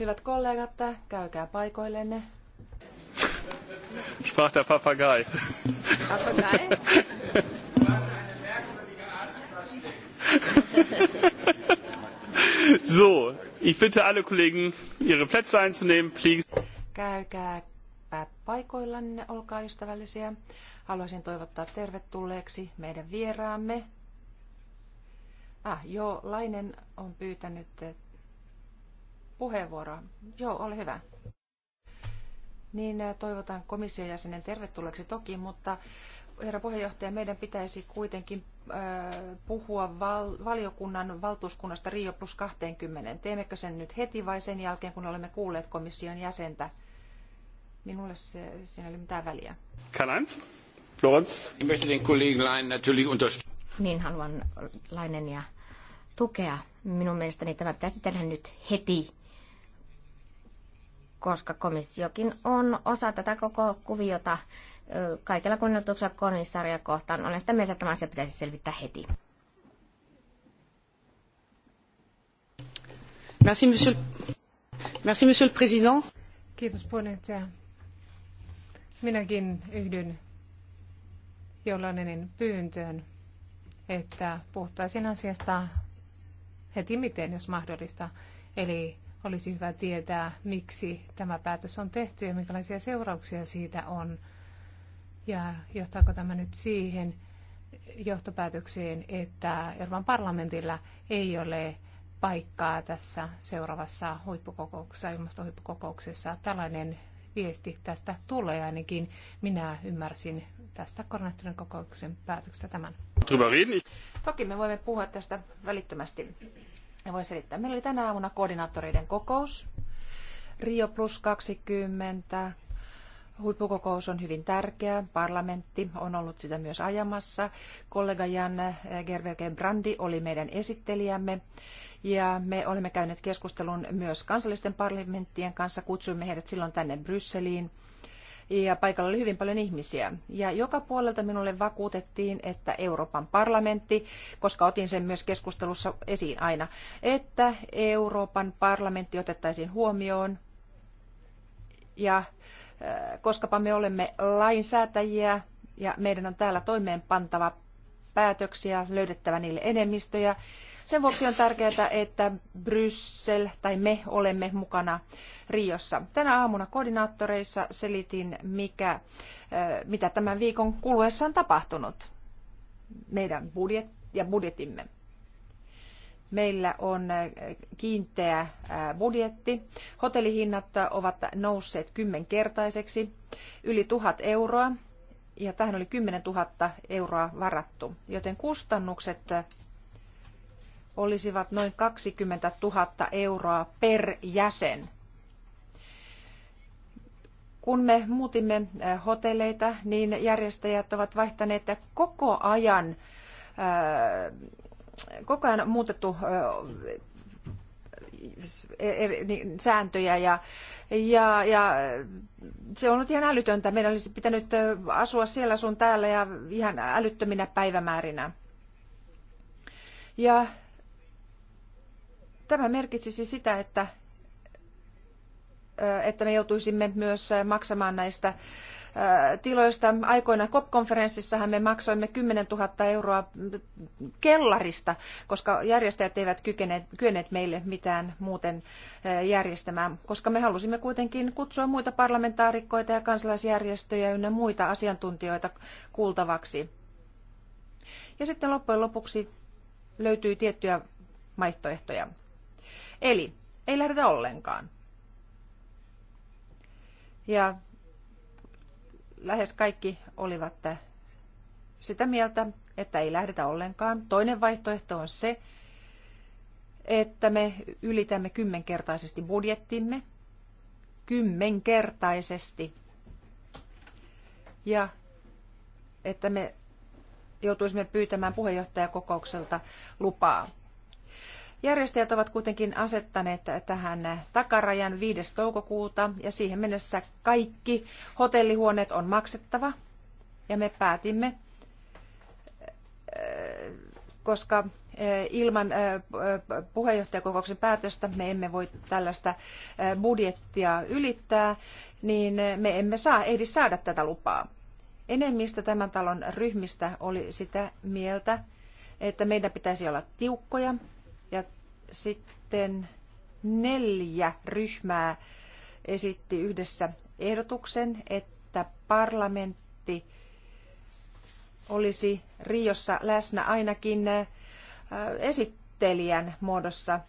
Hyvät kollegat, käykää paikoillenne. Sprach der Papagei. Papagei? so, ich bitte alle Kollegen, ihre Plätze einzunehmen, please. Käykää paikoillanne, olkaa ystävällisiä. Haluaisin toivottaa tervetulleeksi meidän vieraamme, Ah, joo, Lainen on pyytänyt eh, puheenvuoroa. Joo, ole hyvä. Niin eh, toivotan komission jäsenen tervetulleeksi toki, mutta herra puheenjohtaja, meidän pitäisi kuitenkin eh, puhua val- valiokunnan valtuuskunnasta Rio plus 20. Teemmekö sen nyt heti vai sen jälkeen, kun olemme kuulleet komission jäsentä? Minulle se, siinä ei ole mitään väliä. Niin haluan Lainen ja tukea. Minun mielestäni tämä pitäisi tehdä nyt heti, koska komissiokin on osa tätä koko kuviota. Kaikella kunnioituksella komissaria kohtaan olen sitä mieltä, että tämä asia pitäisi selvittää heti. Merci, monsieur, Merci, monsieur le président. Kiitos puheenjohtaja. Minäkin yhdyn jollainen pyyntöön, että puhuttaisiin asiasta heti miten, jos mahdollista. Eli olisi hyvä tietää, miksi tämä päätös on tehty ja minkälaisia seurauksia siitä on. Ja johtaako tämä nyt siihen johtopäätökseen, että Euroopan parlamentilla ei ole paikkaa tässä seuraavassa huippukokouksessa, ilmastohuippukokouksessa. Tällainen viesti tästä tulee ainakin. Minä ymmärsin tästä koronaattorin kokouksen päätöksestä tämän. Toki me voimme puhua tästä välittömästi. Ja voi selittää. Meillä oli tänä aamuna koordinaattoreiden kokous. Rio plus 20 Huippukokous on hyvin tärkeä. Parlamentti on ollut sitä myös ajamassa. Kollega Jan Gerwelke Brandi oli meidän esittelijämme. Ja me olemme käyneet keskustelun myös kansallisten parlamenttien kanssa. Kutsuimme heidät silloin tänne Brysseliin. Ja paikalla oli hyvin paljon ihmisiä. Ja joka puolelta minulle vakuutettiin, että Euroopan parlamentti, koska otin sen myös keskustelussa esiin aina, että Euroopan parlamentti otettaisiin huomioon ja koskapa me olemme lainsäätäjiä ja meidän on täällä toimeenpantava päätöksiä, löydettävä niille enemmistöjä. Sen vuoksi on tärkeää, että Bryssel tai me olemme mukana Riossa. Tänä aamuna koordinaattoreissa selitin, mikä, mitä tämän viikon kuluessa on tapahtunut meidän budjet ja budjetimme meillä on äh, kiinteä äh, budjetti. Hotellihinnat äh, ovat nousseet kymmenkertaiseksi, yli tuhat euroa, ja tähän oli 10 000 euroa varattu, joten kustannukset olisivat noin 20 000 euroa per jäsen. Kun me muutimme hotelleita, niin järjestäjät ovat vaihtaneet koko ajan koko ajan muutettu e, sääntöjä ja, ja, ja se on ollut ihan älytöntä. Meidän olisi pitänyt asua siellä sun täällä ja ihan älyttöminä päivämäärinä. Ja tämä merkitsisi sitä, että, että me joutuisimme myös maksamaan näistä tiloista. Aikoina COP-konferenssissahan me maksoimme 10 000 euroa kellarista, koska järjestäjät eivät kykeneet, kyenneet meille mitään muuten järjestämään, koska me halusimme kuitenkin kutsua muita parlamentaarikkoita ja kansalaisjärjestöjä ynnä muita asiantuntijoita kuultavaksi. Ja sitten loppujen lopuksi löytyy tiettyjä vaihtoehtoja. Eli ei lähdetä ollenkaan. Ja lähes kaikki olivat sitä mieltä, että ei lähdetä ollenkaan. Toinen vaihtoehto on se, että me ylitämme kymmenkertaisesti budjettimme. Kymmenkertaisesti. Ja että me joutuisimme pyytämään puheenjohtajakokoukselta lupaa. Järjestäjät ovat kuitenkin asettaneet tähän takarajan 5. toukokuuta ja siihen mennessä kaikki hotellihuoneet on maksettava. Ja me päätimme, äh, koska äh, ilman äh, puheenjohtajakokouksen päätöstä me emme voi tällaista budjettia ylittää, niin me emme saa, ehdi saada tätä lupaa. Enemmistö tämän talon ryhmistä oli sitä mieltä, että meidän pitäisi olla tiukkoja sitten neljä ryhmää esitti yhdessä ehdotuksen, että parlamentti olisi Riossa läsnä ainakin äh, esittelijän muodossa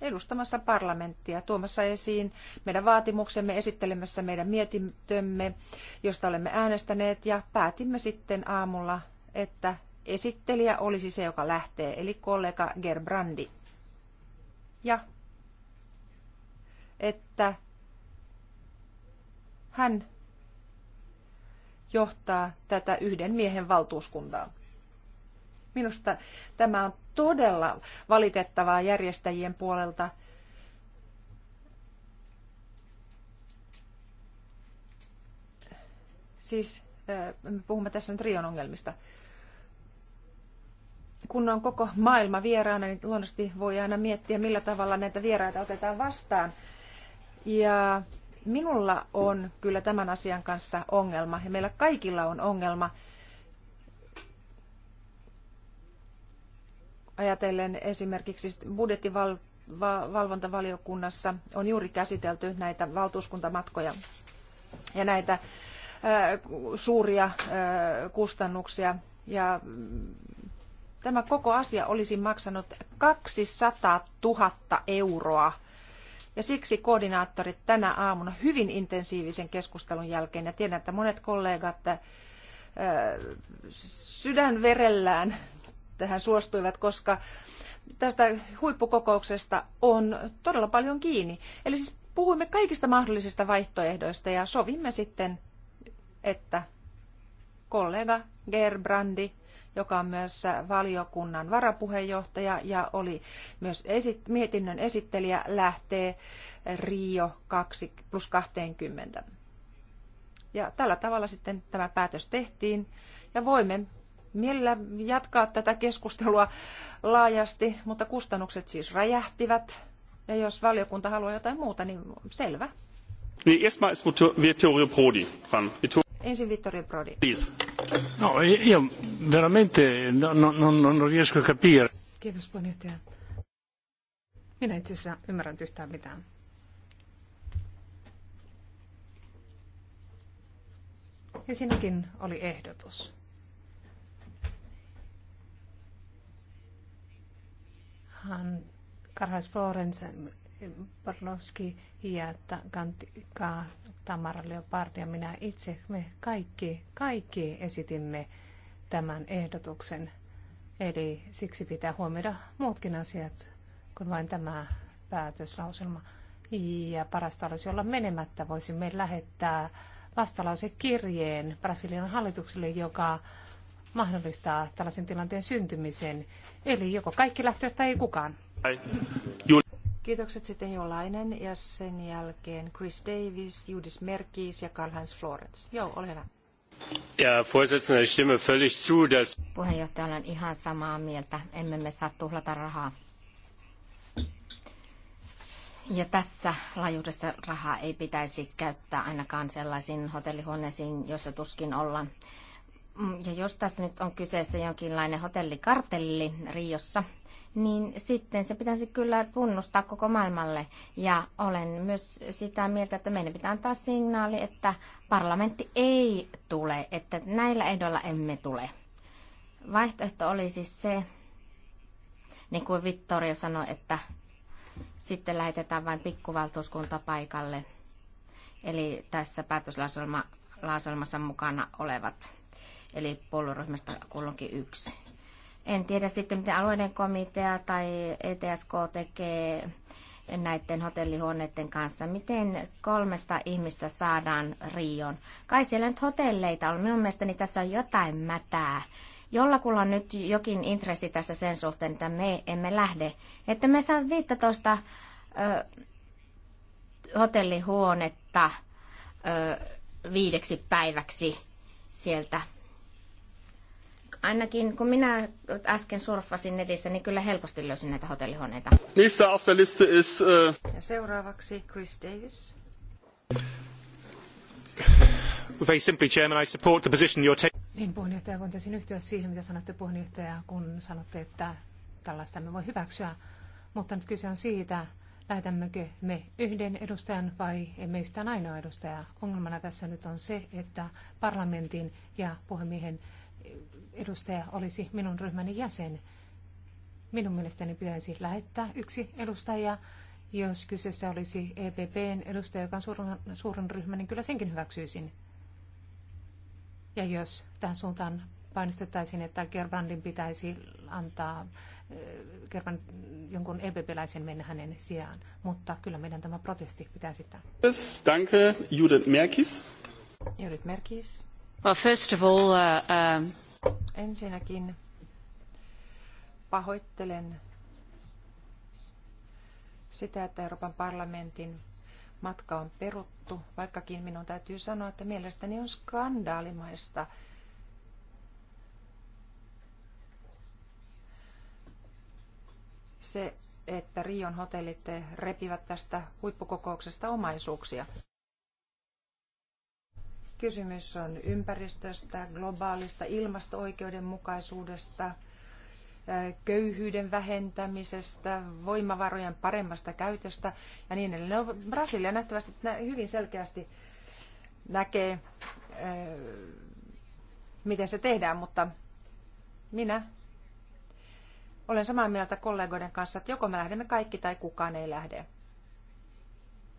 edustamassa parlamenttia, tuomassa esiin meidän vaatimuksemme, esittelemässä meidän mietintömme, josta olemme äänestäneet ja päätimme sitten aamulla, että esittelijä olisi se, joka lähtee, eli kollega Gerbrandi. Ja että hän johtaa tätä yhden miehen valtuuskuntaa. Minusta tämä on todella valitettavaa järjestäjien puolelta. Siis me puhumme tässä nyt Rion ongelmista kun on koko maailma vieraana, niin luonnollisesti voi aina miettiä, millä tavalla näitä vieraita otetaan vastaan. Ja minulla on kyllä tämän asian kanssa ongelma, ja meillä kaikilla on ongelma, ajatellen esimerkiksi budjettivalvontavaliokunnassa on juuri käsitelty näitä valtuuskuntamatkoja ja näitä suuria kustannuksia. Ja mm, Tämä koko asia olisi maksanut 200 000 euroa. Ja siksi koordinaattorit tänä aamuna hyvin intensiivisen keskustelun jälkeen, ja tiedän, että monet kollegat äh, sydänverellään tähän suostuivat, koska tästä huippukokouksesta on todella paljon kiinni. Eli siis puhuimme kaikista mahdollisista vaihtoehdoista ja sovimme sitten, että kollega Gerbrandi joka on myös valiokunnan varapuheenjohtaja ja oli myös esi- mietinnön esittelijä, lähtee Rio 2 plus 20. Ja tällä tavalla sitten tämä päätös tehtiin ja voimme mielellä jatkaa tätä keskustelua laajasti, mutta kustannukset siis räjähtivät. Ja jos valiokunta haluaa jotain muuta, niin selvä. Niin, erstmal ist Vittorio Prodi Ensin Vittorio Prodi. No, io veramente no, no, no, non riesco a capire. Kiitos puheenjohtaja. Minä itse asiassa ymmärrän yhtään mitään. Ja siinäkin oli ehdotus. Hän Karhais Florensen Bornowski ja Kantika, Tamara Leopardi ja minä itse, me kaikki, kaikki esitimme tämän ehdotuksen. Eli siksi pitää huomioida muutkin asiat kuin vain tämä päätöslauselma. Ja parasta olisi olla menemättä. Voisimme lähettää vastalausekirjeen Brasilian hallitukselle, joka mahdollistaa tällaisen tilanteen syntymisen. Eli joko kaikki lähtevät tai ei kukaan. Kiitokset sitten Jolainen ja sen jälkeen Chris Davis, Judith Merkis ja Karl-Heinz Florence. Joo, ole hyvä. Ja, Vorsitzender, stimme völlig zu, dass... Puheenjohtaja, olen ihan samaa mieltä. Emme me saa tuhlata rahaa. Ja tässä laajuudessa rahaa ei pitäisi käyttää ainakaan sellaisiin hotellihuoneisiin, joissa tuskin ollaan. Mm, ja jos tässä nyt on kyseessä jonkinlainen hotellikartelli Riossa, niin sitten se pitäisi kyllä tunnustaa koko maailmalle. Ja olen myös sitä mieltä, että meidän pitää antaa signaali, että parlamentti ei tule, että näillä ehdoilla emme tule. Vaihtoehto oli siis se, niin kuin Vittorio sanoi, että sitten lähetetään vain pikkuvaltuuskunta paikalle. Eli tässä päätöslauselmassa mukana olevat, eli puolueryhmästä kulloinkin yksi en tiedä sitten, miten alueiden komitea tai ETSK tekee näiden hotellihuoneiden kanssa. Miten kolmesta ihmistä saadaan Rion? Kai siellä nyt hotelleita on. Minun mielestäni tässä on jotain mätää. Jollakulla on nyt jokin intressi tässä sen suhteen, että me emme lähde. Että me saa 15 äh, hotellihuonetta äh, viideksi päiväksi sieltä Ainakin kun minä äsken surffasin netissä, niin kyllä helposti löysin näitä hotellihuoneita. Nächster auf der Liste ist... Uh... Ja seuraavaksi Chris Davis. Very simply, Chairman, I support the position you're taking. Niin, puheenjohtaja, voin täysin yhtyä siihen, mitä sanotte puheenjohtaja, kun sanotte, että tällaista me voi hyväksyä. Mutta nyt kyse on siitä, lähetämmekö me yhden edustajan vai emme yhtään ainoa edustajaa. Ongelmana tässä nyt on se, että parlamentin ja puhemiehen edustaja olisi minun ryhmäni jäsen. Minun mielestäni pitäisi lähettää yksi edustaja. Jos kyseessä olisi EPPn edustaja, joka on suurin, suurin ryhmä, niin kyllä senkin hyväksyisin. Ja jos tähän suuntaan painostettaisiin, että Gerbrandin pitäisi antaa eh, Gerbrand, jonkun EPP-läisen mennä hänen sijaan. Mutta kyllä meidän tämä protesti pitää sitä. danke, Judith Merkis. Judith Merkis. Well, first of all, uh, um... Ensinnäkin pahoittelen sitä, että Euroopan parlamentin matka on peruttu, vaikkakin minun täytyy sanoa, että mielestäni on skandaalimaista, se, että Rion hotellit repivät tästä huippukokouksesta omaisuuksia. Kysymys on ympäristöstä, globaalista ilmasto-oikeudenmukaisuudesta, köyhyyden vähentämisestä, voimavarojen paremmasta käytöstä ja niin edelleen. No, Brasilia nähtävästi hyvin selkeästi näkee, miten se tehdään, mutta minä olen samaa mieltä kollegoiden kanssa, että joko me lähdemme kaikki tai kukaan ei lähde.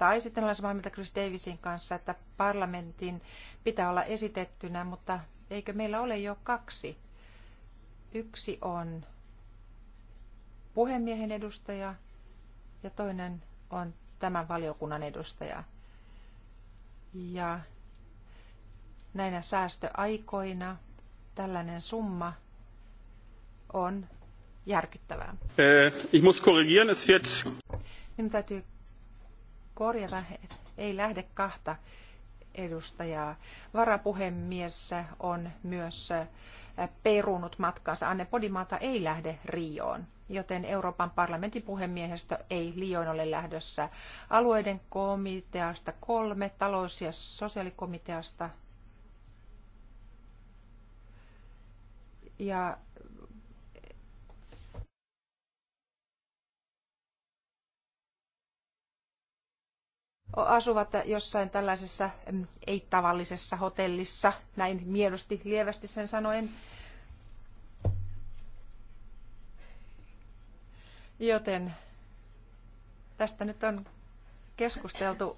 Tai sitten olen samaa mieltä Chris Davisin kanssa, että parlamentin pitää olla esitettynä, mutta eikö meillä ole jo kaksi? Yksi on puhemiehen edustaja ja toinen on tämän valiokunnan edustaja. Ja näinä säästöaikoina tällainen summa on järkyttävää. Äh, ich muss korrigieren, es wird... Minun täytyy korjata, ei lähde kahta edustajaa. Varapuhemies on myös äh, perunut matkansa. Anne Podimata ei lähde Rioon, joten Euroopan parlamentin puhemiehestä ei liioin ole lähdössä. Alueiden komiteasta kolme, talous- ja sosiaalikomiteasta ja asuvat jossain tällaisessa mm, ei-tavallisessa hotellissa, näin miedosti, lievästi sen sanoen. Joten tästä nyt on keskusteltu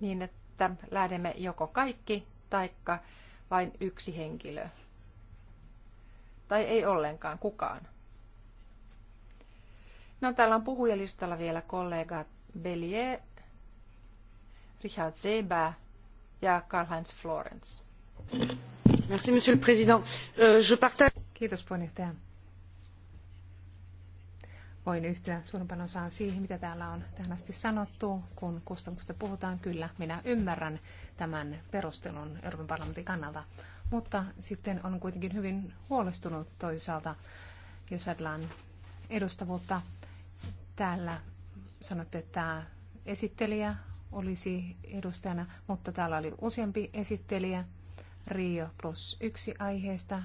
niin, että lähdemme joko kaikki taikka vain yksi henkilö. Tai ei ollenkaan kukaan. No täällä on puhujalistalla vielä kollegat Bellier, Richard Zeba ja Karl-Heinz Florence. Merci, monsieur le président. Euh, je partage... Kiitos puheenjohtaja. Voin yhtyä suurimpan osaan siihen, mitä täällä on tähän asti sanottu. Kun kustannuksista puhutaan, kyllä, minä ymmärrän tämän perustelun Euroopan parlamentin kannalta. Mutta sitten on kuitenkin hyvin huolestunut toisaalta, jos ajatellaan edustavuutta Täällä sanotte, että esittelijä olisi edustajana, mutta täällä oli useampi esittelijä Rio plus yksi aiheesta.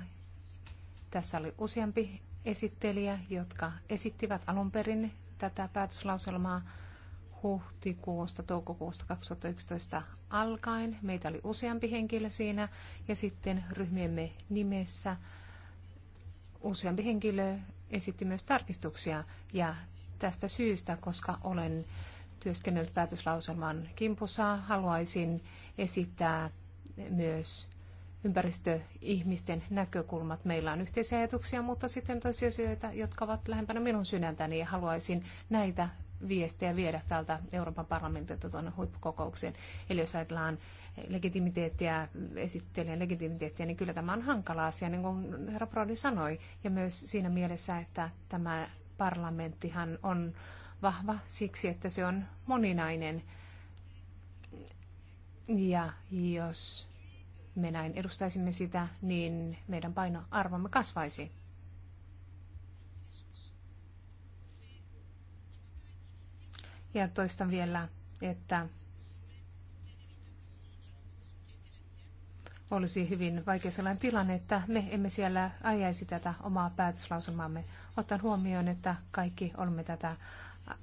Tässä oli useampi esittelijä, jotka esittivät alun perin tätä päätöslauselmaa huhtikuusta, toukokuusta 2011 alkaen. Meitä oli useampi henkilö siinä ja sitten ryhmiemme nimessä useampi henkilö esitti myös tarkistuksia ja tästä syystä, koska olen työskennellyt päätöslauselman kimpussa. Haluaisin esittää myös ympäristöihmisten näkökulmat. Meillä on yhteisiä ajatuksia, mutta sitten tosiasioita, jotka ovat lähempänä minun sydäntäni ja haluaisin näitä viestejä viedä täältä Euroopan parlamentilta tuonne huippukokoukseen. Eli jos ajatellaan legitimiteettiä, esittelijän legitimiteettiä, niin kyllä tämä on hankala asia, niin kuin herra Brody sanoi, ja myös siinä mielessä, että tämä parlamenttihan on vahva siksi, että se on moninainen. Ja jos me näin edustaisimme sitä, niin meidän painoarvomme kasvaisi. Ja toistan vielä, että olisi hyvin vaikea sellainen tilanne, että me emme siellä ajaisi tätä omaa päätöslausumaamme. Otan huomioon, että kaikki olemme tätä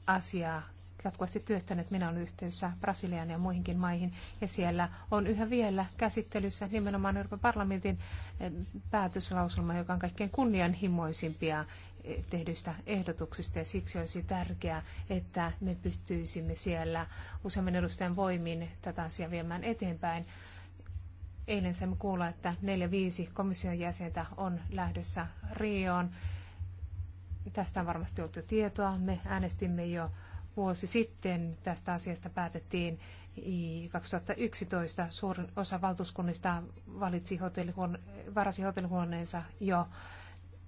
asiaa jatkuvasti työstänyt. Minä olen yhteydessä Brasilian ja muihinkin maihin, ja siellä on yhä vielä käsittelyssä nimenomaan Euroopan parlamentin eh, päätöslauselma, joka on kaikkein kunnianhimoisimpia eh, tehdyistä ehdotuksista ja siksi olisi tärkeää, että me pystyisimme siellä useamman edustajan voimin tätä asiaa viemään eteenpäin. Eilen saimme kuulla, että neljä viisi komission jäsentä on lähdössä Rioon. Tästä on varmasti jo tietoa. Me äänestimme jo vuosi sitten. Tästä asiasta päätettiin 2011. Suurin osa valtuuskunnista valitsi hotellihuone- varasi hotellihuoneensa jo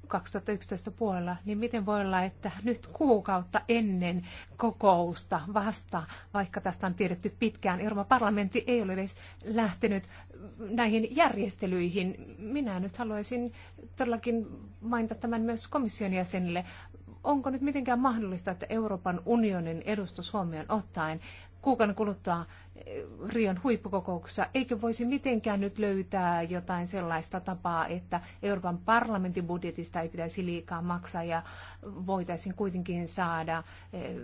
2011 puolella, niin miten voi olla, että nyt kuukautta ennen kokousta vasta, vaikka tästä on tiedetty pitkään, Euroopan parlamentti ei ole edes lähtenyt näihin järjestelyihin. Minä nyt haluaisin todellakin mainita tämän myös komission jäsenille. Onko nyt mitenkään mahdollista, että Euroopan unionin edustus huomioon ottaen kuukauden kuluttua eh, Rion huippukokouksessa, eikö voisi mitenkään nyt löytää jotain sellaista tapaa, että Euroopan parlamentin budjetista ei pitäisi liikaa maksaa ja voitaisiin kuitenkin saada eh,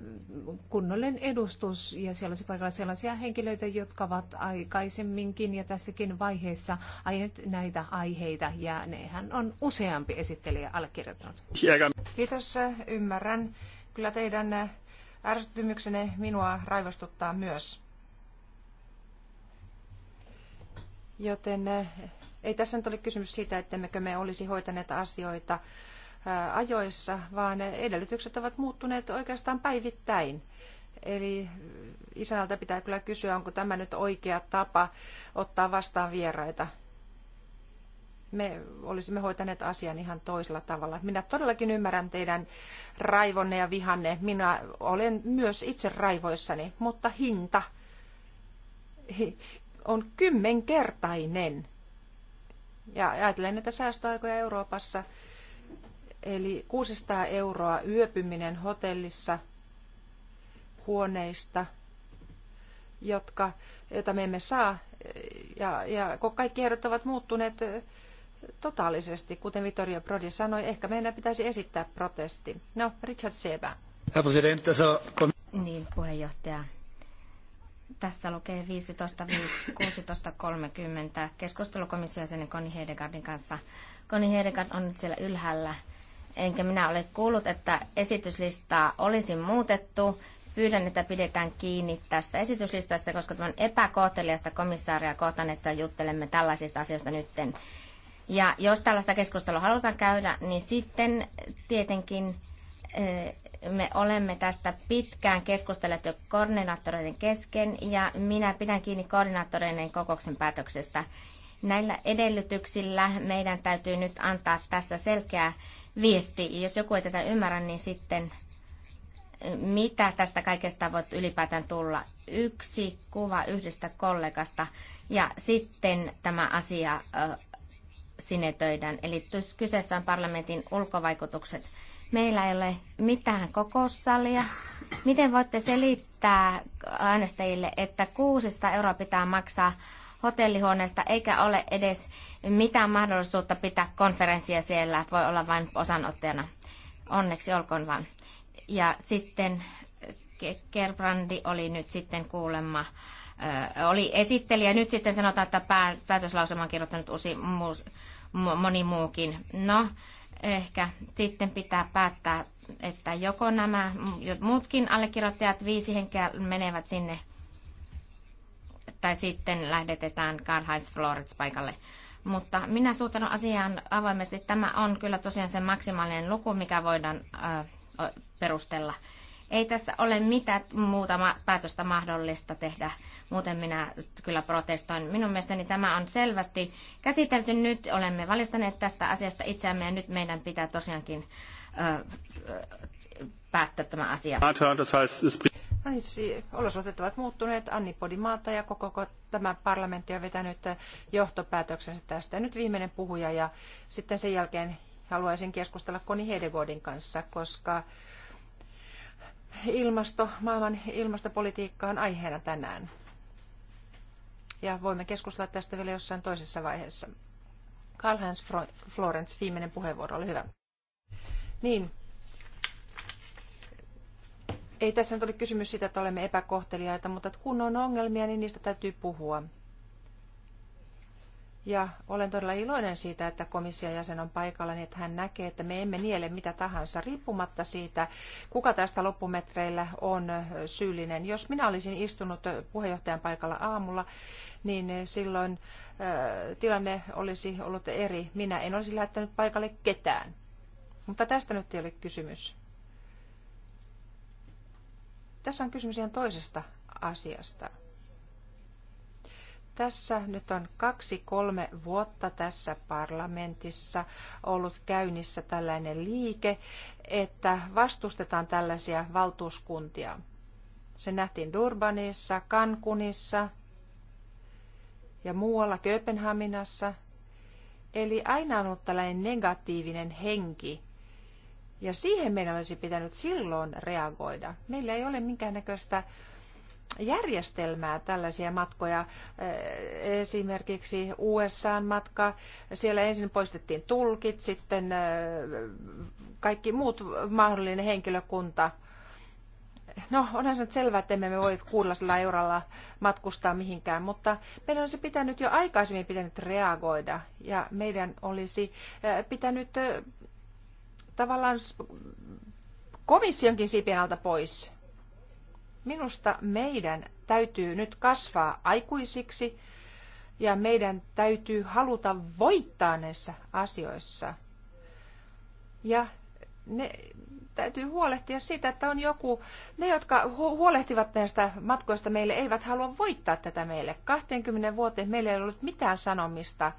kunnollinen edustus ja siellä olisi paikalla sellaisia henkilöitä, jotka ovat aikaisemminkin ja tässäkin vaiheessa aineet näitä aiheita ja nehän on useampi esittelijä allekirjoittanut. Kiitos, ymmärrän kyllä teidän eh, Ärsytymyksenne minua raivostuttaa myös. Joten eh, ei tässä nyt ole kysymys siitä, ettemmekö me olisi hoitaneet asioita eh, ajoissa, vaan edellytykset ovat muuttuneet oikeastaan päivittäin. Eli eh, isänältä pitää kyllä kysyä, onko tämä nyt oikea tapa ottaa vastaan vieraita me olisimme hoitaneet asian ihan toisella tavalla. Minä todellakin ymmärrän teidän raivonne ja vihanne. Minä olen myös itse raivoissani, mutta hinta on kymmenkertainen. Ja ajatellen näitä säästöaikoja Euroopassa, eli 600 euroa yöpyminen hotellissa huoneista, jotka, joita me emme saa, ja, ja kun kaikki ehdot ovat muuttuneet totaalisesti. Kuten Vittorio Prodi sanoi, ehkä meidän pitäisi esittää protesti. No, Richard Seba. Niin, puheenjohtaja. Tässä lukee 15.16.30 keskustelukomissiojäsenen Koni Hedegardin kanssa. Koni Hedegard on nyt siellä ylhäällä. Enkä minä ole kuullut, että esityslistaa olisi muutettu. Pyydän, että pidetään kiinni tästä esityslistasta, koska tämä on epäkohteliasta komissaaria kohtaan, että juttelemme tällaisista asioista nytten. Ja jos tällaista keskustelua halutaan käydä, niin sitten tietenkin me olemme tästä pitkään keskustelleet jo koordinaattoreiden kesken ja minä pidän kiinni koordinaattoreiden kokouksen päätöksestä. Näillä edellytyksillä meidän täytyy nyt antaa tässä selkeä viesti. Jos joku ei tätä ymmärrä, niin sitten mitä tästä kaikesta voit ylipäätään tulla? Yksi kuva yhdestä kollegasta ja sitten tämä asia sinetöidään. Eli kyseessä on parlamentin ulkovaikutukset. Meillä ei ole mitään kokoussalia. Miten voitte selittää äänestäjille, että 600 euroa pitää maksaa hotellihuoneesta, eikä ole edes mitään mahdollisuutta pitää konferenssia siellä, voi olla vain osanottajana. Onneksi olkoon vaan. Ja sitten Kerbrandi oli nyt sitten kuulemma oli esittelijä. Nyt sitten sanotaan, että päätöslauselman on kirjoittanut usi, muus, moni muukin. No, ehkä sitten pitää päättää, että joko nämä muutkin allekirjoittajat, viisi henkeä menevät sinne, tai sitten lähdetetään Karl-Heinz Florets paikalle. Mutta minä suhtaudun asiaan avoimesti. Tämä on kyllä tosiaan se maksimaalinen luku, mikä voidaan äh, perustella. Ei tässä ole mitään muuta päätöstä mahdollista tehdä, muuten minä kyllä protestoin. Minun mielestäni tämä on selvästi käsitelty nyt, olemme valistaneet tästä asiasta itseämme ja nyt meidän pitää tosiaankin ö, ö, päättää tämä asia. Ansi, olosuhteet ovat muuttuneet. Anni Podimaata ja koko, koko tämä parlamentti on vetänyt johtopäätöksensä tästä. Nyt viimeinen puhuja ja sitten sen jälkeen haluaisin keskustella Koni Hedegodin kanssa, koska ilmasto, maailman ilmastopolitiikka on aiheena tänään. Ja voimme keskustella tästä vielä jossain toisessa vaiheessa. Karl-Heinz Florence, viimeinen puheenvuoro, oli hyvä. Niin, ei tässä nyt ole kysymys siitä, että olemme epäkohteliaita, mutta kun on ongelmia, niin niistä täytyy puhua. Ja olen todella iloinen siitä, että komission jäsen on paikalla, niin että hän näkee, että me emme niele mitä tahansa, riippumatta siitä, kuka tästä loppumetreillä on syyllinen. Jos minä olisin istunut puheenjohtajan paikalla aamulla, niin silloin äh, tilanne olisi ollut eri. Minä en olisi lähettänyt paikalle ketään. Mutta tästä nyt ei ole kysymys. Tässä on kysymys ihan toisesta asiasta tässä nyt on kaksi-kolme vuotta tässä parlamentissa ollut käynnissä tällainen liike, että vastustetaan tällaisia valtuuskuntia. Se nähtiin Durbanissa, Kankunissa ja muualla Kööpenhaminassa. Eli aina on ollut tällainen negatiivinen henki. Ja siihen meidän olisi pitänyt silloin reagoida. Meillä ei ole minkäännäköistä näköistä järjestelmää tällaisia matkoja. Äh, esimerkiksi usa matka, siellä ensin poistettiin tulkit, sitten äh, kaikki muut mahdollinen henkilökunta. No, onhan se nyt selvää, että emme voi voi sillä eurolla matkustaa mihinkään, mutta meidän olisi pitänyt jo aikaisemmin pitänyt reagoida ja meidän olisi äh, pitänyt tavallaan komissionkin siipien alta pois Minusta meidän täytyy nyt kasvaa aikuisiksi ja meidän täytyy haluta voittaa näissä asioissa. Ja ne, täytyy huolehtia siitä, että on joku, ne jotka huolehtivat näistä matkoista meille, eivät halua voittaa tätä meille. 20 vuoteen meillä ei ollut mitään sanomista.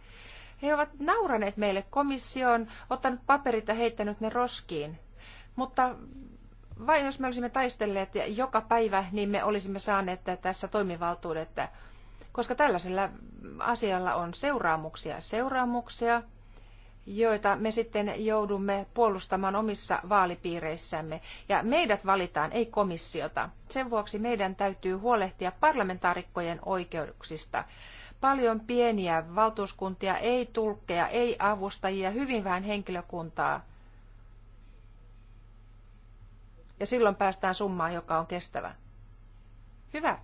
He ovat nauraneet meille komissioon, ottanut paperit ja heittänyt ne roskiin. Mutta vain jos me olisimme taistelleet joka päivä, niin me olisimme saaneet tässä toimivaltuudet, koska tällaisella asialla on seuraamuksia, seuraamuksia, joita me sitten joudumme puolustamaan omissa vaalipiireissämme. Ja meidät valitaan, ei komissiota. Sen vuoksi meidän täytyy huolehtia parlamentaarikkojen oikeuksista. Paljon pieniä valtuuskuntia, ei tulkkeja, ei avustajia, hyvin vähän henkilökuntaa – ja silloin päästään summaan, joka on kestävä. Hyvä, äh,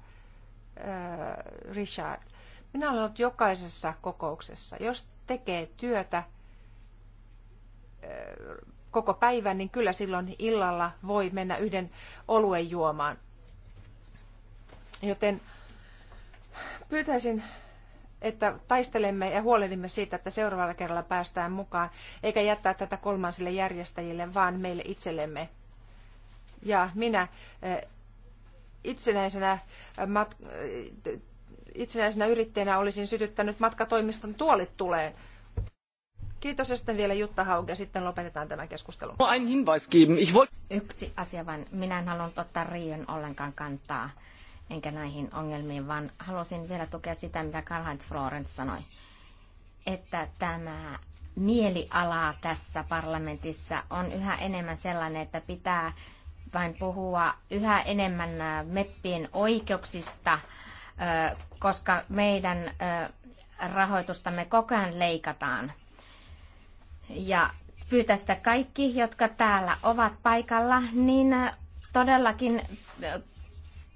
Richard. Minä olen ollut jokaisessa kokouksessa. Jos tekee työtä äh, koko päivän, niin kyllä silloin illalla voi mennä yhden oluen juomaan. Joten pyytäisin, että taistelemme ja huolehdimme siitä, että seuraavalla kerralla päästään mukaan, eikä jättää tätä kolmansille järjestäjille, vaan meille itsellemme. Ja minä eh, itsenäisenä, eh, mat, eh, itsenäisenä yrittäjänä olisin sytyttänyt matkatoimiston tuolit tuleen. Kiitos ja sitten vielä Jutta Hauke, sitten lopetetaan tämä keskustelu. Yksi asia vain, minä en halunnut ottaa Riion ollenkaan kantaa, enkä näihin ongelmiin, vaan halusin vielä tukea sitä, mitä Karl-Heinz Florenz sanoi, että tämä mieliala tässä parlamentissa on yhä enemmän sellainen, että pitää vain puhua yhä enemmän äh, meppien oikeuksista, äh, koska meidän äh, rahoitustamme koko ajan leikataan. Ja pyytästä kaikki, jotka täällä ovat paikalla, niin todellakin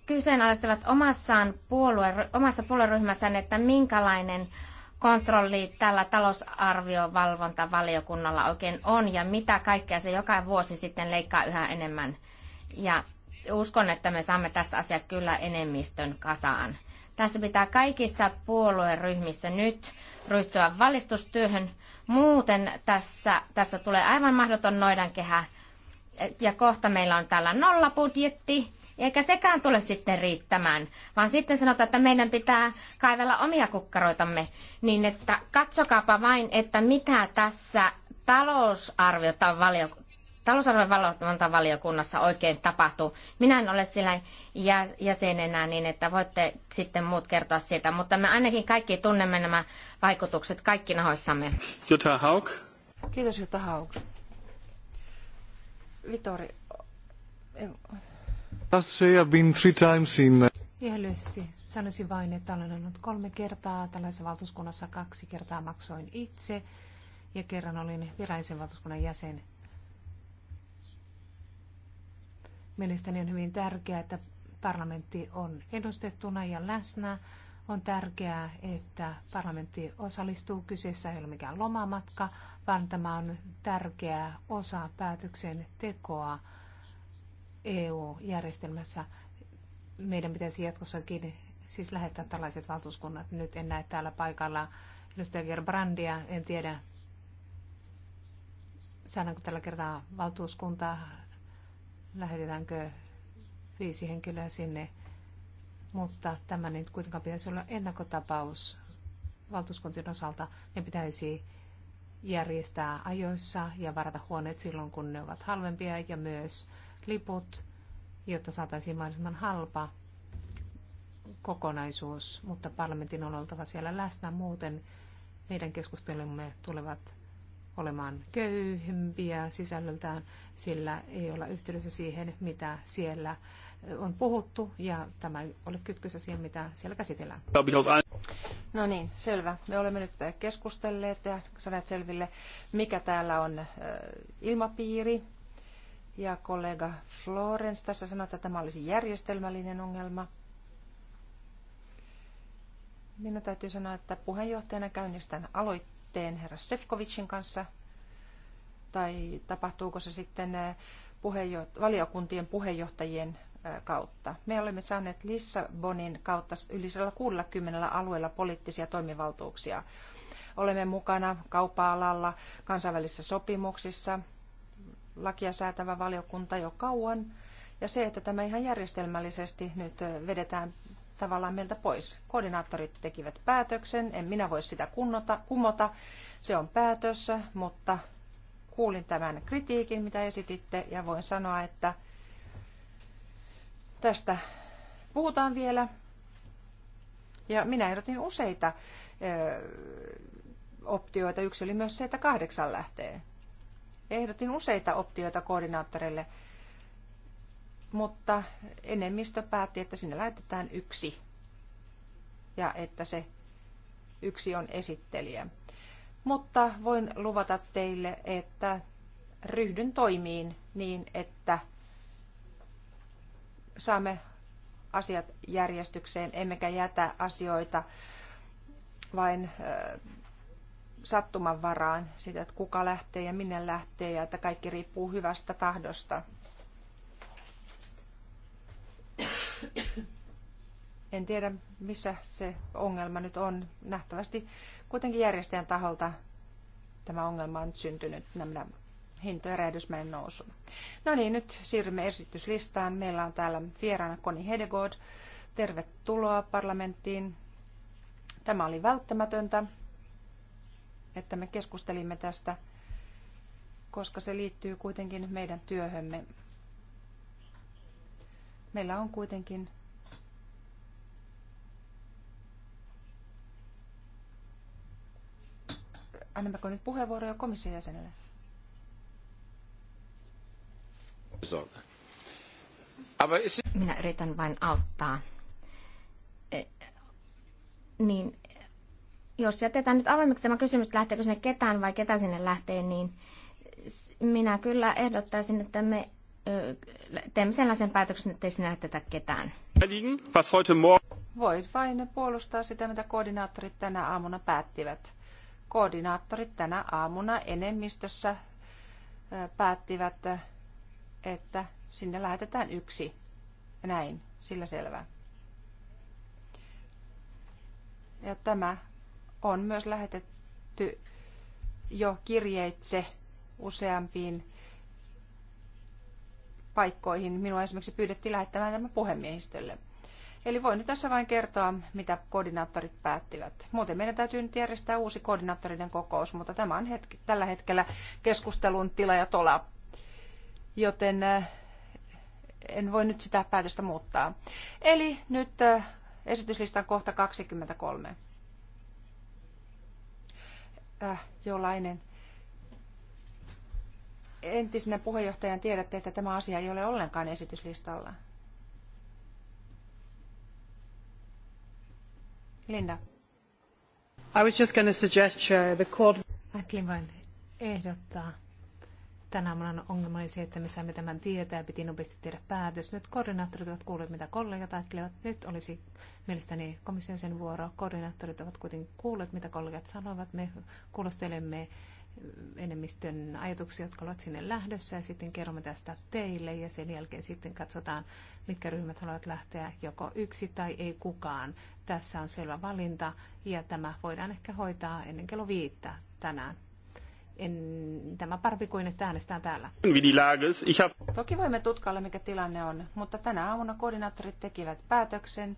kyseenalaistavat omassaan puolue, omassa puolueryhmässään, että minkälainen kontrolli tällä talousarviovalvontavaliokunnalla oikein on ja mitä kaikkea se joka vuosi sitten leikkaa yhä enemmän. Ja uskon, että me saamme tässä asia kyllä enemmistön kasaan. Tässä pitää kaikissa puolue-ryhmissä nyt ryhtyä valistustyöhön. Muuten tässä, tästä tulee aivan mahdoton noidankehä. Ja kohta meillä on täällä nollapudjetti, eikä sekään tule sitten riittämään, vaan sitten sanotaan, että meidän pitää kaivella omia kukkaroitamme, niin että katsokaapa vain, että mitä tässä talousarviota valio, talousarvojen valvontavaliokunnassa oikein tapahtuu. Minä en ole siellä jäsenenä niin, että voitte sitten muut kertoa siitä, mutta me ainakin kaikki tunnemme nämä vaikutukset kaikki nahoissamme. Jutta Haug. Kiitos Jutta Haug. Vitori. I've been three times in... Uh, Ihan lyhyesti sanoisin vain, että olen ollut kolme kertaa tällaisessa valtuuskunnassa, kaksi kertaa maksoin itse ja kerran olin virallisen valtuuskunnan jäsen Mielestäni on hyvin tärkeää, että parlamentti on edustettuna ja läsnä. On tärkeää, että parlamentti osallistuu. Kyseessä ei ole mikään lomamatka, vaan tämä on tärkeä osa päätöksentekoa EU-järjestelmässä. Meidän pitäisi jatkossakin siis lähettää tällaiset valtuuskunnat. Nyt en näe täällä paikalla edustaja Gerbrandia. En tiedä, saadaanko tällä kertaa valtuuskuntaa lähetetäänkö viisi henkilöä sinne, mutta tämä nyt kuitenkaan pitäisi olla ennakkotapaus valtuuskuntien osalta. Ne pitäisi järjestää ajoissa ja varata huoneet silloin, kun ne ovat halvempia ja myös liput, jotta saataisiin mahdollisimman halpa kokonaisuus, mutta parlamentin on oltava siellä läsnä, muuten meidän keskustelumme tulevat olemaan köyhempiä sisällöltään, sillä ei olla yhteydessä siihen, mitä siellä on puhuttu, ja tämä ei ole kytkyssä siihen, mitä siellä käsitellään. No niin, selvä. Me olemme nyt keskustelleet ja sanoneet selville, mikä täällä on ilmapiiri. Ja kollega Florence tässä sanoi, että tämä olisi järjestelmällinen ongelma. Minun täytyy sanoa, että puheenjohtajana käynnistän aloitteen yhteen herra Sefkovicin kanssa, tai tapahtuuko se sitten äh, puheenjoht- valiokuntien puheenjohtajien äh, kautta. Me olemme saaneet Lissabonin kautta yli 160 alueella poliittisia toimivaltuuksia. Olemme mukana kauppa-alalla, kansainvälisissä sopimuksissa, lakia säätävä valiokunta jo kauan. Ja se, että tämä ihan järjestelmällisesti nyt äh, vedetään tavallaan meiltä pois. Koordinaattorit tekivät päätöksen, en minä voi sitä kunnota, kumota, se on päätös, mutta kuulin tämän kritiikin, mitä esititte, ja voin sanoa, että tästä puhutaan vielä. Ja minä ehdotin useita optioita. Yksi oli myös se, että kahdeksan lähtee. Ehdotin useita optioita koordinaattoreille mutta enemmistö päätti, että sinne lähetetään yksi ja että se yksi on esittelijä. Mutta voin luvata teille, että ryhdyn toimiin niin, että saamme asiat järjestykseen, emmekä jätä asioita vain sattuman varaan, sitä, että kuka lähtee ja minne lähtee ja että kaikki riippuu hyvästä tahdosta. En tiedä, missä se ongelma nyt on. Nähtävästi kuitenkin järjestäjän taholta tämä ongelma on syntynyt nämä hintojen räjähdysmäen nousu. No niin, nyt siirrymme esityslistaan. Meillä on täällä vieraana Koni Hedegaard. Tervetuloa parlamenttiin. Tämä oli välttämätöntä, että me keskustelimme tästä, koska se liittyy kuitenkin meidän työhömme meillä on kuitenkin Annammeko nyt puheenvuoroja komission jäsenelle? Minä yritän vain auttaa. E, niin, jos jätetään nyt avoimeksi tämä kysymys, lähteekö sinne ketään vai ketä sinne lähtee, niin minä kyllä ehdottaisin, että me teemme sellaisen päätöksen, että ei sinä tätä ketään. Voit vain puolustaa sitä, mitä koordinaattorit tänä aamuna päättivät. Koordinaattorit tänä aamuna enemmistössä päättivät, että sinne lähetetään yksi. Näin, sillä selvä. Ja tämä on myös lähetetty jo kirjeitse useampiin paikkoihin. Minua esimerkiksi pyydettiin lähettämään tämä puhemiehistölle. Eli voin nyt tässä vain kertoa, mitä koordinaattorit päättivät. Muuten meidän täytyy nyt järjestää uusi koordinaattoriden kokous, mutta tämä on hetki, tällä hetkellä keskustelun tila ja tola. Joten eh, en voi nyt sitä päätöstä muuttaa. Eli nyt eh, esityslistan kohta 23. Äh, jollainen entisenä puheenjohtajana tiedätte, että tämä asia ei ole ollenkaan esityslistalla. Linda. I was just going to suggest, Chair, the court... Mäkin vain ehdottaa. Tänä aamuna ongelma oli se, että me saimme tämän tietää ja piti nopeasti tehdä päätös. Nyt koordinaattorit ovat kuulleet, mitä kollegat ajattelevat. Nyt olisi mielestäni komission sen vuoro. Koordinaattorit ovat kuitenkin kuulleet, mitä kollegat sanovat. Me kuulostelemme enemmistön ajatuksia, jotka ovat sinne lähdössä ja sitten kerromme tästä teille ja sen jälkeen sitten katsotaan, mitkä ryhmät haluavat lähteä joko yksi tai ei kukaan. Tässä on selvä valinta ja tämä voidaan ehkä hoitaa ennen kello viittä tänään. En, tämä parvi kuin, että äänestään täällä. Toki voimme tutkailla, mikä tilanne on, mutta tänä aamuna koordinaattorit tekivät päätöksen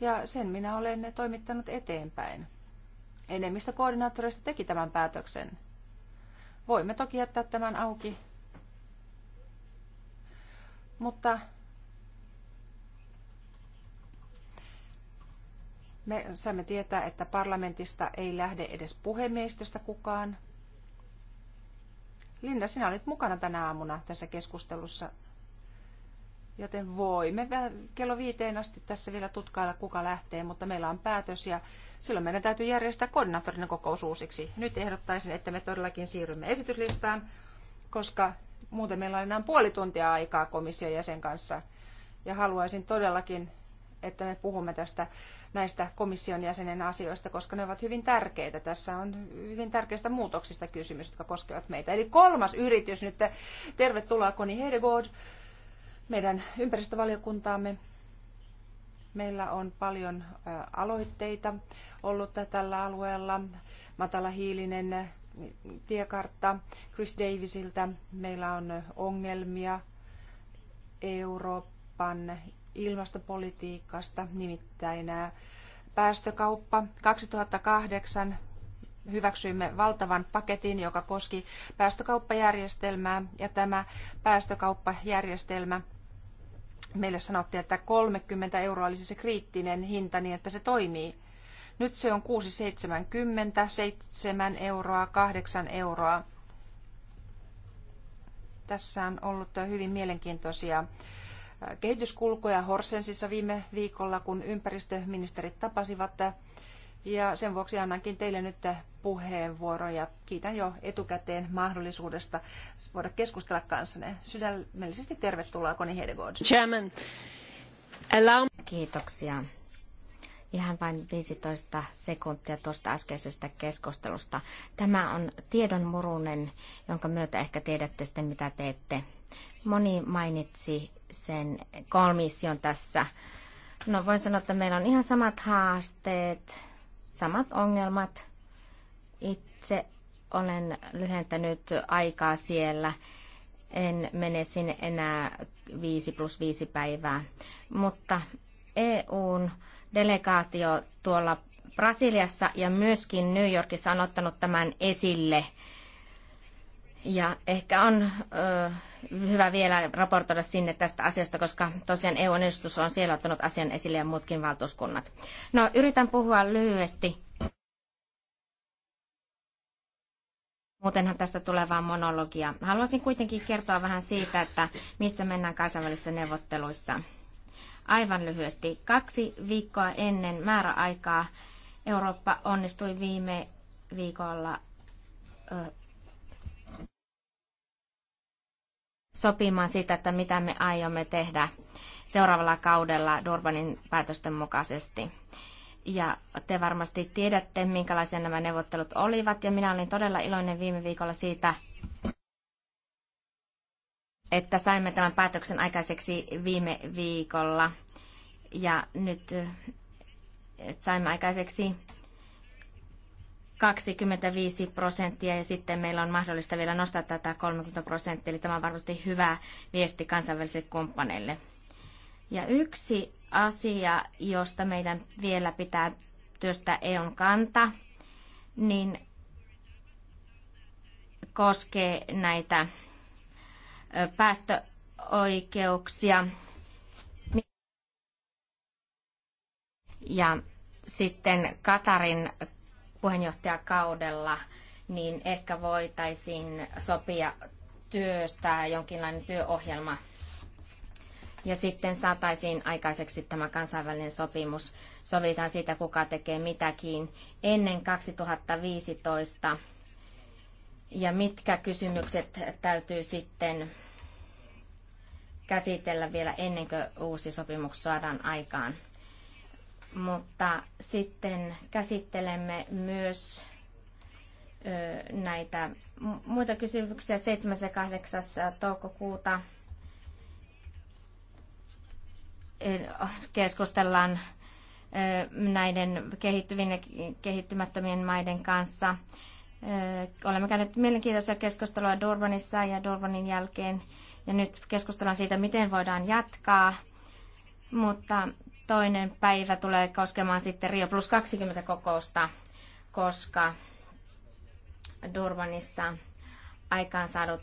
ja sen minä olen toimittanut eteenpäin. Enemmistö koordinaattoreista teki tämän päätöksen. Voimme toki jättää tämän auki, mutta me saamme tietää, että parlamentista ei lähde edes puhemiehistöstä kukaan. Linda, sinä olit mukana tänä aamuna tässä keskustelussa. Joten voimme kello viiteen asti tässä vielä tutkailla, kuka lähtee, mutta meillä on päätös ja silloin meidän täytyy järjestää koordinaattorinen kokous uusiksi. Nyt ehdottaisin, että me todellakin siirrymme esityslistaan, koska muuten meillä on enää puoli tuntia aikaa komission jäsen kanssa. Ja haluaisin todellakin, että me puhumme tästä näistä komission jäsenen asioista, koska ne ovat hyvin tärkeitä. Tässä on hyvin tärkeistä muutoksista kysymys, jotka koskevat meitä. Eli kolmas yritys nyt. Tervetuloa Koni Hedegaard meidän ympäristövaliokuntaamme. Meillä on paljon aloitteita ollut tällä alueella. Matala hiilinen tiekartta Chris Davisiltä. Meillä on ongelmia Euroopan ilmastopolitiikasta, nimittäin päästökauppa. 2008 hyväksyimme valtavan paketin, joka koski päästökauppajärjestelmää, ja tämä päästökauppajärjestelmä – Meille sanottiin, että 30 euroa olisi se kriittinen hinta niin, että se toimii. Nyt se on 6,70, 7 euroa, 8 euroa. Tässä on ollut hyvin mielenkiintoisia äh, kehityskulkuja Horsensissa viime viikolla, kun ympäristöministerit tapasivat ja sen vuoksi annankin teille nyt puheenvuoron ja kiitän jo etukäteen mahdollisuudesta voida keskustella kanssanne. Sydämellisesti tervetuloa Koni Hedegaard. Chairman, allow... Kiitoksia. Ihan vain 15 sekuntia tuosta äskeisestä keskustelusta. Tämä on tiedonmurunen, jonka myötä ehkä tiedätte sitten, mitä teette. Moni mainitsi sen komission tässä. No voin sanoa, että meillä on ihan samat haasteet, samat ongelmat. Itse olen lyhentänyt aikaa siellä. En mene sinne enää 5 plus 5 päivää. Mutta EUn delegaatio tuolla Brasiliassa ja myöskin New Yorkissa on ottanut tämän esille ja ehkä on ö, hyvä vielä raportoida sinne tästä asiasta, koska tosiaan eu edustus on siellä ottanut asian esille ja muutkin valtuuskunnat. No, yritän puhua lyhyesti. Muutenhan tästä tulee vain monologia. Haluaisin kuitenkin kertoa vähän siitä, että missä mennään kansainvälisissä neuvotteluissa. Aivan lyhyesti. Kaksi viikkoa ennen määräaikaa Eurooppa onnistui viime viikolla sopimaan siitä, että mitä me aiomme tehdä seuraavalla kaudella Durbanin päätösten mukaisesti. Ja te varmasti tiedätte, minkälaisia nämä neuvottelut olivat, ja minä olin todella iloinen viime viikolla siitä, että saimme tämän päätöksen aikaiseksi viime viikolla. Ja nyt saimme aikaiseksi 25 prosenttia ja sitten meillä on mahdollista vielä nostaa tätä 30 prosenttia, eli tämä on varmasti hyvä viesti kansainvälisille kumppaneille. Ja yksi asia, josta meidän vielä pitää työstää EUn kanta, niin koskee näitä päästöoikeuksia. Ja sitten Katarin puheenjohtajakaudella, niin ehkä voitaisiin sopia työstää jonkinlainen työohjelma. Ja sitten saataisiin aikaiseksi tämä kansainvälinen sopimus. Sovitaan siitä, kuka tekee mitäkin ennen 2015. Ja mitkä kysymykset täytyy sitten käsitellä vielä ennen kuin uusi sopimus saadaan aikaan mutta sitten käsittelemme myös näitä muita kysymyksiä 7. ja 8. toukokuuta e, keskustellaan näiden kehittyvien ja kehittymättömien maiden kanssa. Olemme käyneet mielenkiintoisia keskustelua Durbanissa ja Durbanin jälkeen. Ja nyt keskustellaan siitä, miten voidaan jatkaa. Mutta Toinen päivä tulee koskemaan sitten Rio plus 20 kokousta, koska Durbanissa aikaansaadut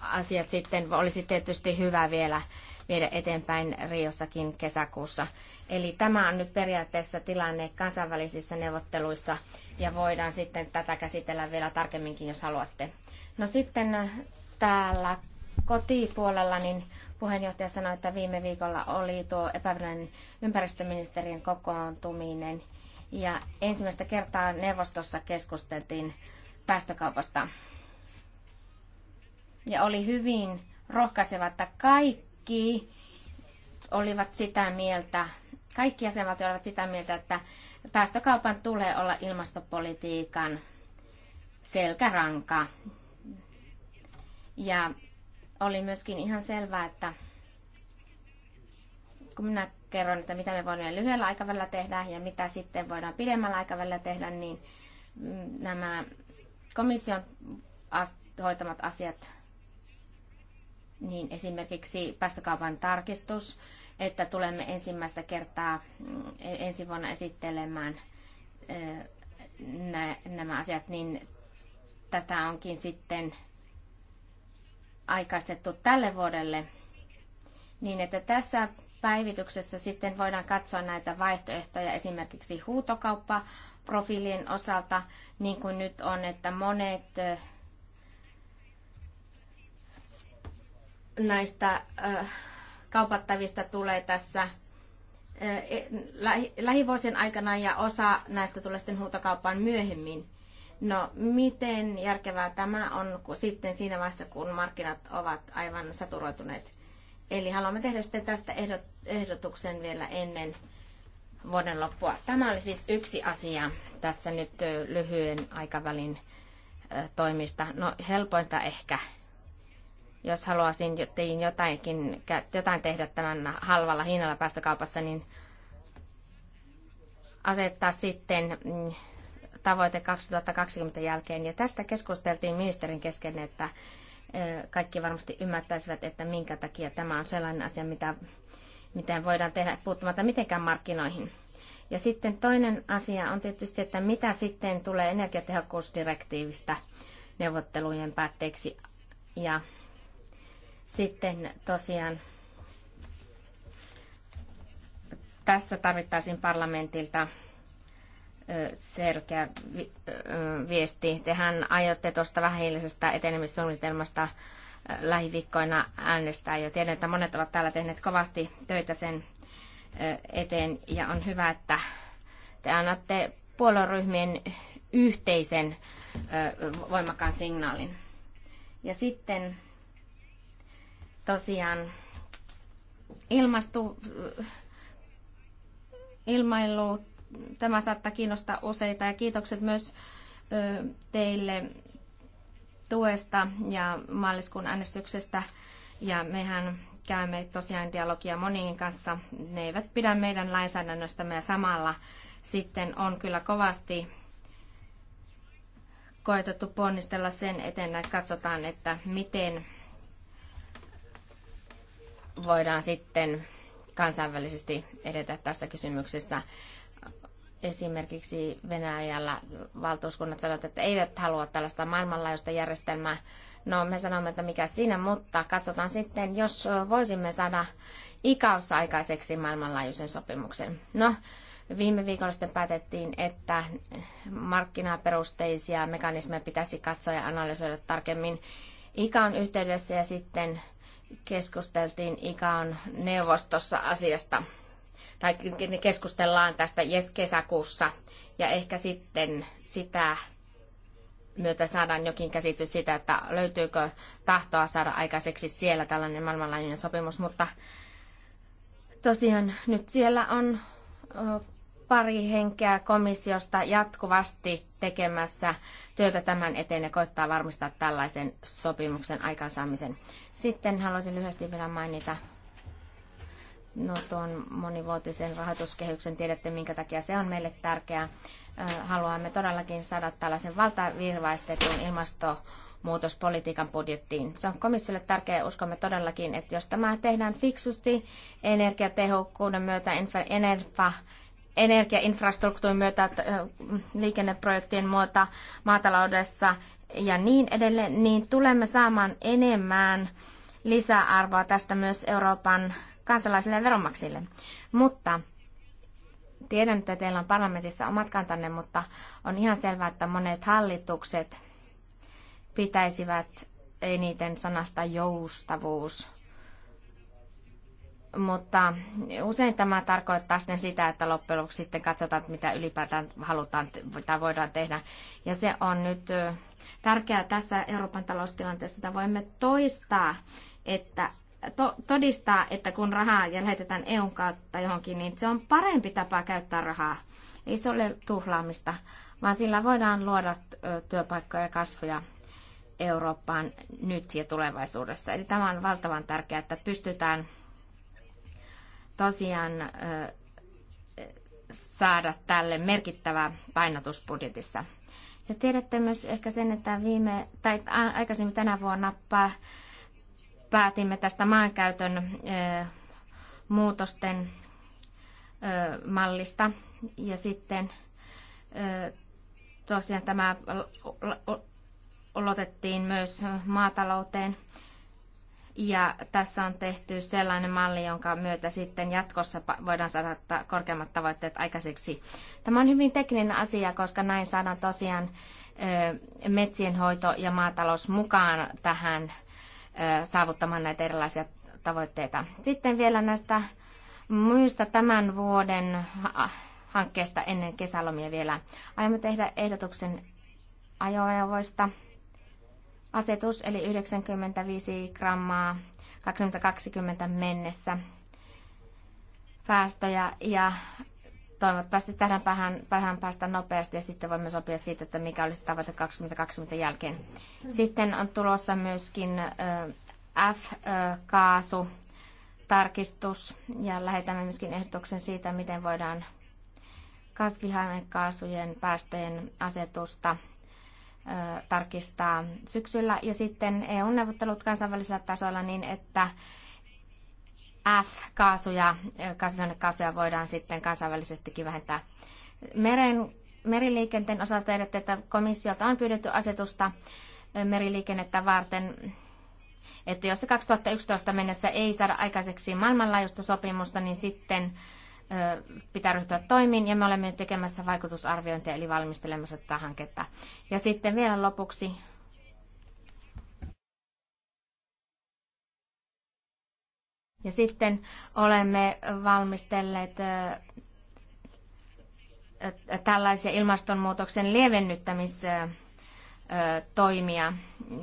asiat sitten olisi tietysti hyvä vielä viedä eteenpäin Riossakin kesäkuussa. Eli tämä on nyt periaatteessa tilanne kansainvälisissä neuvotteluissa ja voidaan sitten tätä käsitellä vielä tarkemminkin, jos haluatte. No sitten täällä kotipuolella niin puheenjohtaja sanoi, että viime viikolla oli tuo epävirallinen ympäristöministerin kokoontuminen ja ensimmäistä kertaa neuvostossa keskusteltiin päästökaupasta. Ja oli hyvin rohkaiseva, että kaikki olivat sitä mieltä, kaikki jäsenvaltiot olivat sitä mieltä, että päästökaupan tulee olla ilmastopolitiikan selkäranka. Ja oli myöskin ihan selvää, että kun minä kerron, että mitä me voimme lyhyellä aikavälillä tehdä ja mitä sitten voidaan pidemmällä aikavälillä tehdä, niin mm, nämä komission hoitamat asiat, niin esimerkiksi päästökaupan tarkistus, että tulemme ensimmäistä kertaa mm, e-, ensi vuonna esittelemään nämä asiat, niin tätä onkin sitten aikaistettu tälle vuodelle, niin että tässä päivityksessä sitten voidaan katsoa näitä vaihtoehtoja esimerkiksi huutokauppaprofiilien osalta, niin kuin nyt on, että monet näistä kaupattavista tulee tässä e, lähivuosien aikana ja osa näistä tulee sitten huutokauppaan myöhemmin. No, miten järkevää tämä on kun sitten siinä vaiheessa, kun markkinat ovat aivan saturoituneet? Eli haluamme tehdä sitten tästä ehdot, ehdotuksen vielä ennen vuoden loppua. Tämä oli siis yksi asia tässä nyt lyhyen aikavälin toimista. No helpointa ehkä, jos haluaisin jotakin, jotain tehdä tämän halvalla hinnalla päästökaupassa, niin asettaa sitten mm, tavoite 2020 jälkeen. Ja tästä keskusteltiin ministerin kesken, että kaikki varmasti ymmärtäisivät, että minkä takia tämä on sellainen asia, mitä, mitä voidaan tehdä puuttumatta mitenkään markkinoihin. Ja sitten toinen asia on tietysti, että mitä sitten tulee energiatehokkuusdirektiivistä neuvottelujen päätteeksi. Ja sitten tosiaan tässä tarvittaisiin parlamentilta selkeä viesti. Tehän aiotte tuosta vähähiilisestä etenemissuunnitelmasta lähiviikkoina äänestää ja tiedän, että monet ovat täällä tehneet kovasti töitä sen eteen ja on hyvä, että te annatte puolueryhmien yhteisen voimakkaan signaalin. Ja sitten tosiaan ilmastu, ilmailu tämä saattaa kiinnostaa useita ja kiitokset myös teille tuesta ja maaliskuun äänestyksestä. Ja mehän käymme tosiaan dialogia monien kanssa. Ne eivät pidä meidän lainsäädännöstämme ja samalla sitten on kyllä kovasti koetettu ponnistella sen eteen, että katsotaan, että miten voidaan sitten kansainvälisesti edetä tässä kysymyksessä esimerkiksi Venäjällä valtuuskunnat sanovat, että eivät halua tällaista maailmanlaajuista järjestelmää. No me sanomme, että mikä siinä, mutta katsotaan sitten, jos voisimme saada ikaussa aikaiseksi maailmanlaajuisen sopimuksen. No, viime viikolla sitten päätettiin, että markkinaperusteisia mekanismeja pitäisi katsoa ja analysoida tarkemmin ikaun yhteydessä ja sitten keskusteltiin ikaun neuvostossa asiasta tai keskustellaan tästä kesäkuussa ja ehkä sitten sitä myötä saadaan jokin käsitys siitä, että löytyykö tahtoa saada aikaiseksi siellä tällainen maailmanlaajuinen sopimus, mutta tosiaan nyt siellä on pari henkeä komissiosta jatkuvasti tekemässä työtä tämän eteen ja koittaa varmistaa tällaisen sopimuksen aikaansaamisen. Sitten haluaisin lyhyesti vielä mainita no, tuon monivuotisen rahoituskehyksen. Tiedätte, minkä takia se on meille tärkeää. Haluamme todellakin saada tällaisen valtavirvaistetun ilmasto muutospolitiikan budjettiin. Se on komissiolle tärkeää. Uskomme todellakin, että jos tämä tehdään fiksusti energiatehokkuuden myötä, infra, energiainfrastruktuurin myötä, liikenneprojektien muuta maataloudessa ja niin edelleen, niin tulemme saamaan enemmän lisäarvoa tästä myös Euroopan kansalaisille ja veronmaksille. Mutta tiedän, että teillä on parlamentissa omat kantanne, mutta on ihan selvää, että monet hallitukset pitäisivät eniten sanasta joustavuus. Mutta usein tämä tarkoittaa sitten sitä, että loppujen lopuksi sitten katsotaan, mitä ylipäätään halutaan tai voidaan tehdä. Ja se on nyt tärkeää tässä Euroopan taloustilanteessa, että voimme toistaa, että to- todistaa, että kun rahaa ja lähetetään EUn kautta johonkin, niin se on parempi tapa käyttää rahaa. Ei se ole tuhlaamista, vaan sillä voidaan luoda työpaikkoja ja kasvoja Eurooppaan nyt ja tulevaisuudessa. Eli tämä on valtavan tärkeää, että pystytään tosiaan saada tälle merkittävä painotus budjetissa. Ja tiedätte myös ehkä sen, että viime, tai aikaisemmin tänä vuonna päätimme tästä maankäytön muutosten mallista. Ja sitten tosiaan tämä ulotettiin myös maatalouteen. Ja tässä on tehty sellainen malli, jonka myötä sitten jatkossa voidaan saada korkeammat tavoitteet aikaiseksi. Tämä on hyvin tekninen asia, koska näin saadaan tosiaan metsien hoito ja maatalous mukaan tähän saavuttamaan näitä erilaisia tavoitteita. Sitten vielä näistä muista tämän vuoden hankkeesta ennen kesälomia vielä. Aiomme tehdä ehdotuksen ajoneuvoista. Asetus eli 95 grammaa 2020 mennessä päästöjä ja Toivottavasti tähän päähän, päähän päästä nopeasti ja sitten voimme sopia siitä, että mikä olisi tavoite 2020 jälkeen. Sitten on tulossa myöskin F-kaasu tarkistus ja lähetämme myöskin ehdotuksen siitä, miten voidaan kasvihuonekaasujen päästöjen asetusta tarkistaa syksyllä. Ja sitten EU-neuvottelut kansainvälisellä tasolla niin, että F-kaasuja, kasvihuonekaasuja voidaan sitten kansainvälisestikin vähentää. Meren, meriliikenteen osalta tiedätte, että komissiolta on pyydetty asetusta meriliikennettä varten, että jos se 2011 mennessä ei saada aikaiseksi maailmanlaajuista sopimusta, niin sitten pitää ryhtyä toimiin ja me olemme nyt tekemässä vaikutusarviointia eli valmistelemassa tätä hanketta. Ja sitten vielä lopuksi Ja sitten olemme valmistelleet tällaisia ilmastonmuutoksen lievennyttämistoimia,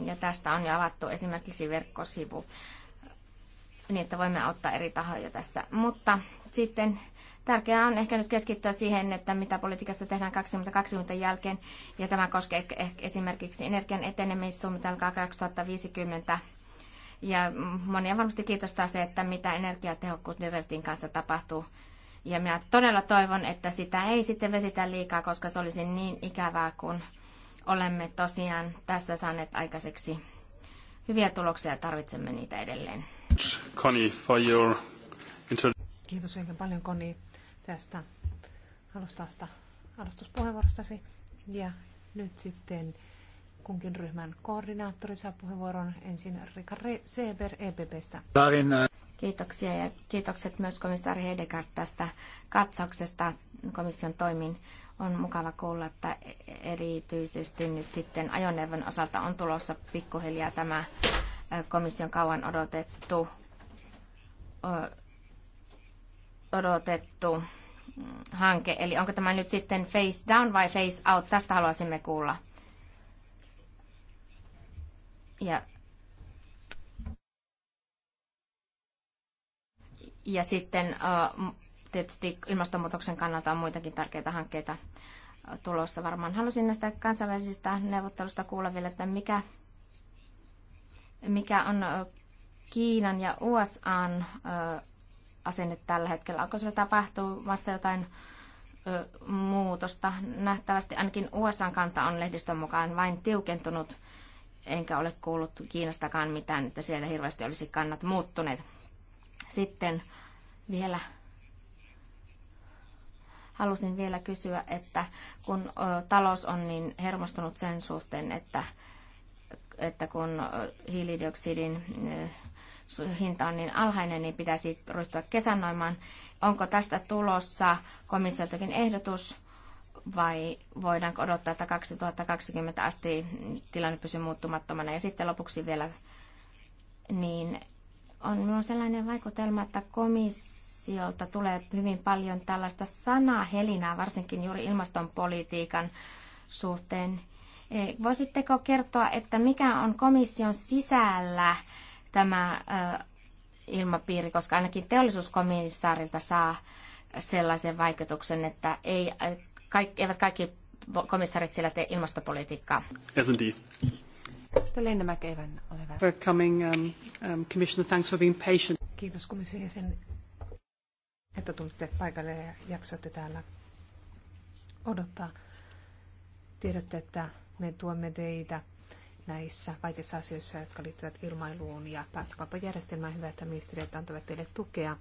ja tästä on jo avattu esimerkiksi verkkosivu, niin että voimme auttaa eri tahoja tässä. Mutta sitten tärkeää on ehkä nyt keskittyä siihen, että mitä politiikassa tehdään 2020 jälkeen, ja tämä koskee esimerkiksi energian etenemissuunnitelmaa 2050 ja monia varmasti kiitostaa se, että mitä energiatehokkuusdirektiin kanssa tapahtuu. Ja minä todella toivon, että sitä ei sitten vesitä liikaa, koska se olisi niin ikävää, kun olemme tosiaan tässä saaneet aikaiseksi hyviä tuloksia ja tarvitsemme niitä edelleen. Connie, for your Kiitos oikein paljon Koni tästä alustasta, alustuspuheenvuorostasi. Ja nyt sitten kunkin ryhmän koordinaattori saa puheenvuoron ensin Rika Seber EPPstä. Tarina. Äh, Kiitoksia ja kiitokset myös komissaari Hedegaard tästä katsauksesta komission toimin. On mukava kuulla, että erityisesti nyt sitten ajoneuvon osalta on tulossa pikkuhiljaa tämä äh, komission kauan odotettu, odotettu mm, hanke. Eli onko tämä nyt sitten face down vai face out? Tästä haluaisimme kuulla. Ja, ja sitten tietysti ilmastonmuutoksen kannalta on muitakin tärkeitä hankkeita tulossa varmaan. Halusin näistä kansainvälisistä neuvottelusta kuulla vielä, että mikä, mikä on Kiinan ja USAn asenne tällä hetkellä. Onko se tapahtumassa jotain muutosta? Nähtävästi ainakin USAn kanta on lehdistön mukaan vain tiukentunut enkä ole kuullut Kiinastakaan mitään, että siellä hirveästi olisi kannat muuttuneet. Sitten vielä halusin vielä kysyä, että kun talous on niin hermostunut sen suhteen, että, että kun hiilidioksidin hinta on niin alhainen, niin pitäisi ryhtyä kesännoimaan. Onko tästä tulossa komissiotakin ehdotus vai voidaanko odottaa, että 2020 asti tilanne pysyy muuttumattomana. Ja sitten lopuksi vielä, niin on minulla sellainen vaikutelma, että komissiolta tulee hyvin paljon tällaista sanaa helinää, varsinkin juuri ilmastonpolitiikan suhteen. E, voisitteko kertoa, että mikä on komission sisällä tämä ilmapiiri, koska ainakin teollisuuskomissaarilta saa sellaisen vaikutuksen, että ei eivät kaikki komissarit siellä tee ilmastopolitiikkaa. S&D. For coming, um, um, Commissioner, thanks for being patient. Kiitos komission jäsen, että tulitte paikalle ja jaksoitte täällä odottaa. Tiedätte, että me tuomme teitä näissä vaikeissa asioissa, jotka liittyvät ilmailuun ja päästökauppajärjestelmään. Hyvä, että ministeriöt antavat teille tukea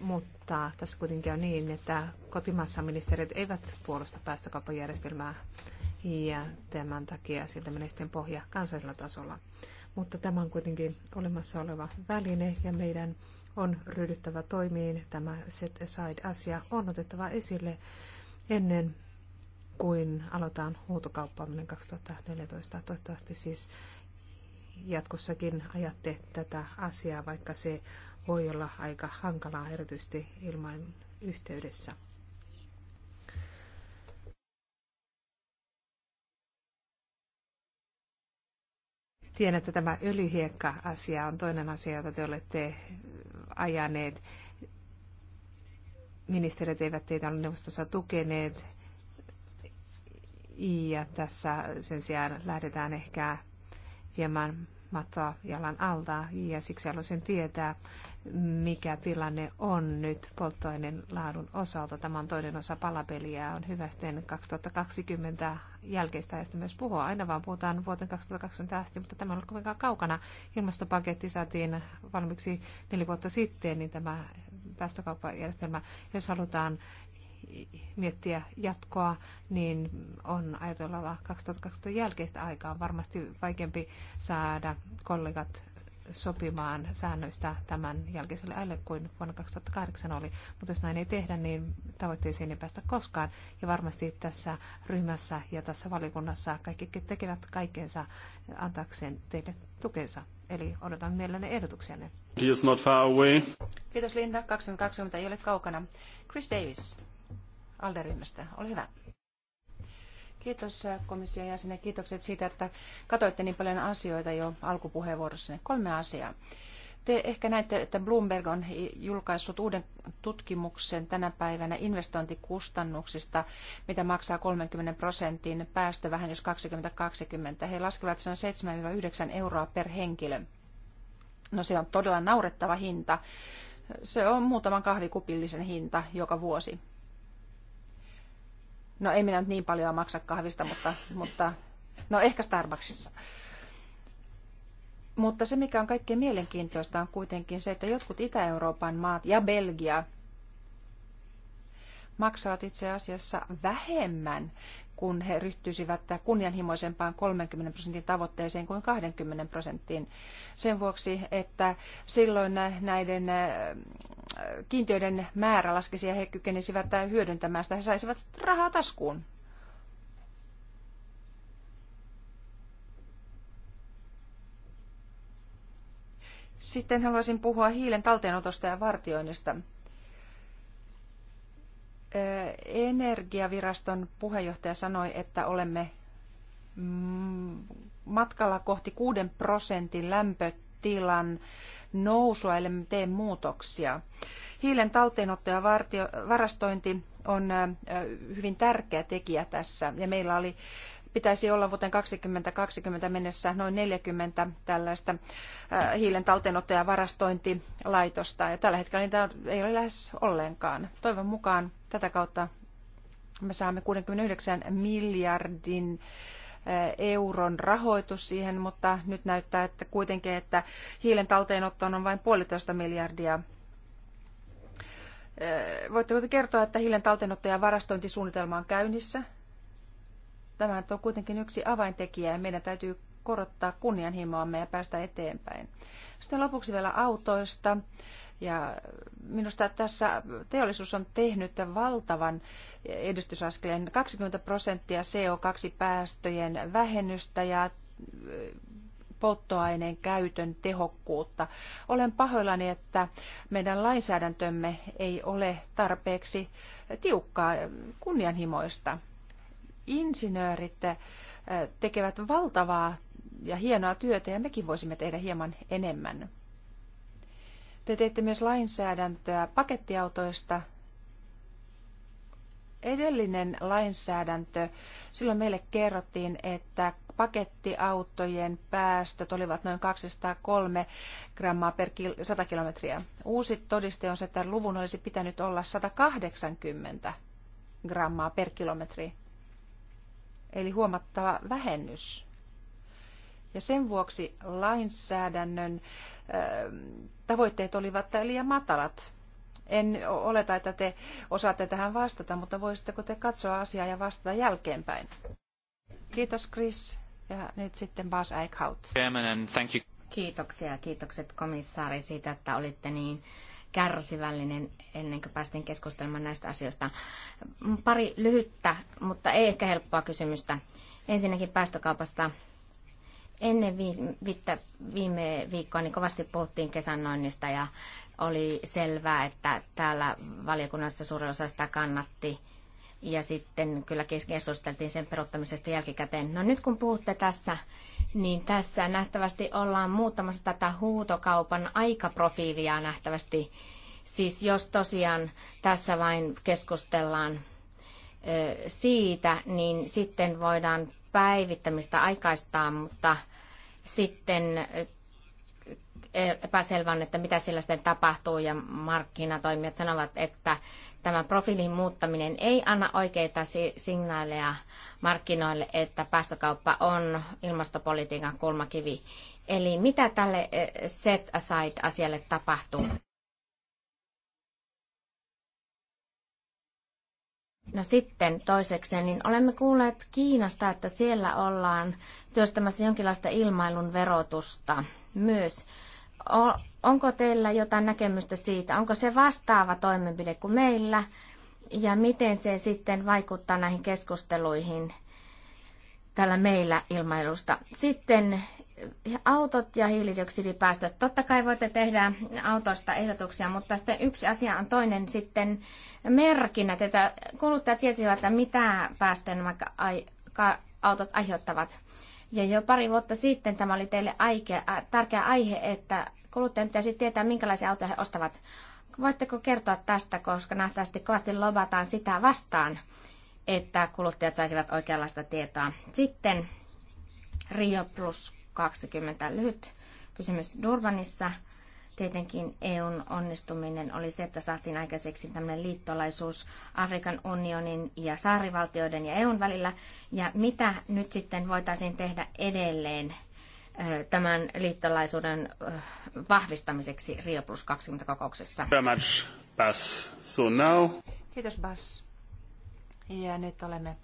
mutta tässä kuitenkin on niin, että kotimaassa ministerit eivät puolusta päästökauppajärjestelmää ja tämän takia siltä menee sitten pohja kansallisella tasolla. Mutta tämä on kuitenkin olemassa oleva väline ja meidän on ryhdyttävä toimiin. Tämä set aside-asia on otettava esille ennen kuin aloitetaan huutokauppaaminen 2014. Toivottavasti siis jatkossakin ajatte tätä asiaa, vaikka se voi olla aika hankalaa, erityisesti ilman yhteydessä. Tiedän, että tämä öljyhiekka-asia on toinen asia, jota te olette ajaneet. Ministerit eivät teitä ole neuvostossa tukeneet. Ja tässä sen sijaan lähdetään ehkä hieman mattoa jalan alta. Ja siksi haluaisin tietää, mikä tilanne on nyt polttoaineen laadun osalta. Tämä on toinen osa palapeliä. On hyvä sitten 2020 jälkeistä ajasta myös puhua. Aina vaan puhutaan vuoteen 2020 asti, mutta tämä on ollut kovinkaan kaukana. Ilmastopaketti saatiin valmiiksi neljä vuotta sitten, niin tämä päästökauppajärjestelmä, jos halutaan miettiä jatkoa, niin on ajatella 2020 jälkeistä aikaa. On varmasti vaikeampi saada kollegat sopimaan säännöistä tämän jälkeiselle ajalle kuin vuonna 2008 oli. Mutta jos näin ei tehdä, niin tavoitteisiin ei päästä koskaan. Ja varmasti tässä ryhmässä ja tässä valikunnassa kaikki tekevät kaikkeensa antaakseen teille tukensa. Eli odotan mielelläni ehdotuksianne. Not far away. Kiitos Linda. 2020 ei ole kaukana. Chris Davis Alderyhmästä, ole hyvä. Kiitos komission jäsenen. Kiitokset siitä, että katoitte niin paljon asioita jo alkupuheenvuorossanne. Kolme asiaa. Te ehkä näette, että Bloomberg on julkaissut uuden tutkimuksen tänä päivänä investointikustannuksista, mitä maksaa 30 prosentin päästövähennys 2020. He laskevat sen 7-9 euroa per henkilö. No se on todella naurettava hinta. Se on muutaman kahvikupillisen hinta joka vuosi. No ei minä nyt niin paljon maksa kahvista, mutta, mutta no ehkä Starbucksissa. Mutta se, mikä on kaikkein mielenkiintoista, on kuitenkin se, että jotkut Itä-Euroopan maat ja Belgia maksavat itse asiassa vähemmän kun he ryhtyisivät kunnianhimoisempaan 30 prosentin tavoitteeseen kuin 20 prosenttiin. Sen vuoksi, että silloin näiden äh, kiintiöiden määrä laskisi ja he kykenisivät hyödyntämään sitä, he saisivat rahaa taskuun. Sitten haluaisin puhua hiilen talteenotosta ja vartioinnista. Energiaviraston puheenjohtaja sanoi, että olemme mm, matkalla kohti 6 prosentin lämpötilan nousua, eli tee muutoksia. Hiilen talteenotto ja varastointi on hyvin tärkeä tekijä tässä, ja meillä oli pitäisi olla vuoteen 2020 mennessä noin 40 tällaista äh, hiilen talteenotto- ja varastointilaitosta. Ja tällä hetkellä niitä ei ole lähes ollenkaan. Toivon mukaan tätä kautta me saamme 69 miljardin äh, euron rahoitus siihen, mutta nyt näyttää, että kuitenkin, että hiilen talteenottoon on vain puolitoista miljardia äh, Voitteko te kertoa, että hiilen talteenotto- ja varastointisuunnitelma on käynnissä? Tämä on kuitenkin yksi avaintekijä ja meidän täytyy korottaa kunnianhimoamme ja päästä eteenpäin. Sitten lopuksi vielä autoista. Ja minusta tässä teollisuus on tehnyt valtavan edistysaskeleen 20 prosenttia CO2-päästöjen vähennystä ja polttoaineen käytön tehokkuutta. Olen pahoillani, että meidän lainsäädäntömme ei ole tarpeeksi tiukkaa kunnianhimoista insinöörit eh, tekevät valtavaa ja hienoa työtä ja mekin voisimme tehdä hieman enemmän. Te teette myös lainsäädäntöä pakettiautoista. Edellinen lainsäädäntö, silloin meille kerrottiin, että pakettiautojen päästöt olivat noin 203 grammaa per 100 kilometriä. Uusi todiste on se, että luvun olisi pitänyt olla 180 grammaa per kilometri eli huomattava vähennys. Ja sen vuoksi lainsäädännön ähm, tavoitteet olivat liian matalat. En oleta, että te osaatte tähän vastata, mutta voisitteko te katsoa asiaa ja vastata jälkeenpäin? Kiitos Chris ja nyt sitten Bas Eichhout. Kiitoksia ja kiitokset komissaari siitä, että olitte niin kärsivällinen ennen kuin päästiin keskustelemaan näistä asioista. Pari lyhyttä, mutta ei ehkä helppoa kysymystä. Ensinnäkin päästökaupasta. Ennen viime viikkoa niin kovasti puhuttiin kesännoinnista ja oli selvää, että täällä valiokunnassa suurin osa sitä kannatti – ja sitten kyllä keskusteltiin sen perottamisesta jälkikäteen. No nyt kun puhutte tässä, niin tässä nähtävästi ollaan muuttamassa tätä huutokaupan aikaprofiilia nähtävästi. Siis jos tosiaan tässä vain keskustellaan ö, siitä, niin sitten voidaan päivittämistä aikaistaa, mutta sitten E- epäselvän, että mitä siellä sitten tapahtuu ja markkinatoimijat sanovat, että tämä profiilin muuttaminen ei anna oikeita signaaleja markkinoille, että päästökauppa on ilmastopolitiikan kulmakivi. Eli mitä tälle set aside asialle tapahtuu? No sitten toiseksi, niin olemme kuulleet Kiinasta, että siellä ollaan työstämässä jonkinlaista ilmailun verotusta myös. Onko teillä jotain näkemystä siitä? Onko se vastaava toimenpide kuin meillä? Ja miten se sitten vaikuttaa näihin keskusteluihin tällä meillä ilmailusta? Sitten autot ja hiilidioksidipäästöt. Totta kai voitte tehdä autoista ehdotuksia, mutta sitten yksi asia on toinen sitten merkinnät, että kuluttajat tietävät, että mitä päästöjä nämä autot aiheuttavat. Ja jo pari vuotta sitten tämä oli teille aikea, tärkeä aihe, että kuluttajien pitäisi tietää, minkälaisia autoja he ostavat. Voitteko kertoa tästä, koska nähtävästi kovasti lobataan sitä vastaan, että kuluttajat saisivat oikeanlaista tietoa. Sitten Rio Plus 20. Lyhyt kysymys Durbanissa Tietenkin EUn onnistuminen oli se, että saatiin aikaiseksi tämmöinen liittolaisuus Afrikan unionin ja saarivaltioiden ja EUn välillä. Ja mitä nyt sitten voitaisiin tehdä edelleen tämän liittolaisuuden vahvistamiseksi Rio Plus 20 kokouksessa? Bas. So now... Kiitos Bas. Ja nyt olemme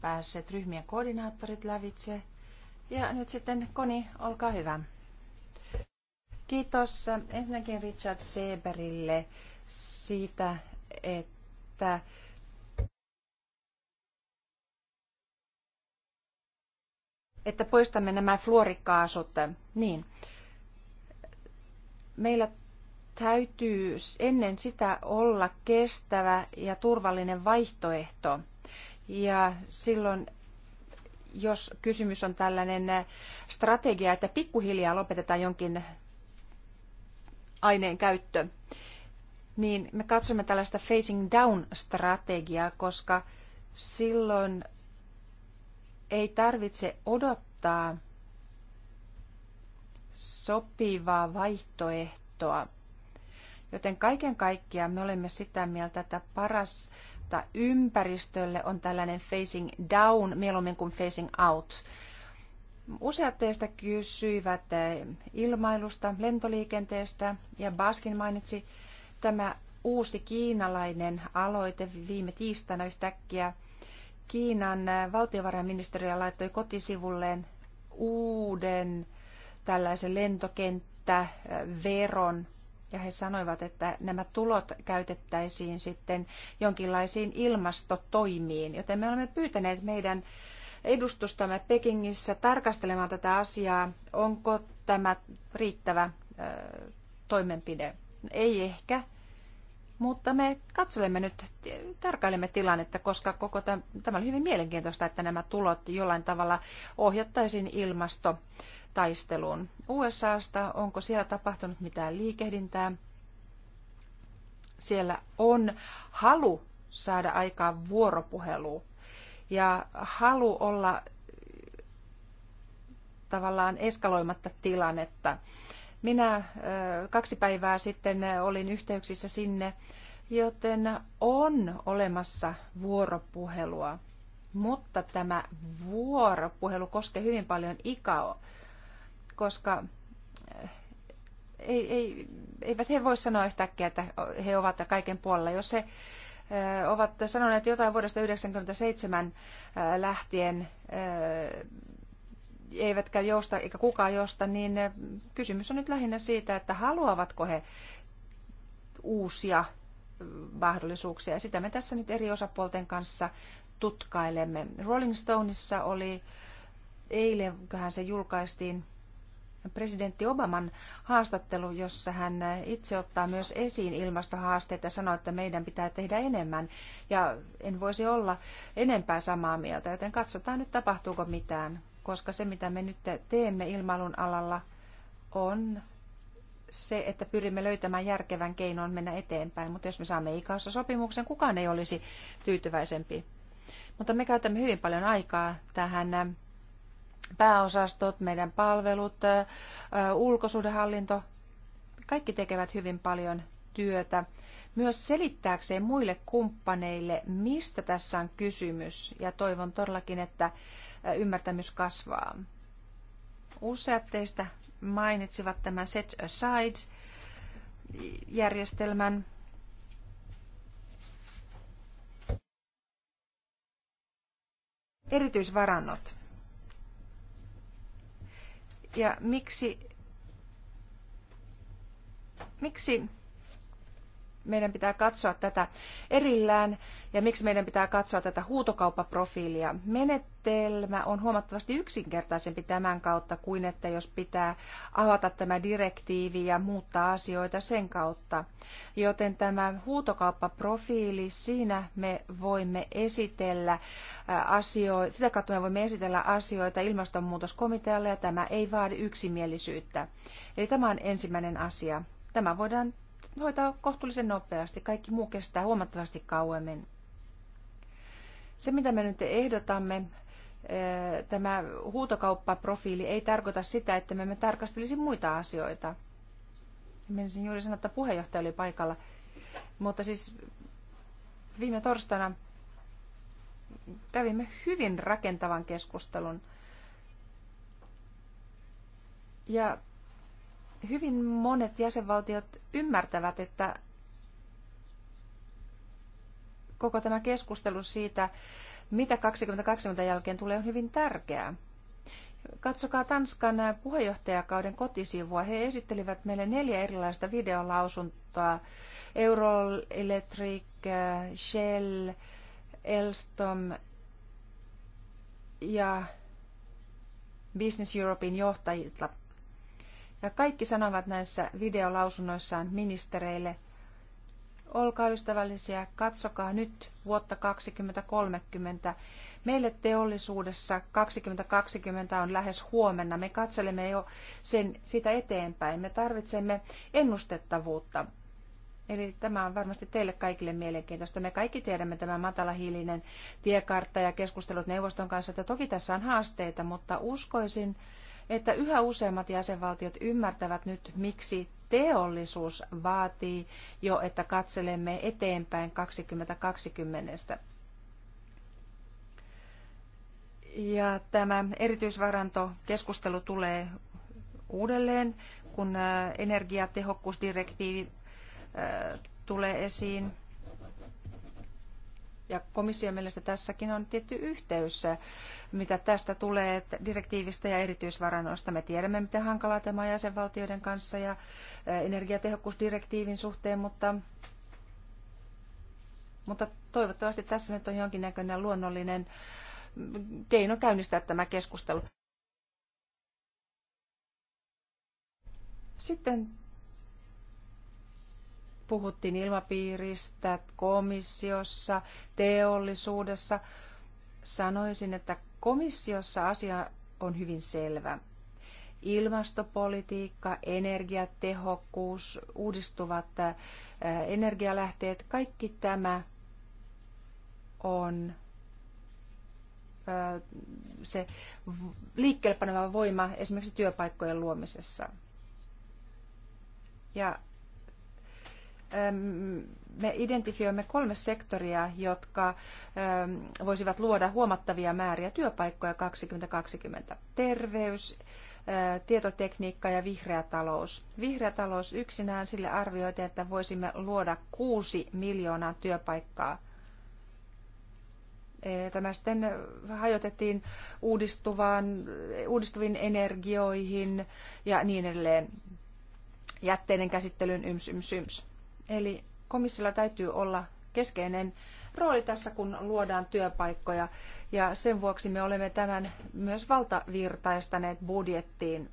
päässeet ryhmien koordinaattorit lävitse. Ja nyt sitten Koni, olkaa hyvä. Kiitos ensinnäkin Richard Seberille siitä, että että poistamme nämä fluorikaasut. Niin. Meillä täytyy ennen sitä olla kestävä ja turvallinen vaihtoehto. Ja silloin, jos kysymys on tällainen strategia, että pikkuhiljaa lopetetaan jonkin aineen käyttö, niin me katsomme tällaista facing down-strategiaa, koska silloin ei tarvitse odottaa sopivaa vaihtoehtoa. Joten kaiken kaikkiaan me olemme sitä mieltä, että parasta ympäristölle on tällainen facing down mieluummin kuin facing out Useat teistä kysyivät eh, ilmailusta, lentoliikenteestä ja Baskin mainitsi tämä uusi kiinalainen aloite viime tiistaina yhtäkkiä. Kiinan eh, valtiovarainministeriö laittoi kotisivulleen uuden tällaisen lentokenttäveron. Ja he sanoivat, että nämä tulot käytettäisiin sitten jonkinlaisiin ilmastotoimiin, joten me olemme pyytäneet meidän edustustamme Pekingissä tarkastelemaan tätä asiaa, onko tämä riittävä toimenpide. Ei ehkä, mutta me katselemme nyt, tarkailemme tilannetta, koska koko tämä, tämä oli hyvin mielenkiintoista, että nämä tulot jollain tavalla ohjattaisiin ilmastotaisteluun. USAsta onko siellä tapahtunut mitään liikehdintää? Siellä on halu saada aikaan vuoropuhelu ja halu olla tavallaan eskaloimatta tilannetta. Minä kaksi päivää sitten olin yhteyksissä sinne, joten on olemassa vuoropuhelua. Mutta tämä vuoropuhelu koskee hyvin paljon ikao, koska ei, ei, eivät he voi sanoa yhtäkkiä, että he ovat kaiken puolella. Jos he ovat sanoneet jotain vuodesta 1997 lähtien, eivätkä jousta, eikä kukaan jousta, niin kysymys on nyt lähinnä siitä, että haluavatko he uusia mahdollisuuksia. Sitä me tässä nyt eri osapuolten kanssa tutkailemme. Rolling Stoneissa oli eilen, kunhan se julkaistiin, presidentti Obaman haastattelu, jossa hän itse ottaa myös esiin ilmastohaasteet ja sanoo, että meidän pitää tehdä enemmän. Ja en voisi olla enempää samaa mieltä, joten katsotaan nyt tapahtuuko mitään, koska se mitä me nyt teemme ilmailun alalla on se, että pyrimme löytämään järkevän keinon mennä eteenpäin, mutta jos me saamme ikässä sopimuksen, kukaan ei olisi tyytyväisempi. Mutta me käytämme hyvin paljon aikaa tähän pääosastot, meidän palvelut, ulkosuhdehallinto, kaikki tekevät hyvin paljon työtä myös selittääkseen muille kumppaneille, mistä tässä on kysymys, ja toivon todellakin, että ymmärtämys kasvaa. Useat teistä mainitsivat tämän Set Aside-järjestelmän. Erityisvarannot. Ja miksi, miksi meidän pitää katsoa tätä erillään ja miksi meidän pitää katsoa tätä huutokauppaprofiilia. Menetelmä on huomattavasti yksinkertaisempi tämän kautta kuin että jos pitää avata tämä direktiivi ja muuttaa asioita sen kautta. Joten tämä huutokauppaprofiili, siinä me voimme esitellä äh, asioita, sitä kautta me voimme esitellä asioita ilmastonmuutoskomitealle ja tämä ei vaadi yksimielisyyttä. Eli tämä on ensimmäinen asia. Tämä voidaan hoitaa kohtuullisen nopeasti. Kaikki muu kestää huomattavasti kauemmin. Se, mitä me nyt ehdotamme, eh, tämä huutokauppaprofiili ei tarkoita sitä, että me emme tarkastelisi muita asioita. Menisin juuri sanoa, että puheenjohtaja oli paikalla. Mutta siis viime torstaina kävimme hyvin rakentavan keskustelun. Ja hyvin monet jäsenvaltiot ymmärtävät, että koko tämä keskustelu siitä, mitä 2020 jälkeen tulee, on hyvin tärkeää. Katsokaa Tanskan puheenjohtajakauden kotisivua. He esittelivät meille neljä erilaista videolausuntoa. Electric, Shell, Elstom ja Business Europein johtajilta ja kaikki sanovat näissä videolausunnoissaan ministereille, olkaa ystävällisiä, katsokaa nyt vuotta 2030. Meille teollisuudessa 2020 on lähes huomenna. Me katselemme jo sen, sitä eteenpäin. Me tarvitsemme ennustettavuutta. Eli tämä on varmasti teille kaikille mielenkiintoista. Me kaikki tiedämme tämä matalahiilinen tiekartta ja keskustelut neuvoston kanssa, että toki tässä on haasteita, mutta uskoisin, että yhä useammat jäsenvaltiot ymmärtävät nyt, miksi teollisuus vaatii jo, että katselemme eteenpäin 2020. Ja tämä erityisvarantokeskustelu tulee uudelleen, kun energiatehokkuusdirektiivi tulee esiin ja komission mielestä tässäkin on tietty yhteys, mitä tästä tulee direktiivistä ja erityisvarannoista. Me tiedämme, miten hankalaa tämä on jäsenvaltioiden kanssa ja energiatehokkuusdirektiivin suhteen, mutta, mutta toivottavasti tässä nyt on jonkinnäköinen luonnollinen keino käynnistää tämä keskustelu. Sitten puhuttiin ilmapiiristä, komissiossa, teollisuudessa. Sanoisin, että komissiossa asia on hyvin selvä. Ilmastopolitiikka, energiatehokkuus, uudistuvat äh, energialähteet, kaikki tämä on äh, se liikkeelle voima esimerkiksi työpaikkojen luomisessa. Ja me identifioimme kolme sektoria, jotka voisivat luoda huomattavia määriä työpaikkoja 2020. Terveys, e, tietotekniikka ja vihreä talous. Vihreä talous yksinään sille arvioitiin, että voisimme luoda kuusi miljoonaa työpaikkaa. E, tämä sitten hajotettiin uudistuvaan, uudistuviin energioihin ja niin edelleen jätteiden käsittelyyn yms, yms, yms. Eli komissiolla täytyy olla keskeinen rooli tässä, kun luodaan työpaikkoja. Ja sen vuoksi me olemme tämän myös valtavirtaistaneet budjettiin.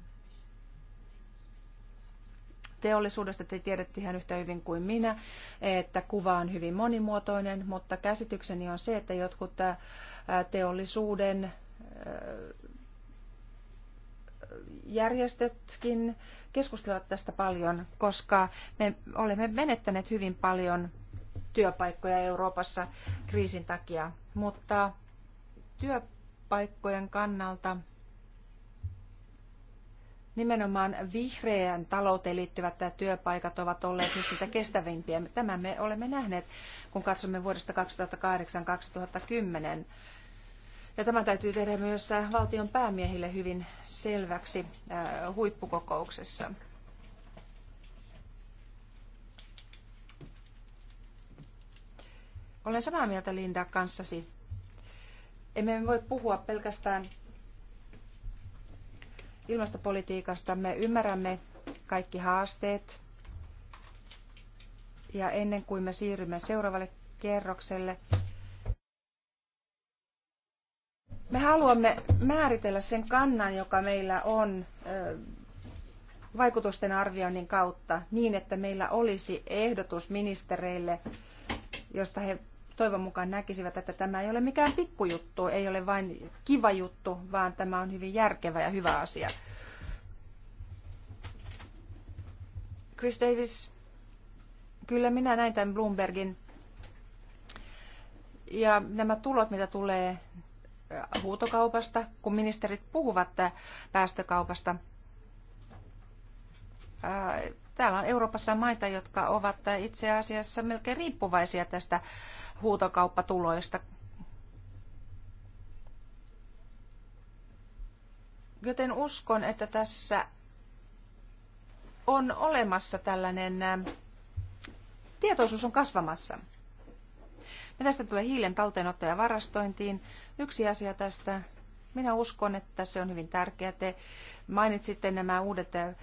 Teollisuudesta te tiedätte ihan yhtä hyvin kuin minä, että kuva on hyvin monimuotoinen, mutta käsitykseni on se, että jotkut teollisuuden järjestötkin keskustelevat tästä paljon, koska me olemme menettäneet hyvin paljon työpaikkoja Euroopassa kriisin takia, mutta työpaikkojen kannalta nimenomaan vihreän talouteen liittyvät työpaikat ovat olleet nyt niitä kestävimpiä. Tämän me olemme nähneet, kun katsomme vuodesta 2008-2010 ja tämä täytyy tehdä myös äh, valtion päämiehille hyvin selväksi äh, huippukokouksessa. Olen samaa mieltä Linda kanssasi. Emme voi puhua pelkästään ilmastopolitiikasta. Me ymmärrämme kaikki haasteet. Ja ennen kuin me siirrymme seuraavalle kerrokselle, me haluamme määritellä sen kannan, joka meillä on vaikutusten arvioinnin kautta niin, että meillä olisi ehdotus ministereille, josta he toivon mukaan näkisivät, että tämä ei ole mikään pikkujuttu, ei ole vain kiva juttu, vaan tämä on hyvin järkevä ja hyvä asia. Chris Davis, kyllä minä näin tämän Bloombergin. Ja nämä tulot, mitä tulee huutokaupasta, kun ministerit puhuvat päästökaupasta. Täällä on Euroopassa maita, jotka ovat itse asiassa melkein riippuvaisia tästä huutokauppatuloista. Joten uskon, että tässä on olemassa tällainen tietoisuus on kasvamassa. Ja tästä tulee hiilen talteenotto ja varastointiin. Yksi asia tästä, minä uskon, että se on hyvin tärkeää. Te mainitsitte nämä uudet äh,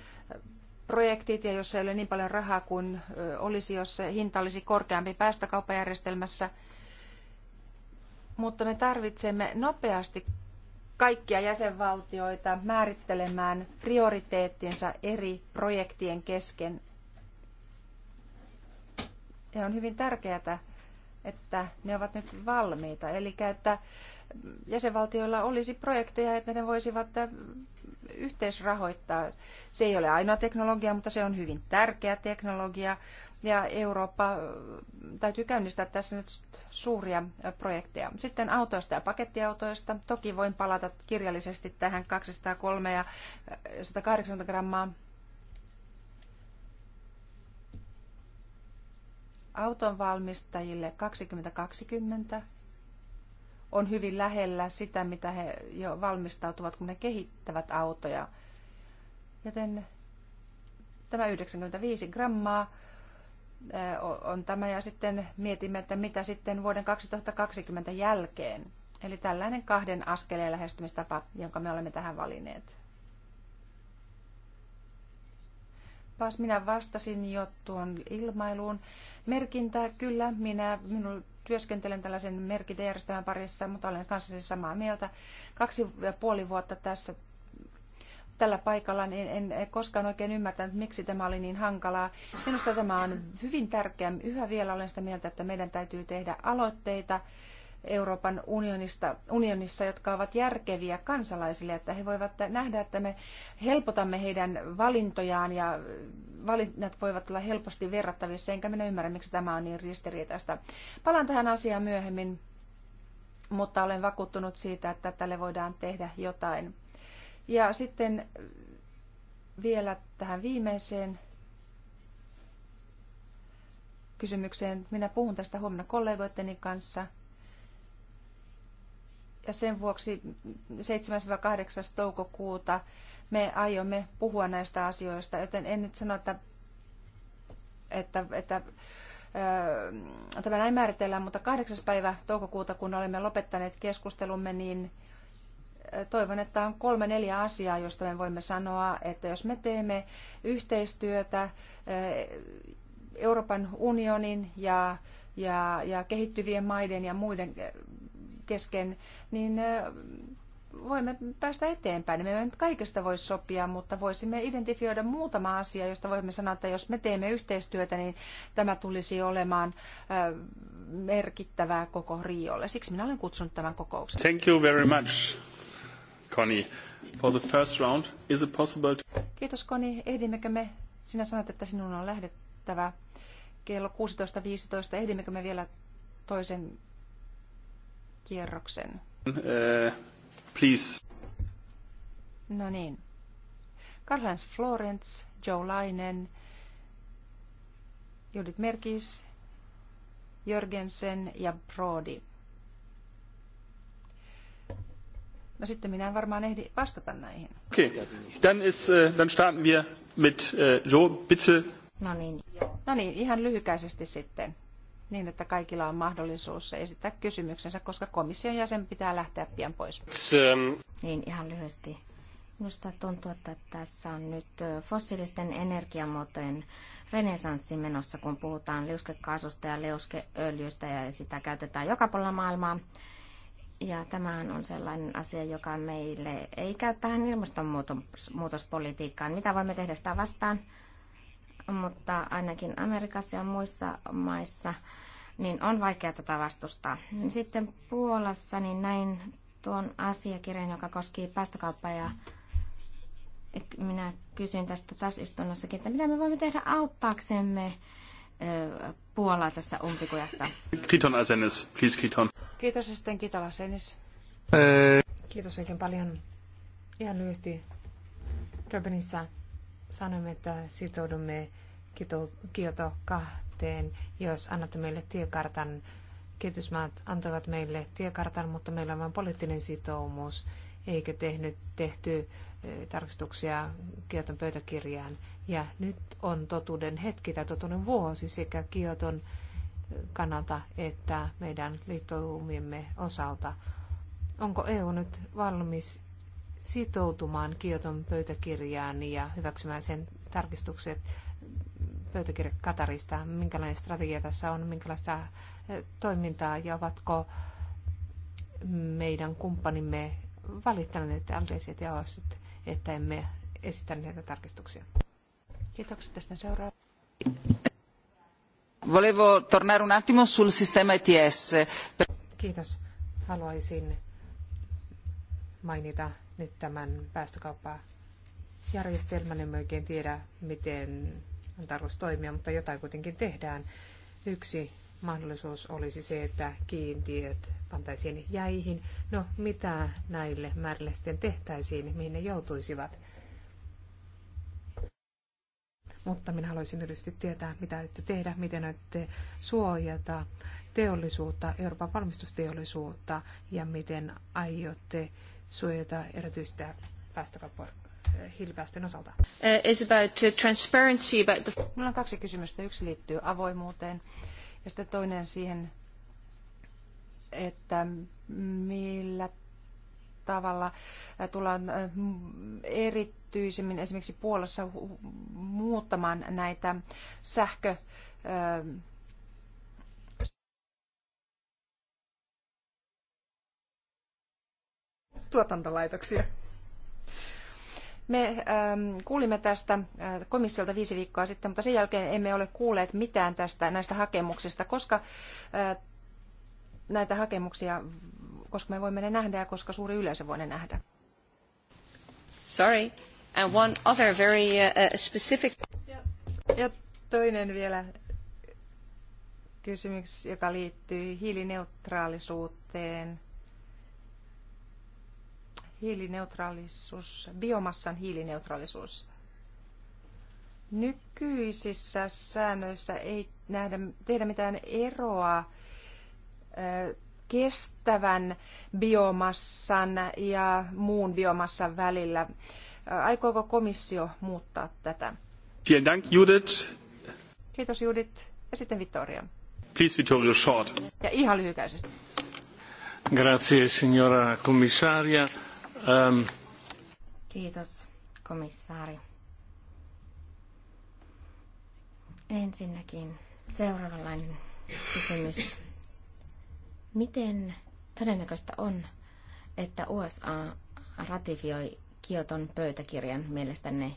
projektit, ja jos ei ole niin paljon rahaa kuin äh, olisi, jos se hinta olisi korkeampi päästökauppajärjestelmässä. Mutta me tarvitsemme nopeasti kaikkia jäsenvaltioita määrittelemään prioriteettinsa eri projektien kesken. Ja on hyvin tärkeää, että ne ovat nyt valmiita. Eli että jäsenvaltioilla olisi projekteja, että ne voisivat äh, yhteisrahoittaa. Se ei ole ainoa teknologia, mutta se on hyvin tärkeä teknologia. Ja Eurooppa äh, täytyy käynnistää tässä nyt suuria äh, projekteja. Sitten autoista ja pakettiautoista. Toki voin palata kirjallisesti tähän 203 ja 180 grammaa autonvalmistajille 2020 on hyvin lähellä sitä, mitä he jo valmistautuvat, kun ne kehittävät autoja. Joten tämä 95 grammaa eh, on tämä ja sitten mietimme, että mitä sitten vuoden 2020 jälkeen. Eli tällainen kahden askeleen lähestymistapa, jonka me olemme tähän valineet. Vaas minä vastasin jo tuon ilmailuun. Merkintää kyllä, minä minun työskentelen tällaisen merkintäjärjestelmän parissa, mutta olen kanssasi samaa mieltä. Kaksi ja puoli vuotta tässä tällä paikalla, niin en, en koskaan oikein ymmärtänyt, miksi tämä oli niin hankalaa. Minusta tämä on hyvin tärkeä. Yhä vielä olen sitä mieltä, että meidän täytyy tehdä aloitteita Euroopan unionista, unionissa, jotka ovat järkeviä kansalaisille, että he voivat nähdä, että me helpotamme heidän valintojaan ja valinnat voivat olla helposti verrattavissa, enkä minä ymmärrä, miksi tämä on niin ristiriitaista. Palaan tähän asiaan myöhemmin, mutta olen vakuuttunut siitä, että tälle voidaan tehdä jotain. Ja sitten vielä tähän viimeiseen kysymykseen. Minä puhun tästä huomenna kollegoitteni kanssa – ja sen vuoksi 7-8. toukokuuta me aiomme puhua näistä asioista, joten en nyt sano, että, että, että öö, tämä näin määritellään, mutta 8. päivä toukokuuta, kun olemme lopettaneet keskustelumme, niin toivon, että on kolme neljä asiaa, josta me voimme sanoa, että jos me teemme yhteistyötä Euroopan unionin ja, ja, ja kehittyvien maiden ja muiden kesken, niin voimme päästä eteenpäin. Me emme nyt kaikesta voi sopia, mutta voisimme identifioida muutama asia, josta voimme sanoa, että jos me teemme yhteistyötä, niin tämä tulisi olemaan merkittävää koko Riolle. Siksi minä olen kutsunut tämän kokouksen. Thank you very much, Connie. For the first round, is it possible to... Kiitos Koni. Ehdimmekö me? Sinä sanot, että sinun on lähdettävä kello 16.15. Ehdimmekö me vielä toisen kierroksen. Uh, please. No niin. Karl-Heinz Florence, Joe Lainen, Judith Merkis, Jörgensen ja Brody. No sitten minä en varmaan ehdi vastata näihin. Okei, okay. dann, ist, äh, dann starten wir mit äh, Joe, bitte. No niin. no niin, ihan lyhykäisesti sitten niin, että kaikilla on mahdollisuus esittää kysymyksensä, koska komission jäsen pitää lähteä pian pois. Um, niin, ihan lyhyesti. Minusta tuntuu, että tässä on nyt fossiilisten energiamuotojen renesanssi menossa, kun puhutaan liuskekaasusta ja liuskeöljystä ja sitä käytetään joka puolella maailmaa. Ja tämähän on sellainen asia, joka meille ei käy tähän ilmastonmuutospolitiikkaan. Mitä voimme tehdä sitä vastaan? mutta ainakin Amerikassa ja muissa maissa niin on vaikea tätä vastustaa. Sitten Puolassa niin näin tuon asiakirjan, joka koski päästökauppaa ja minä kysyin tästä istunnossakin, että mitä me voimme tehdä auttaaksemme Puolaa tässä umpikujassa. Kiitos Asenis, please Kiitos. Kiitos ja sitten Kiitos Asenis. Äh. Kiitos oikein paljon. Ihan lyhyesti Durbanissa sanoimme, että sitoudumme Kioto 2, jos annatte meille tiekartan. Kehitysmaat antavat meille tiekartan, mutta meillä on vain poliittinen sitoumus, eikä tehnyt, tehty eh, tarkistuksia Kioton pöytäkirjaan. Ja nyt on totuuden hetki tai totuuden vuosi sekä Kioton eh, kannalta että meidän liittoumiemme osalta. Onko EU nyt valmis sitoutumaan Kioton pöytäkirjaan ja hyväksymään sen tarkistukset pöytäkirja Katarista, minkälainen strategia tässä on, minkälaista eh, toimintaa ja ovatko meidän kumppanimme valittaneet LDCt ja OSit, että emme esitä näitä tarkistuksia. Kiitokset tästä seuraava. Volevo tornare un attimo sul sistema ETS. Kiitos. Haluaisin mainita nyt tämän päästökauppajärjestelmän. En oikein tiedä, miten on tarkoitus toimia, mutta jotain kuitenkin tehdään. Yksi mahdollisuus olisi se, että kiintiöt pantaisiin jäihin. No, mitä näille määrille sitten tehtäisiin, mihin ne joutuisivat? Mutta minä haluaisin yleisesti tietää, mitä aiotte tehdä, miten aiotte suojata teollisuutta, Euroopan valmistusteollisuutta ja miten aiotte suojata erityistä päästökauppaa hiilipäästöjen osalta. Uh, it's about uh, transparency about the... Minulla on kaksi kysymystä. Yksi liittyy avoimuuteen ja sitten toinen siihen, että millä tavalla äh, tullaan äh, erityisemmin esimerkiksi Puolassa muuttamaan näitä sähkö äh, tuotantolaitoksia. Me ähm, kuulimme tästä äh, komissiolta viisi viikkoa sitten, mutta sen jälkeen emme ole kuulleet mitään tästä näistä hakemuksista, koska äh, näitä hakemuksia, koska me voimme ne nähdä ja koska suuri yleisö voi ne nähdä. Sorry. And one other very uh, uh specific... Ja, ja toinen vielä kysymys, joka liittyy hiilineutraalisuuteen – hiilineutraalisuus, biomassan hiilineutraalisuus. Nykyisissä säännöissä ei nähdä, tehdä mitään eroa kestävän biomassan ja muun biomassan välillä. Aikooko komissio muuttaa tätä? Vielen Dank, Judith. Kiitos Judith. Ja sitten Vittoria. Please, Vittorio Short. Ja ihan lyhykäisesti. Grazie, signora commissaria. Um. Kiitos, komissaari. Ensinnäkin seuraavanlainen kysymys. Miten todennäköistä on, että USA ratifioi Kioton pöytäkirjan mielestänne?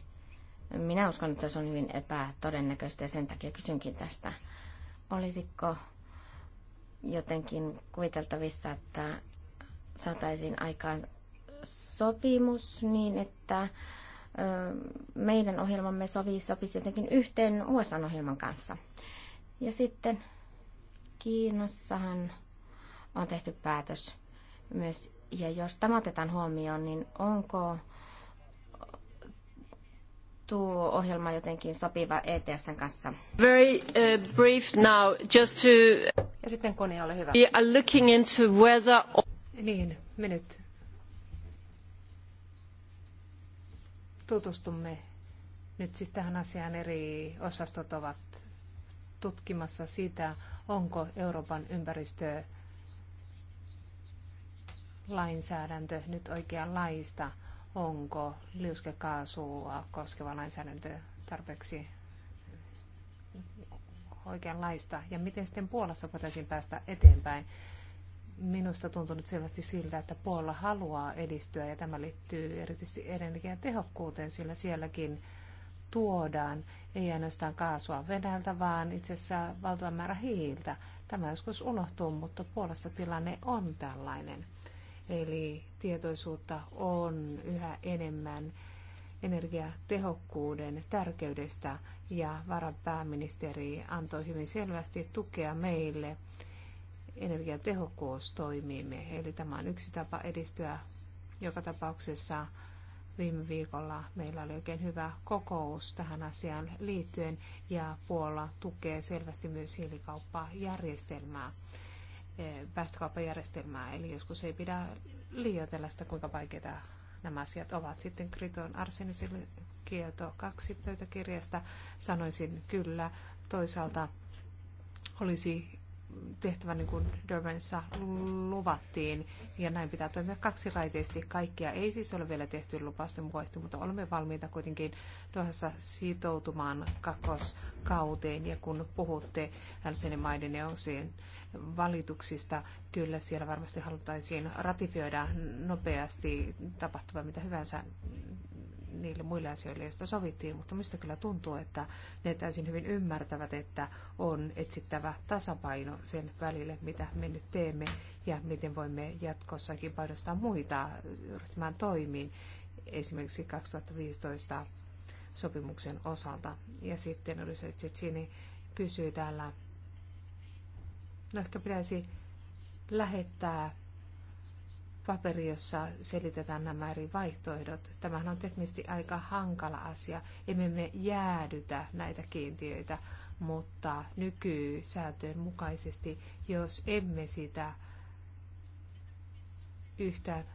Minä uskon, että se on hyvin epätodennäköistä ja sen takia kysynkin tästä. Olisiko jotenkin kuviteltavissa, että saataisiin aikaan sopimus niin, että meidän ohjelmamme sovi, sopisi jotenkin yhteen USA-ohjelman kanssa. Ja sitten Kiinassahan on tehty päätös myös, ja jos tämä otetaan huomioon, niin onko tuo ohjelma jotenkin sopiva ETSn kanssa? Very uh, brief now, just to... Ja sitten Kone, ole hyvä. We are looking into whether... Niin, minuutti. tutustumme nyt siis tähän asiaan. Eri osastot ovat tutkimassa sitä, onko Euroopan ympäristö lainsäädäntö nyt oikeanlaista, onko liuskekaasua koskeva lainsäädäntö tarpeeksi oikeanlaista ja miten sitten Puolassa voitaisiin päästä eteenpäin minusta tuntunut selvästi siltä, että Puola haluaa edistyä ja tämä liittyy erityisesti energiatehokkuuteen, sillä sielläkin tuodaan ei ainoastaan kaasua Venäjältä, vaan itse asiassa valtava määrä hiiltä. Tämä joskus unohtuu, mutta Puolassa tilanne on tällainen. Eli tietoisuutta on yhä enemmän energiatehokkuuden tärkeydestä ja varapääministeri antoi hyvin selvästi tukea meille toimimme Eli tämä on yksi tapa edistyä. Joka tapauksessa viime viikolla meillä oli oikein hyvä kokous tähän asiaan liittyen ja Puola tukee selvästi myös hiilikauppajärjestelmää eh, päästökauppajärjestelmää, eli joskus ei pidä liioitella sitä, kuinka vaikeita nämä asiat ovat. Sitten Kriton arsenisille kieto kaksi pöytäkirjasta sanoisin kyllä. Toisaalta olisi tehtävä niin kuin Durbanissa luvattiin, ja näin pitää toimia kaksiraiteisesti. Kaikkia ei siis ole vielä tehty lupausten mukaisesti, mutta olemme valmiita kuitenkin Dohassa sitoutumaan kakoskauteen, ja kun puhutte Helsingin maiden ja osien valituksista, kyllä siellä varmasti haluttaisiin ratifioida nopeasti tapahtuvaa mitä hyvänsä niille muille asioille, joista sovittiin, mutta mistä kyllä tuntuu, että ne täysin hyvin ymmärtävät, että on etsittävä tasapaino sen välille, mitä me nyt teemme ja miten voimme jatkossakin painostaa muita ryhtymään toimiin, esimerkiksi 2015 sopimuksen osalta. Ja sitten Ulysses Tsitsini kysyy täällä, no ehkä pitäisi lähettää paperi, jossa selitetään nämä eri vaihtoehdot. Tämähän on teknisesti aika hankala asia. Emme me jäädytä näitä kiintiöitä, mutta nykysääntöjen mukaisesti, jos emme sitä yhtään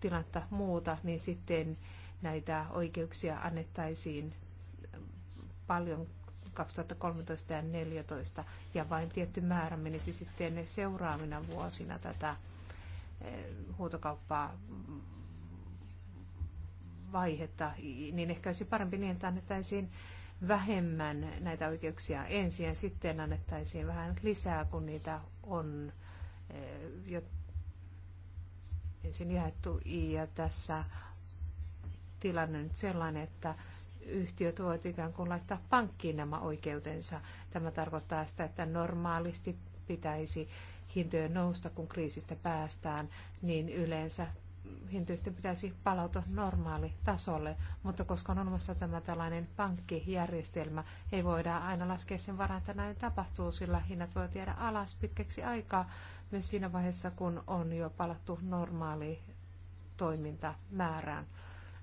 tilannetta muuta, niin sitten näitä oikeuksia annettaisiin paljon 2013 ja 2014 ja vain tietty määrä menisi sitten seuraavina vuosina tätä Eh, huutokauppaa mm, vaihetta, niin ehkä olisi parempi niin, että annettaisiin vähemmän näitä oikeuksia ensin ja sitten annettaisiin vähän lisää, kun niitä on eh, jo ensin jaettu. Ja tässä tilanne nyt sellainen, että yhtiöt voivat ikään kuin laittaa pankkiin nämä oikeutensa. Tämä tarkoittaa sitä, että normaalisti pitäisi hintojen nousta, kun kriisistä päästään, niin yleensä hintoista pitäisi palautua normaali tasolle, mutta koska on olemassa tämä tällainen pankkijärjestelmä, ei voida aina laskea sen varaan, että näin tapahtuu, sillä hinnat voivat jäädä alas pitkäksi aikaa, myös siinä vaiheessa, kun on jo palattu normaali toimintamäärään.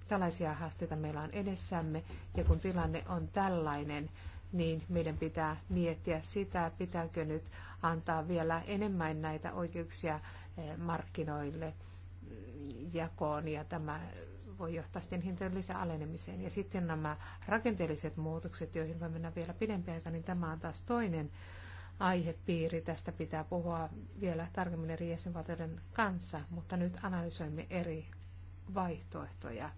Tällaisia haasteita meillä on edessämme, ja kun tilanne on tällainen, niin meidän pitää miettiä sitä, pitääkö nyt antaa vielä enemmän näitä oikeuksia eh, markkinoille mm, jakoon ja tämä voi johtaa sitten hintojen lisäalenemiseen. Ja sitten nämä rakenteelliset muutokset, joihin voi mennä vielä pidempi aika, niin tämä on taas toinen aihepiiri. Tästä pitää puhua vielä tarkemmin eri jäsenvaltioiden kanssa, mutta nyt analysoimme eri vaihtoehtoja.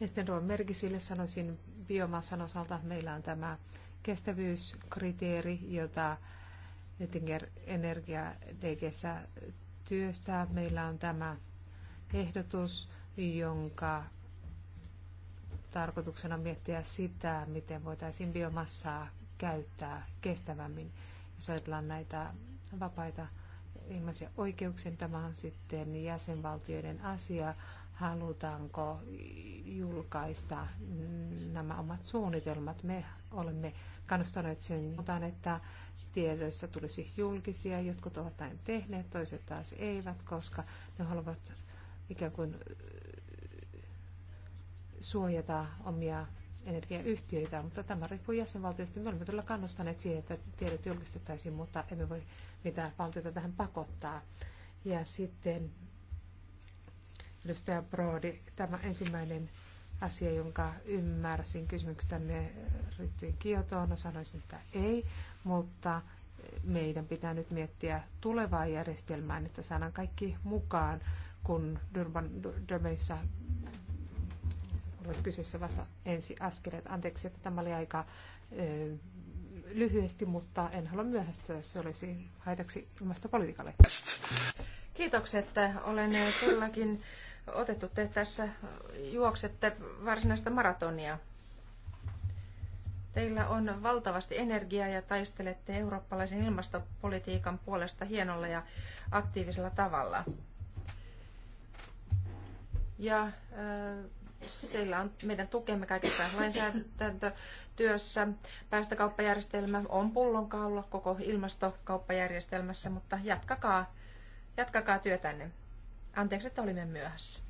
Ja sitten Ruon merkisille sanoisin biomassan osalta meillä on tämä kestävyyskriteeri, jota Ettinger Energia DGssä työstää. Meillä on tämä ehdotus, jonka tarkoituksena on miettiä sitä, miten voitaisiin biomassaa käyttää kestävämmin. Jos ajatellaan näitä vapaita ilmaisia oikeuksia, niin tämä on sitten jäsenvaltioiden asia, halutaanko julkaista nämä omat suunnitelmat. Me olemme kannustaneet sen otan, että tiedoista tulisi julkisia. Jotkut ovat näin tehneet, toiset taas eivät, koska ne haluavat ikään kuin suojata omia energiayhtiöitä, mutta tämä riippuu jäsenvaltioista. Me olemme todella kannustaneet siihen, että tiedot julkistettaisiin, mutta emme voi mitään valtiota tähän pakottaa. Ja sitten Edustaja Broodi, tämä ensimmäinen asia, jonka ymmärsin kysymyksestänne ryhtyin Kiotoon, no sanoisin, että ei, mutta meidän pitää nyt miettiä tulevaa järjestelmää, että saadaan kaikki mukaan, kun Durban, Durbanissa olet kyseessä vasta ensi askeleet. Anteeksi, että tämä oli aika ö, lyhyesti, mutta en halua myöhästyä, se olisi haitaksi ilmastopolitiikalle. Kiitokset, olen todellakin otettu. Te tässä juoksette varsinaista maratonia. Teillä on valtavasti energiaa ja taistelette eurooppalaisen ilmastopolitiikan puolesta hienolla ja aktiivisella tavalla. Ja äh, siellä on meidän tukemme kaikessa lainsäädäntötyössä. Päästökauppajärjestelmä on pullonkaula koko ilmastokauppajärjestelmässä, mutta jatkakaa, jatkakaa työtänne. Anteeksi, että olimme myöhässä.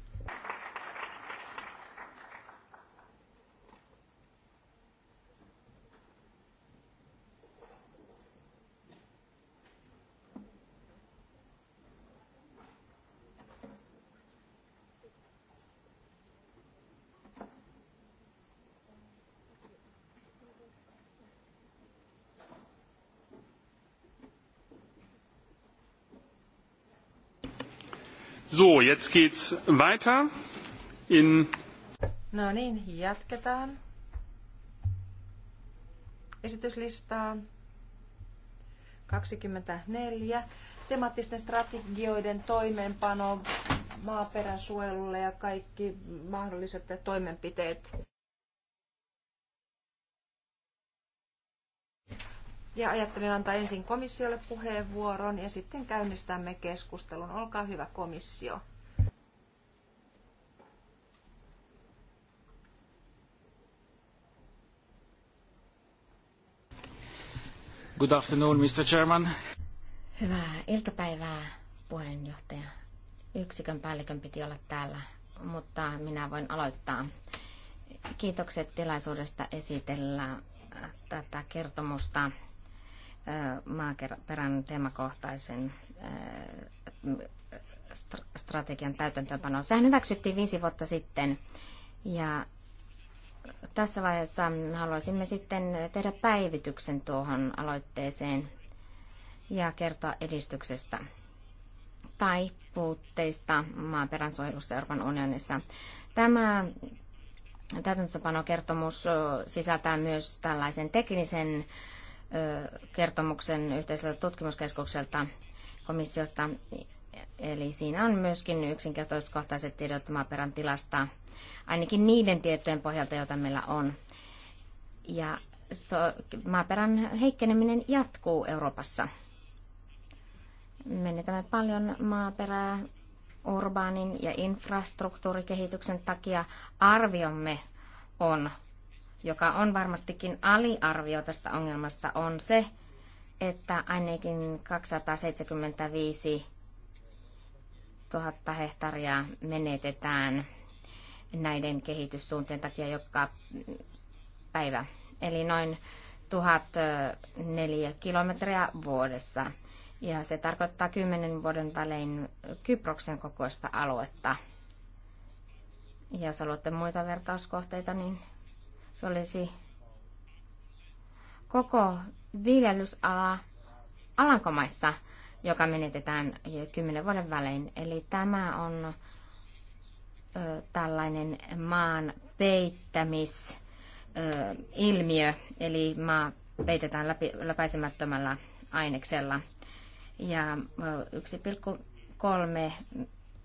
So, jetzt geht's weiter in... No niin, jatketaan esityslistaa 24. Temaattisten strategioiden toimeenpano maaperän suojelulle ja kaikki mahdolliset toimenpiteet. Ja ajattelin antaa ensin komissiolle puheenvuoron ja sitten käynnistämme keskustelun. Olkaa hyvä komissio. Good afternoon, Mr. Chairman. Hyvää iltapäivää, puheenjohtaja. Yksikön päällikön piti olla täällä, mutta minä voin aloittaa. Kiitokset tilaisuudesta esitellä tätä kertomusta maaperän teemakohtaisen strategian täytäntöönpanoa. Sehän hyväksyttiin viisi vuotta sitten ja tässä vaiheessa haluaisimme sitten tehdä päivityksen tuohon aloitteeseen ja kertoa edistyksestä tai puutteista maaperän suojelussa Euroopan unionissa. Tämä täytäntöpanokertomus sisältää myös tällaisen teknisen kertomuksen yhteiseltä tutkimuskeskukselta komissiosta. Eli siinä on myöskin yksinkertaiskohtaiset tiedot maaperän tilasta, ainakin niiden tietojen pohjalta, joita meillä on. Ja so, maaperän heikkeneminen jatkuu Euroopassa. Menetämme paljon maaperää urbaanin ja infrastruktuurikehityksen takia. Arviomme on joka on varmastikin aliarvio tästä ongelmasta, on se, että ainakin 275 000 hehtaaria menetetään näiden kehityssuuntien takia joka päivä. Eli noin 1004 kilometriä vuodessa. Ja se tarkoittaa 10 vuoden välein Kyproksen kokoista aluetta. Ja jos haluatte muita vertauskohteita, niin se olisi koko viljelysala Alankomaissa, joka menetetään kymmenen vuoden välein. Eli tämä on ö, tällainen maan peittämisilmiö, eli maa peitetään läpi, läpäisemättömällä aineksella. Ja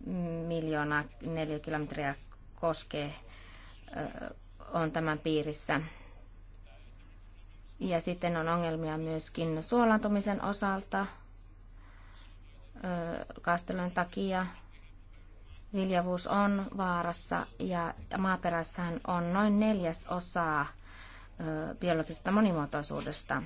1,3 miljoonaa neliökilometriä koskee on tämän piirissä. Ja sitten on ongelmia myöskin suolantumisen osalta, kastelun takia viljavuus on vaarassa ja maaperässähän on noin neljäs osaa biologisesta monimuotoisuudesta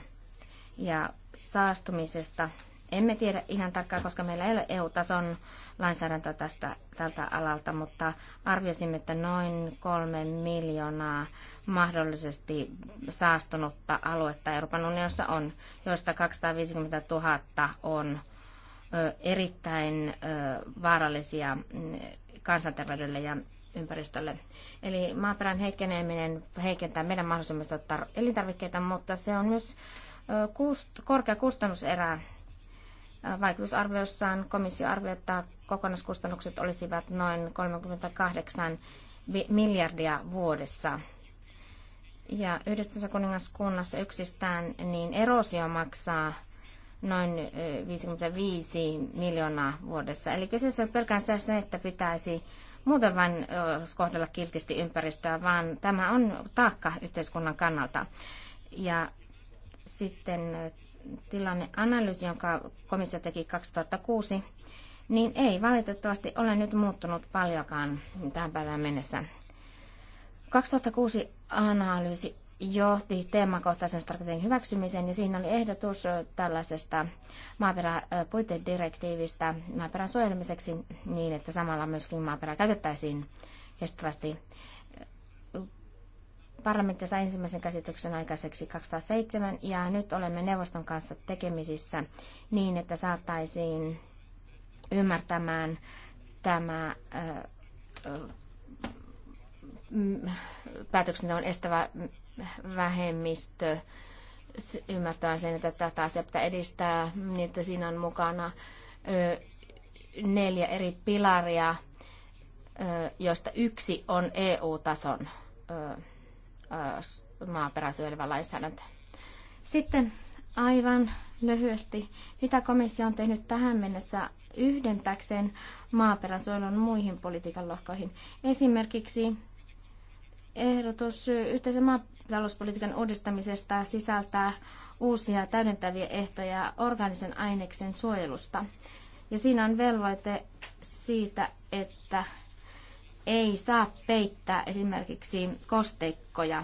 ja saastumisesta emme tiedä ihan tarkkaan, koska meillä ei ole EU-tason lainsäädäntöä tästä, tältä alalta, mutta arvioisimme, että noin kolme miljoonaa mahdollisesti saastunutta aluetta Euroopan unionissa on, joista 250 000 on erittäin vaarallisia mm, kansanterveydelle ja ympäristölle. Eli maaperän heikkeneminen heikentää meidän mahdollisuutta ottaa elintarvikkeita, mutta se on myös korkea kustannuserä Vaikutusarviossaan komissio arvioi, että kokonaiskustannukset olisivat noin 38 miljardia vuodessa. Ja yhdessä kuningaskunnassa yksistään niin erosio maksaa noin 55 miljoonaa vuodessa. Eli kyseessä on pelkästään se, että pitäisi muuten vain kohdella kiltisti ympäristöä, vaan tämä on taakka yhteiskunnan kannalta. Ja sitten tilanneanalyysi, jonka komissio teki 2006, niin ei valitettavasti ole nyt muuttunut paljonkaan tähän päivään mennessä. 2006 analyysi johti teemakohtaisen strategian hyväksymiseen ja siinä oli ehdotus tällaisesta maaperäpuitedirektiivistä maaperän suojelemiseksi niin, että samalla myöskin maaperä käytettäisiin kestävästi parlamentissa ensimmäisen käsityksen aikaiseksi 2007 ja nyt olemme neuvoston kanssa tekemisissä niin, että saataisiin ymmärtämään tämä päätöksenteon estävä vähemmistö ymmärtämään sen, että tätä asiaa edistää, niin että siinä on mukana neljä eri pilaria, joista yksi on EU-tason maaperää lainsäädäntö. Sitten aivan lyhyesti, mitä komissio on tehnyt tähän mennessä yhdentäkseen maaperäsuojelun muihin politiikan lohkoihin. Esimerkiksi ehdotus yhteisen maatalouspolitiikan uudistamisesta sisältää uusia täydentäviä ehtoja organisen aineksen suojelusta. Ja siinä on velvoite siitä, että ei saa peittää esimerkiksi kosteikkoja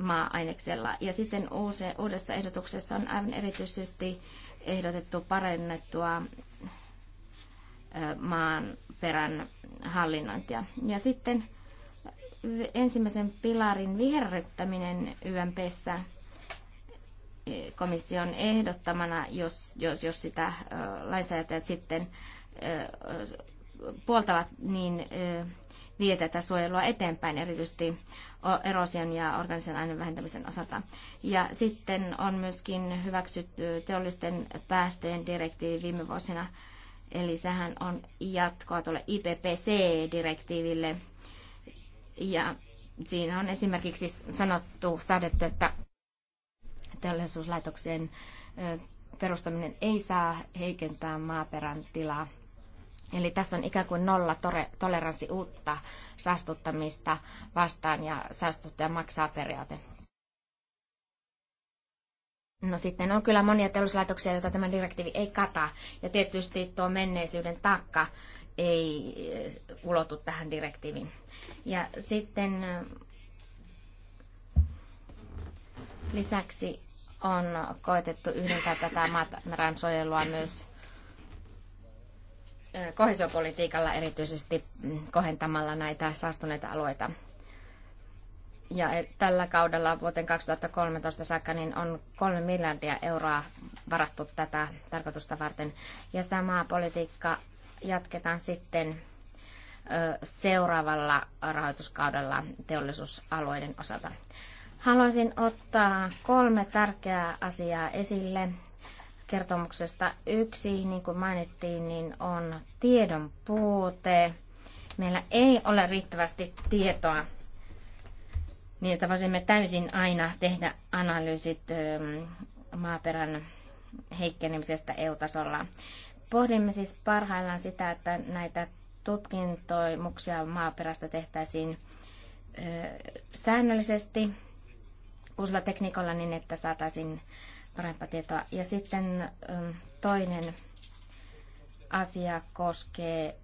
maa-aineksella. Ja sitten uudessa ehdotuksessa on aivan erityisesti ehdotettu parannettua maanperän hallinnointia. Ja sitten ensimmäisen pilarin viherryttäminen YMPssä komission ehdottamana, jos, jos, jos sitä lainsäätäjät sitten puoltavat, niin vie tätä suojelua eteenpäin, erityisesti erosion ja organisen aineen vähentämisen osalta. Ja sitten on myöskin hyväksytty teollisten päästöjen direktiivi viime vuosina, eli sehän on jatkoa tuolle IPPC-direktiiville. Ja siinä on esimerkiksi sanottu, sadettu, että teollisuuslaitoksen perustaminen ei saa heikentää maaperän tilaa Eli tässä on ikään kuin nolla toleranssi uutta saastuttamista vastaan ja saastuttaja maksaa periaate. No sitten on kyllä monia teollisuuslaitoksia, joita tämä direktiivi ei kata. Ja tietysti tuo menneisyyden takka ei eh, ulotu tähän direktiiviin. Ja sitten eh, lisäksi on koetettu yhdentää tätä maaperän suojelua myös kohesiopolitiikalla erityisesti kohentamalla näitä saastuneita alueita. Ja e, tällä kaudella vuoteen 2013 saakka niin on kolme miljardia euroa varattu tätä tarkoitusta varten. Ja samaa politiikka jatketaan sitten seuraavalla rahoituskaudella teollisuusalueiden osalta. Haluaisin ottaa kolme tärkeää asiaa esille kertomuksesta. Yksi, niin kuin mainittiin, niin on tiedon puute. Meillä ei ole riittävästi tietoa niin, että voisimme täysin aina tehdä analyysit ähm, maaperän heikkenemisestä EU-tasolla. Pohdimme siis parhaillaan sitä, että näitä tutkintoimuksia maaperästä tehtäisiin äh, säännöllisesti uusilla tekniikoilla niin, että saataisiin parempaa tietoa. Ja sitten ähm, toinen asia koskee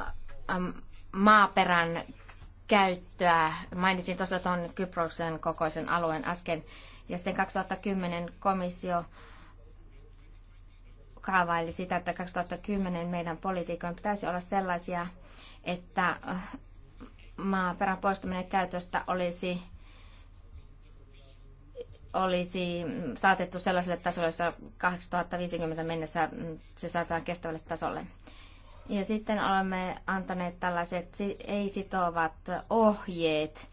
äh, ähm, maaperän käyttöä. Mainitsin tuossa tuon Kyproksen kokoisen alueen äsken. Ja sitten 2010 komissio kaavaili sitä, että 2010 meidän politiikan pitäisi olla sellaisia, että äh, maaperän poistuminen käytöstä olisi olisi saatettu sellaiselle tasolle, jossa 2050 mennessä mm, se saadaan kestävälle tasolle. Ja sitten olemme antaneet tällaiset ei-sitovat ohjeet,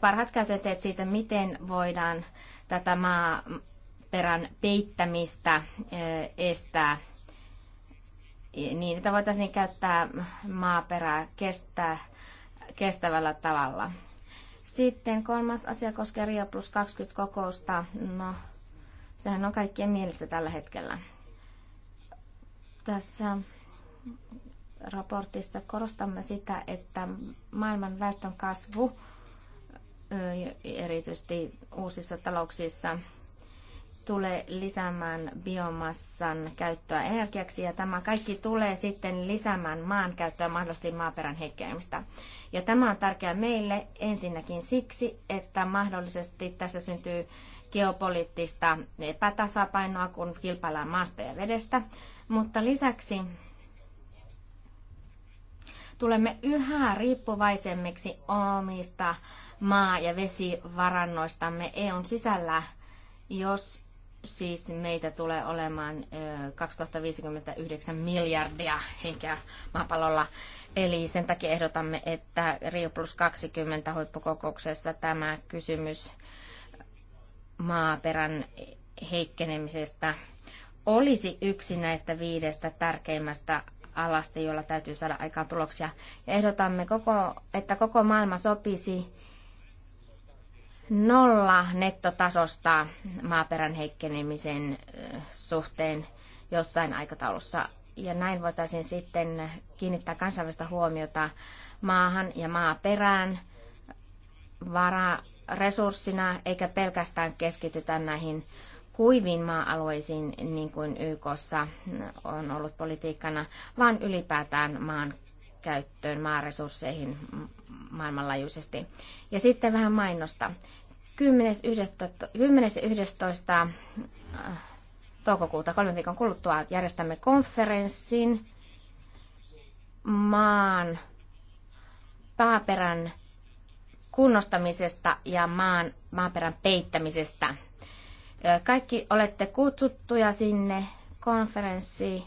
parhaat käytänteet siitä, miten voidaan tätä maaperän peittämistä estää niin, että voitaisiin käyttää maaperää kestää, kestävällä tavalla. Sitten kolmas asia koskee Rio plus 20 kokousta. No, sehän on kaikkien mielestä tällä hetkellä. Tässä raportissa korostamme sitä, että maailman väestön kasvu erityisesti uusissa talouksissa tule lisäämään biomassan käyttöä energiaksi ja tämä kaikki tulee sitten lisäämään maan käyttöä mahdollisesti maaperän heikkenemistä. Ja tämä on tärkeää meille ensinnäkin siksi, että mahdollisesti tässä syntyy geopoliittista epätasapainoa, kun kilpaillaan maasta ja vedestä, mutta lisäksi tulemme yhä riippuvaisemmiksi omista maa- ja vesivarannoistamme EUn sisällä, jos siis meitä tulee olemaan 2059 miljardia henkeä maapallolla. Eli sen takia ehdotamme, että Rio plus 20 huippukokouksessa tämä kysymys maaperän heikkenemisestä olisi yksi näistä viidestä tärkeimmästä alasta, jolla täytyy saada aikaan tuloksia. Ja ehdotamme, koko, että koko maailma sopisi nolla nettotasosta maaperän heikkenemisen suhteen jossain aikataulussa. Ja näin voitaisiin sitten kiinnittää kansainvälistä huomiota maahan ja maaperään vararesurssina eikä pelkästään keskitytä näihin kuiviin maa-alueisiin, niin kuin YKssa on ollut politiikkana, vaan ylipäätään maan käyttöön maaresursseihin maailmanlaajuisesti. Ja sitten vähän mainosta. 10.11. Äh, toukokuuta kolmen viikon kuluttua järjestämme konferenssin maan pääperän kunnostamisesta ja maan, maaperän peittämisestä. Kaikki olette kutsuttuja sinne konferenssiin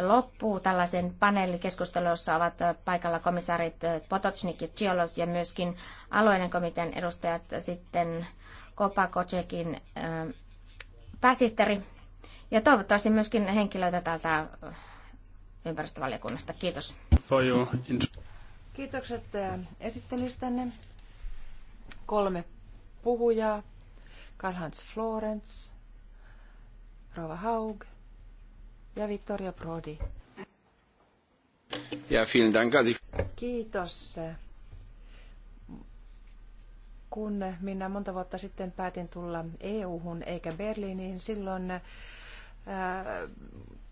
loppuu tällaisen paneelikeskustelun, jossa ovat paikalla komissaarit Potocnik ja Chiolos ja myöskin alueiden komitean edustajat sitten Kopa Kocekin ähm, pääsihteeri ja toivottavasti myöskin henkilöitä täältä äh, ympäristövaliokunnasta. Kiitos. Kiitokset äh, esittelystänne. Kolme puhujaa. Karl-Hans Florence, Rova Haug ja Vittoria Prodi. Ja, vielen dank. Kiitos. Kun minä monta vuotta sitten päätin tulla EU-hun eikä Berliiniin, silloin äh,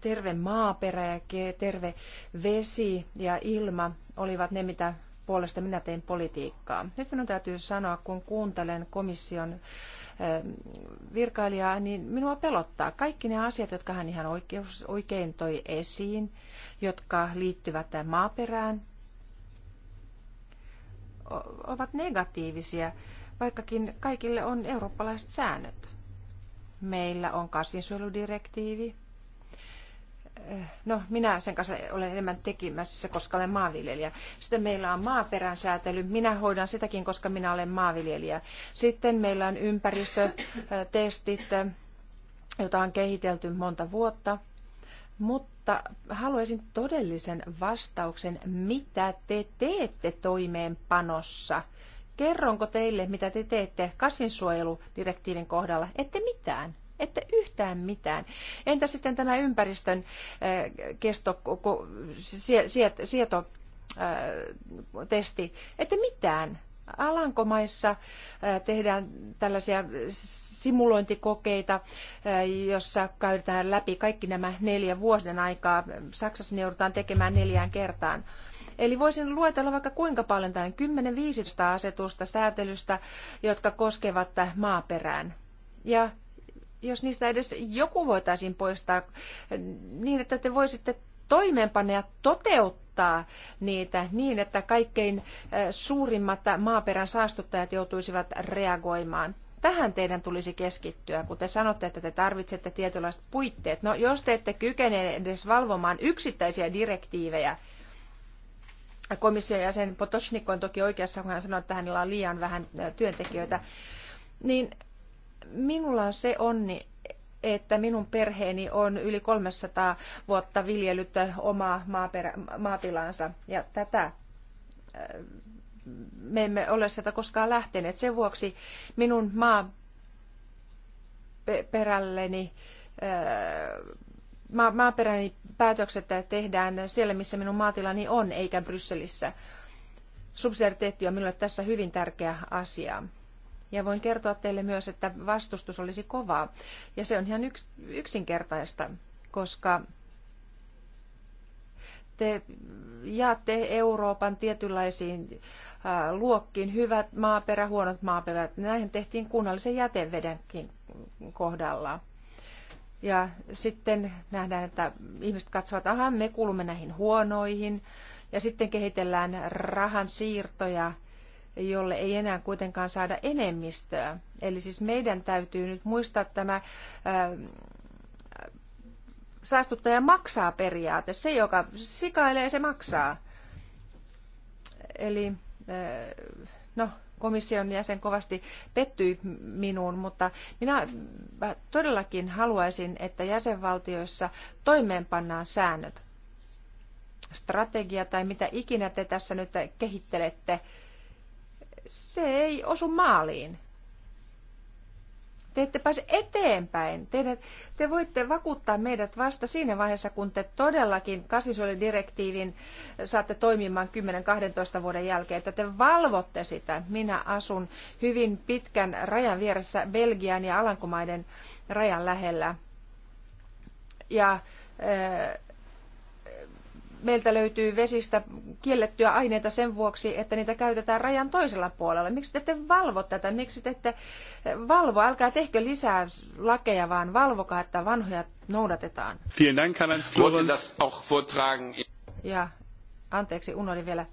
terve maaperä ja terve vesi ja ilma olivat ne, mitä puolesta minä teen politiikkaa. Nyt minun täytyy sanoa, kun kuuntelen komission eh, virkailijaa, niin minua pelottaa kaikki ne asiat, jotka hän ihan oikeus, oikein toi esiin, jotka liittyvät maaperään, ovat negatiivisia, vaikkakin kaikille on eurooppalaiset säännöt. Meillä on kasvinsuojeludirektiivi, no minä sen kanssa olen enemmän tekemässä, koska olen maanviljelijä. Sitten meillä on maaperän säätely, minä hoidan sitäkin, koska minä olen maanviljelijä. Sitten meillä on ympäristötestit, eh, jota on kehitelty monta vuotta. Mutta haluaisin todellisen vastauksen, mitä te teette toimeenpanossa? Kerronko teille, mitä te teette kasvinsuojeludirektiivin kohdalla? Ette mitään. Ette yhtään mitään. Entä sitten tämä ympäristön kesto, sieto, testi? Ette mitään. Alankomaissa tehdään tällaisia simulointikokeita, jossa käydään läpi kaikki nämä neljä vuoden aikaa. Saksassa ne joudutaan tekemään neljään kertaan. Eli voisin luetella vaikka kuinka paljon tämän 10-15 asetusta säätelystä, jotka koskevat maaperään. Ja jos niistä edes joku voitaisiin poistaa niin, että te voisitte toimeenpanea toteuttaa niitä niin, että kaikkein suurimmat maaperän saastuttajat joutuisivat reagoimaan tähän teidän tulisi keskittyä, kun te sanotte, että te tarvitsette tietynlaiset puitteet. No, jos te ette kykene edes valvomaan yksittäisiä direktiivejä, komission jäsen Potosnik on toki oikeassa, kun hän sanoi, että hänellä on liian vähän työntekijöitä, niin Minulla on se onni, että minun perheeni on yli 300 vuotta viljellyt omaa maaperä, maatilansa. Ja tätä äh, me emme ole sieltä koskaan lähteneet. Sen vuoksi minun maaperälleni, äh, maaperäni päätökset tehdään siellä, missä minun maatilani on, eikä Brysselissä. Subsidiariteetti on minulle tässä hyvin tärkeä asia. Ja voin kertoa teille myös, että vastustus olisi kovaa. Ja se on ihan yks, yksinkertaista, koska te jaatte Euroopan tietynlaisiin luokkiin hyvät maaperä, huonot maaperät. Näihin tehtiin kunnallisen jätevedenkin kohdalla. Ja sitten nähdään, että ihmiset katsovat, että me kuulumme näihin huonoihin. Ja sitten kehitellään rahan siirtoja jolle ei enää kuitenkaan saada enemmistöä. Eli siis meidän täytyy nyt muistaa tämä äh, saastuttaja maksaa periaate. Se, joka sikailee, se maksaa. Eli äh, no, komission jäsen kovasti pettyi minuun, mutta minä todellakin haluaisin, että jäsenvaltioissa toimeenpannaan säännöt, strategia tai mitä ikinä te tässä nyt kehittelette – se ei osu maaliin. Te ette pääse eteenpäin. Te, te voitte vakuuttaa meidät vasta siinä vaiheessa, kun te todellakin kasvisuolidirektiivin saatte toimimaan 10-12 vuoden jälkeen, että te valvotte sitä. Minä asun hyvin pitkän rajan vieressä Belgian ja Alankomaiden rajan lähellä. Ja meiltä löytyy vesistä kiellettyjä aineita sen vuoksi, että niitä käytetään rajan toisella puolella. Miksi te ette valvo tätä? Miksi te ette valvo? Älkää tehkö lisää lakeja, vaan valvokaa, että vanhoja noudatetaan. Vielen Dank, Ja anteeksi, unohdin vielä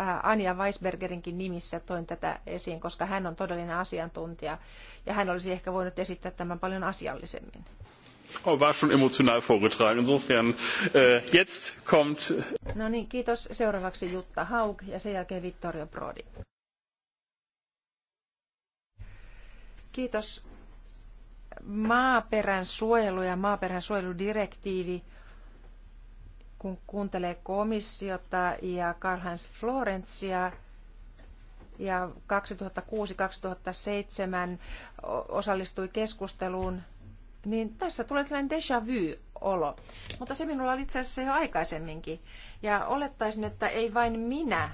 äh, Anja Weisbergerinkin nimissä toin tätä esiin, koska hän on todellinen asiantuntija ja hän olisi ehkä voinut esittää tämän paljon asiallisemmin. Frau war schon emotional vorgetragen. Insofern, äh, jetzt kommt... No niin, kiitos. Seuraavaksi Jutta Haug ja sen jälkeen Vittorio Prodi. Kiitos. Maaperän suojelu ja maaperän suojeludirektiivi, kun kuuntelee komissiota ja Karl-Heinz Florencia, ja 2006-2007 osallistui keskusteluun niin tässä tulee tällainen déjà vu-olo. Mutta se minulla oli itse asiassa jo aikaisemminkin. Ja olettaisin, että ei vain minä,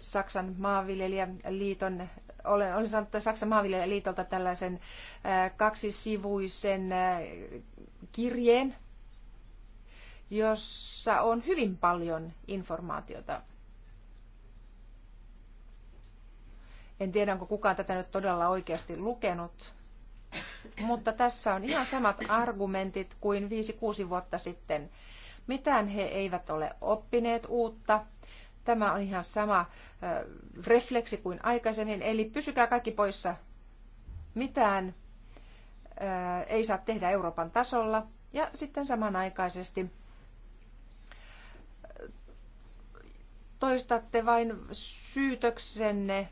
Saksan maanviljelijäliiton, olen, olen saanut Saksan maanviljelijäliitolta tällaisen äh, kaksisivuisen äh, kirjeen, jossa on hyvin paljon informaatiota En tiedä, onko kukaan tätä nyt todella oikeasti lukenut, mutta tässä on ihan samat argumentit kuin 5-6 vuotta sitten. Mitään he eivät ole oppineet uutta. Tämä on ihan sama refleksi kuin aikaisemmin. Eli pysykää kaikki poissa. Mitään ei saa tehdä Euroopan tasolla. Ja sitten samanaikaisesti toistatte vain syytöksenne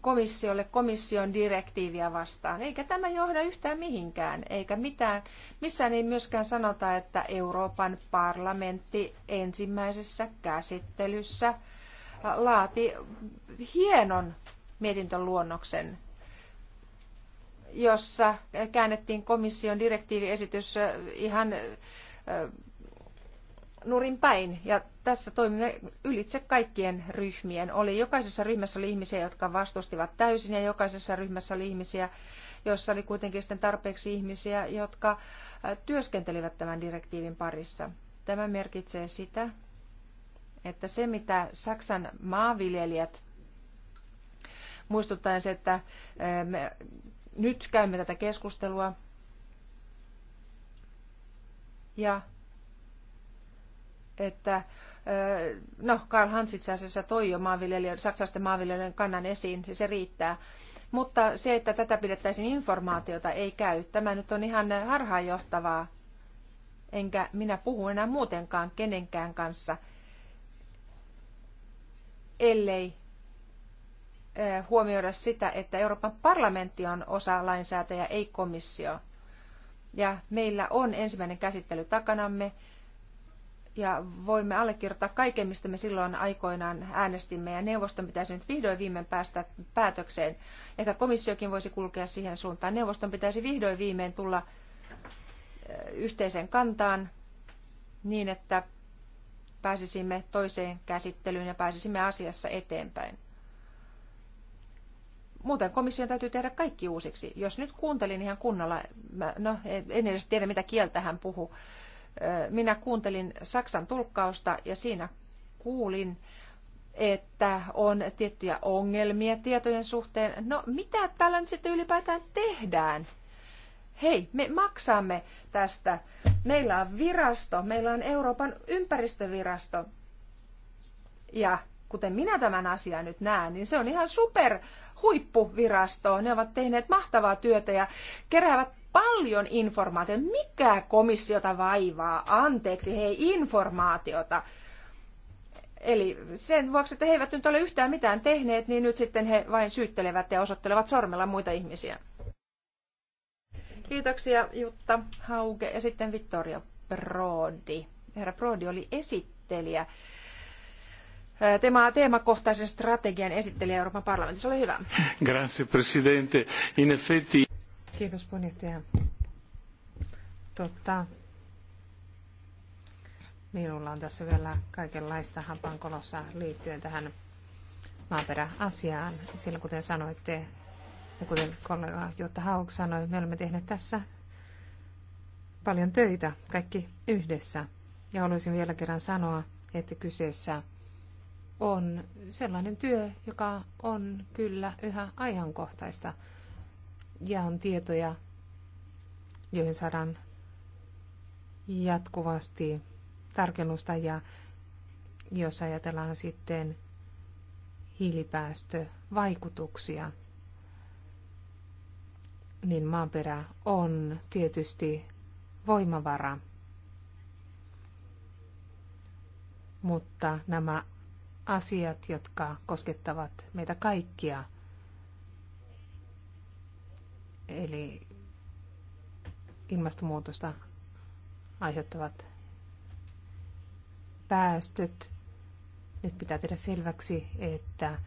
komissiolle komission direktiiviä vastaan. Eikä tämä johda yhtään mihinkään, eikä mitään. Missään ei myöskään sanota, että Euroopan parlamentti ensimmäisessä käsittelyssä äh, laati hienon mietintöluonnoksen, jossa käännettiin komission direktiiviesitys äh, ihan äh, nurin päin. Ja tässä toimimme ylitse kaikkien ryhmien. Oli, jokaisessa ryhmässä oli ihmisiä, jotka vastustivat täysin ja jokaisessa ryhmässä oli ihmisiä, joissa oli kuitenkin sitten tarpeeksi ihmisiä, jotka työskentelivät tämän direktiivin parissa. Tämä merkitsee sitä, että se mitä Saksan maanviljelijät muistuttaen se, että me nyt käymme tätä keskustelua ja että no Karl Hans itse asiassa toi jo maanviljelijöiden, saksalaisten maanviljelijöiden kannan esiin, siis se riittää. Mutta se, että tätä pidettäisiin informaatiota, ei käy. Tämä nyt on ihan harhaanjohtavaa. Enkä minä puhu enää muutenkaan kenenkään kanssa, ellei huomioida sitä, että Euroopan parlamentti on osa lainsäätäjä, ei komissio. Ja meillä on ensimmäinen käsittely takanamme ja voimme allekirjoittaa kaiken, mistä me silloin aikoinaan äänestimme, ja neuvoston pitäisi nyt vihdoin viimein päästä päätökseen. Ehkä komissiokin voisi kulkea siihen suuntaan. Neuvoston pitäisi vihdoin viimein tulla eh, yhteiseen kantaan niin, että pääsisimme toiseen käsittelyyn ja pääsisimme asiassa eteenpäin. Muuten komission täytyy tehdä kaikki uusiksi. Jos nyt kuuntelin ihan kunnolla, mä, no en edes tiedä mitä kieltä hän puhuu, minä kuuntelin Saksan tulkkausta ja siinä kuulin, että on tiettyjä ongelmia tietojen suhteen. No mitä tällä nyt sitten ylipäätään tehdään? Hei, me maksamme tästä. Meillä on virasto, meillä on Euroopan ympäristövirasto. Ja kuten minä tämän asian nyt näen, niin se on ihan super huippuvirasto. Ne ovat tehneet mahtavaa työtä ja keräävät paljon informaatiota. Mikä komissiota vaivaa? Anteeksi, hei, informaatiota. Eli sen vuoksi, että he eivät nyt ole yhtään mitään tehneet, niin nyt sitten he vain syyttelevät ja osoittelevat sormella muita ihmisiä. Kiitoksia Jutta Hauke ja sitten Vittorio Prodi. Herra Prodi oli esittelijä. Tema, teemakohtaisen strategian esittelijä Euroopan parlamentissa. Ole hyvä. Grazie, Presidente. In effetti... Kiitos puheenjohtaja. Totta. Minulla on tässä vielä kaikenlaista hapankolossa liittyen tähän maaperäasiaan. Sillä kuten sanoitte, ja kuten kollega Jutta Hauk sanoi, me olemme tehneet tässä paljon töitä, kaikki yhdessä. Ja haluaisin vielä kerran sanoa, että kyseessä on sellainen työ, joka on kyllä yhä ajankohtaista jaan on tietoja, joihin saadaan jatkuvasti tarkennusta ja jos ajatellaan sitten hiilipäästövaikutuksia, niin maaperä on tietysti voimavara. Mutta nämä asiat, jotka koskettavat meitä kaikkia – Eli ilmastonmuutosta aiheuttavat päästöt. Nyt pitää tehdä selväksi, että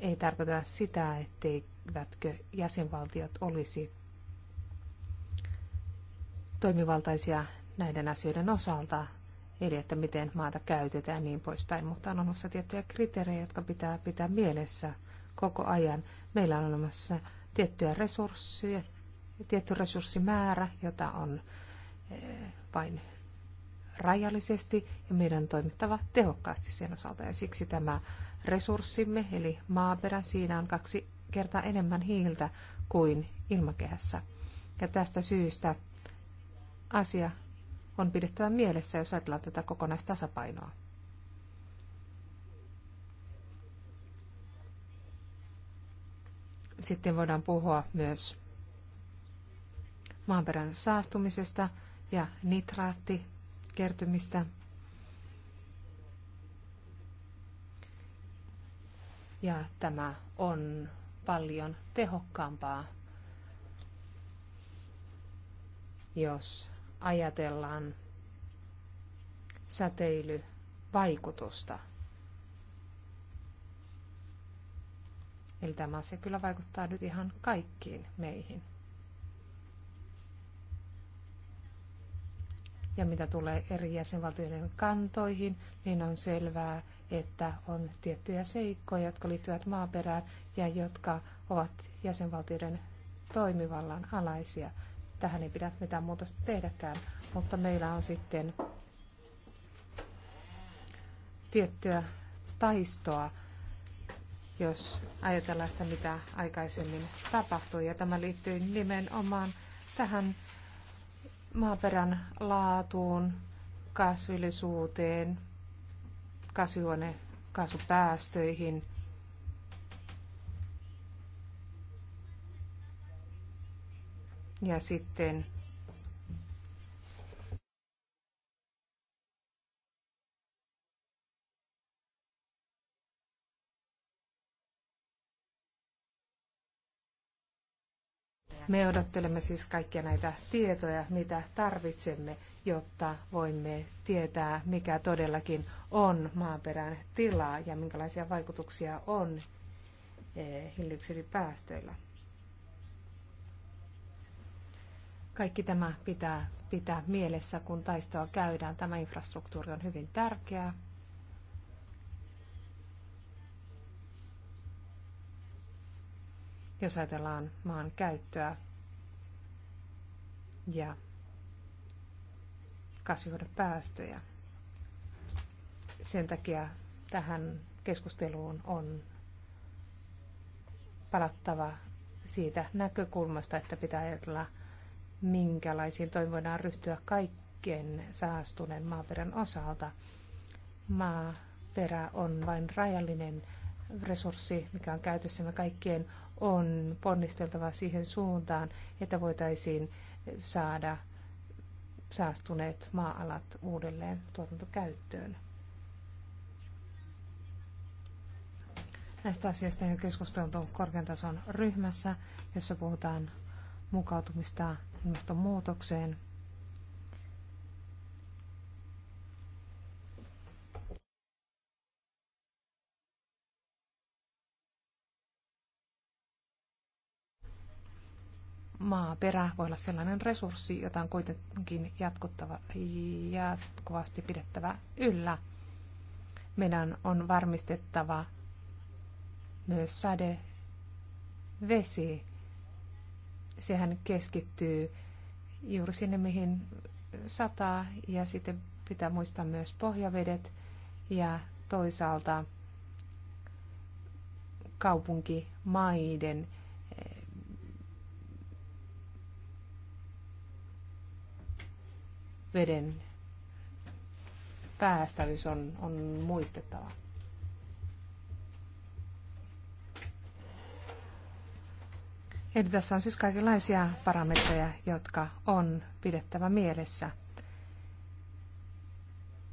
ei tarkoita sitä, etteivätkö jäsenvaltiot olisi toimivaltaisia näiden asioiden osalta, eli että miten maata käytetään ja niin poispäin, mutta on olemassa tiettyjä kriteerejä, jotka pitää pitää mielessä koko ajan. Meillä on olemassa tiettyä resurssia, tietty resurssimäärä, jota on eh, vain rajallisesti ja meidän on toimittava tehokkaasti sen osalta. Ja siksi tämä resurssimme, eli maaperä, siinä on kaksi kertaa enemmän hiiltä kuin ilmakehässä. Ja tästä syystä asia on pidettävä mielessä, jos ajatellaan tätä kokonaistasapainoa. sitten voidaan puhua myös maanperän saastumisesta ja nitraattikertymistä. Ja tämä on paljon tehokkaampaa, jos ajatellaan säteilyvaikutusta Eli tämä asia kyllä vaikuttaa nyt ihan kaikkiin meihin. Ja mitä tulee eri jäsenvaltioiden kantoihin, niin on selvää, että on tiettyjä seikkoja, jotka liittyvät maaperään ja jotka ovat jäsenvaltioiden toimivallan alaisia. Tähän ei pidä mitään muutosta tehdäkään, mutta meillä on sitten tiettyä taistoa jos ajatellaan sitä, mitä aikaisemmin tapahtui. Ja tämä liittyy nimenomaan tähän maaperän laatuun, kasvillisuuteen, kasvihuonekaasupäästöihin. Ja sitten Me odottelemme siis kaikkia näitä tietoja, mitä tarvitsemme, jotta voimme tietää, mikä todellakin on maaperän tila ja minkälaisia vaikutuksia on eh, hiilidioksidipäästöillä. Kaikki tämä pitää pitää mielessä, kun taistoa käydään. Tämä infrastruktuuri on hyvin tärkeä. jos ajatellaan maan käyttöä ja kasvihuonepäästöjä. Sen takia tähän keskusteluun on palattava siitä näkökulmasta, että pitää ajatella, minkälaisiin toimiin voidaan ryhtyä kaikkien saastuneen maaperän osalta. Maaperä on vain rajallinen resurssi, mikä on käytössämme kaikkien on ponnisteltava siihen suuntaan, että voitaisiin saada saastuneet maa-alat uudelleen tuotantokäyttöön. Näistä asioista on keskusteltu korkean tason ryhmässä, jossa puhutaan mukautumista ilmastonmuutokseen – maaperä voi olla sellainen resurssi, jota on kuitenkin jatkuvasti pidettävä yllä. Meidän on varmistettava myös sade, vesi. Sehän keskittyy juuri sinne, mihin sataa ja sitten pitää muistaa myös pohjavedet ja toisaalta kaupunkimaiden veden päästävyys on, on muistettava. Eli tässä on siis kaikenlaisia parametreja, jotka on pidettävä mielessä.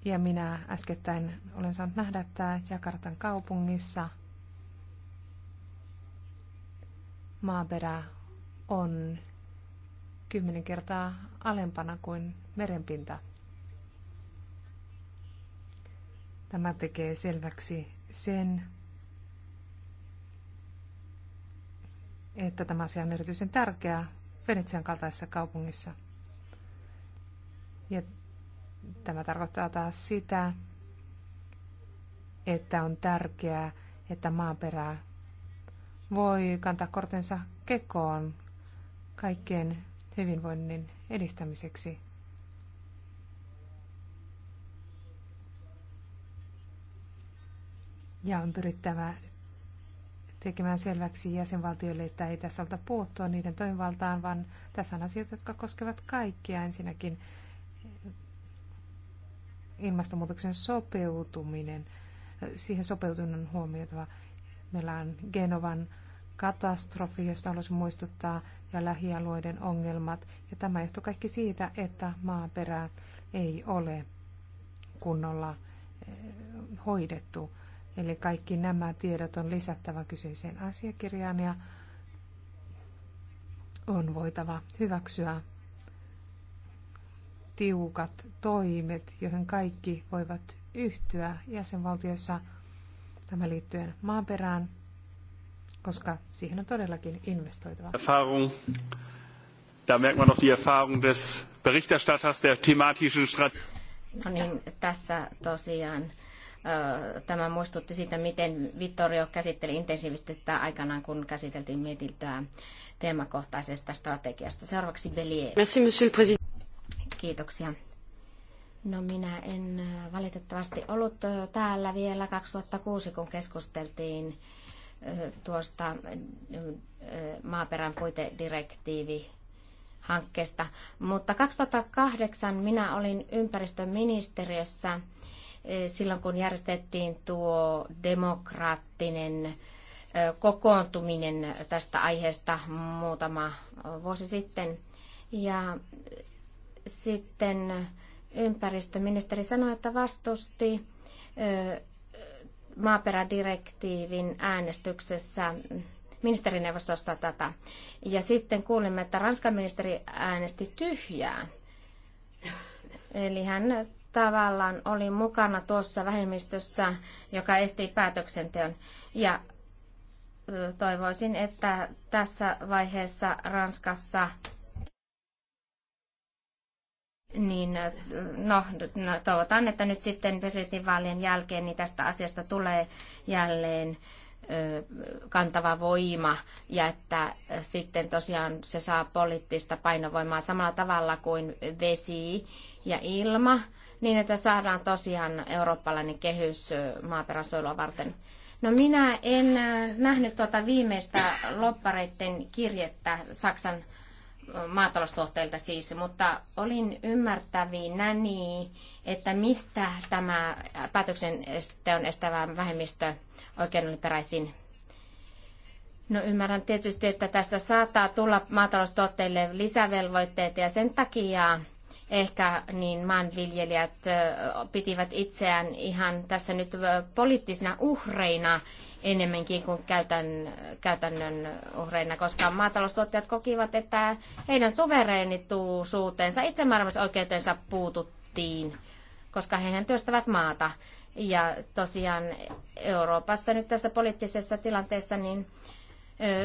Ja minä äskettäin olen saanut nähdä, että Jakartan kaupungissa maaperä on kymmenen kertaa alempana kuin merenpinta. Tämä tekee selväksi sen, että tämä asia on erityisen tärkeä Venetsian kaltaisessa kaupungissa. Ja tämä tarkoittaa taas sitä, että on tärkeää, että maaperää voi kantaa kortensa kekoon kaikkien hyvinvoinnin edistämiseksi. ja on pyrittävä tekemään selväksi jäsenvaltioille, että ei tässä olta puuttua niiden toimivaltaan, vaan tässä on asioita, jotka koskevat kaikkia. Ensinnäkin ilmastonmuutoksen sopeutuminen, siihen sopeutuminen on huomioitava. Meillä on Genovan katastrofi, josta haluaisin muistuttaa, ja lähialueiden ongelmat. Ja tämä johtuu kaikki siitä, että maaperää ei ole kunnolla eh, hoidettu. Eli kaikki nämä tiedot on lisättävä kyseiseen asiakirjaan ja on voitava hyväksyä tiukat toimet, joihin kaikki voivat yhtyä jäsenvaltioissa tämä liittyen maaperään, koska siihen on todellakin investoitava. Erfahrung. Da merkt man noch die Erfahrung des Berichterstatters der thematischen Strategie. No niin, tässä tosiaan Tämä muistutti siitä, miten Vittorio käsitteli intensiivisesti tätä aikanaan, kun käsiteltiin mietintöä teemakohtaisesta strategiasta. Seuraavaksi Belie. Merci, monsieur le président. Kiitoksia. No minä en valitettavasti ollut täällä vielä 2006, kun keskusteltiin tuosta maaperän puitedirektiivi hankkeesta. Mutta 2008 minä olin ympäristöministeriössä silloin, kun järjestettiin tuo demokraattinen kokoontuminen tästä aiheesta muutama vuosi sitten. Ja sitten ympäristöministeri sanoi, että vastusti maaperädirektiivin äänestyksessä ministerineuvostosta tätä. Ja sitten kuulimme, että Ranskan ministeri äänesti tyhjää. Eli hän tavallaan oli mukana tuossa vähemmistössä, joka esti päätöksenteon. Ja toivoisin, että tässä vaiheessa Ranskassa niin, no, no, toivotan, että nyt sitten presidentinvaalien jälkeen niin tästä asiasta tulee jälleen ö, kantava voima ja että sitten tosiaan se saa poliittista painovoimaa samalla tavalla kuin vesi ja ilma niin että saadaan tosiaan eurooppalainen kehys maaperäsoilua varten. No minä en nähnyt tuota viimeistä loppareiden kirjettä Saksan maataloustuotteilta siis, mutta olin ymmärtävinä niin, että mistä tämä on estävä vähemmistö oikein oli peräisin. No ymmärrän tietysti, että tästä saattaa tulla maataloustuotteille lisävelvoitteita ja sen takia ehkä niin maanviljelijät pitivät itseään ihan tässä nyt poliittisina uhreina enemmänkin kuin käytän, käytännön uhreina, koska maataloustuottajat kokivat, että heidän suvereenituisuutensa, itsemääräämisoikeutensa puututtiin, koska hehän työstävät maata. Ja tosiaan Euroopassa nyt tässä poliittisessa tilanteessa, niin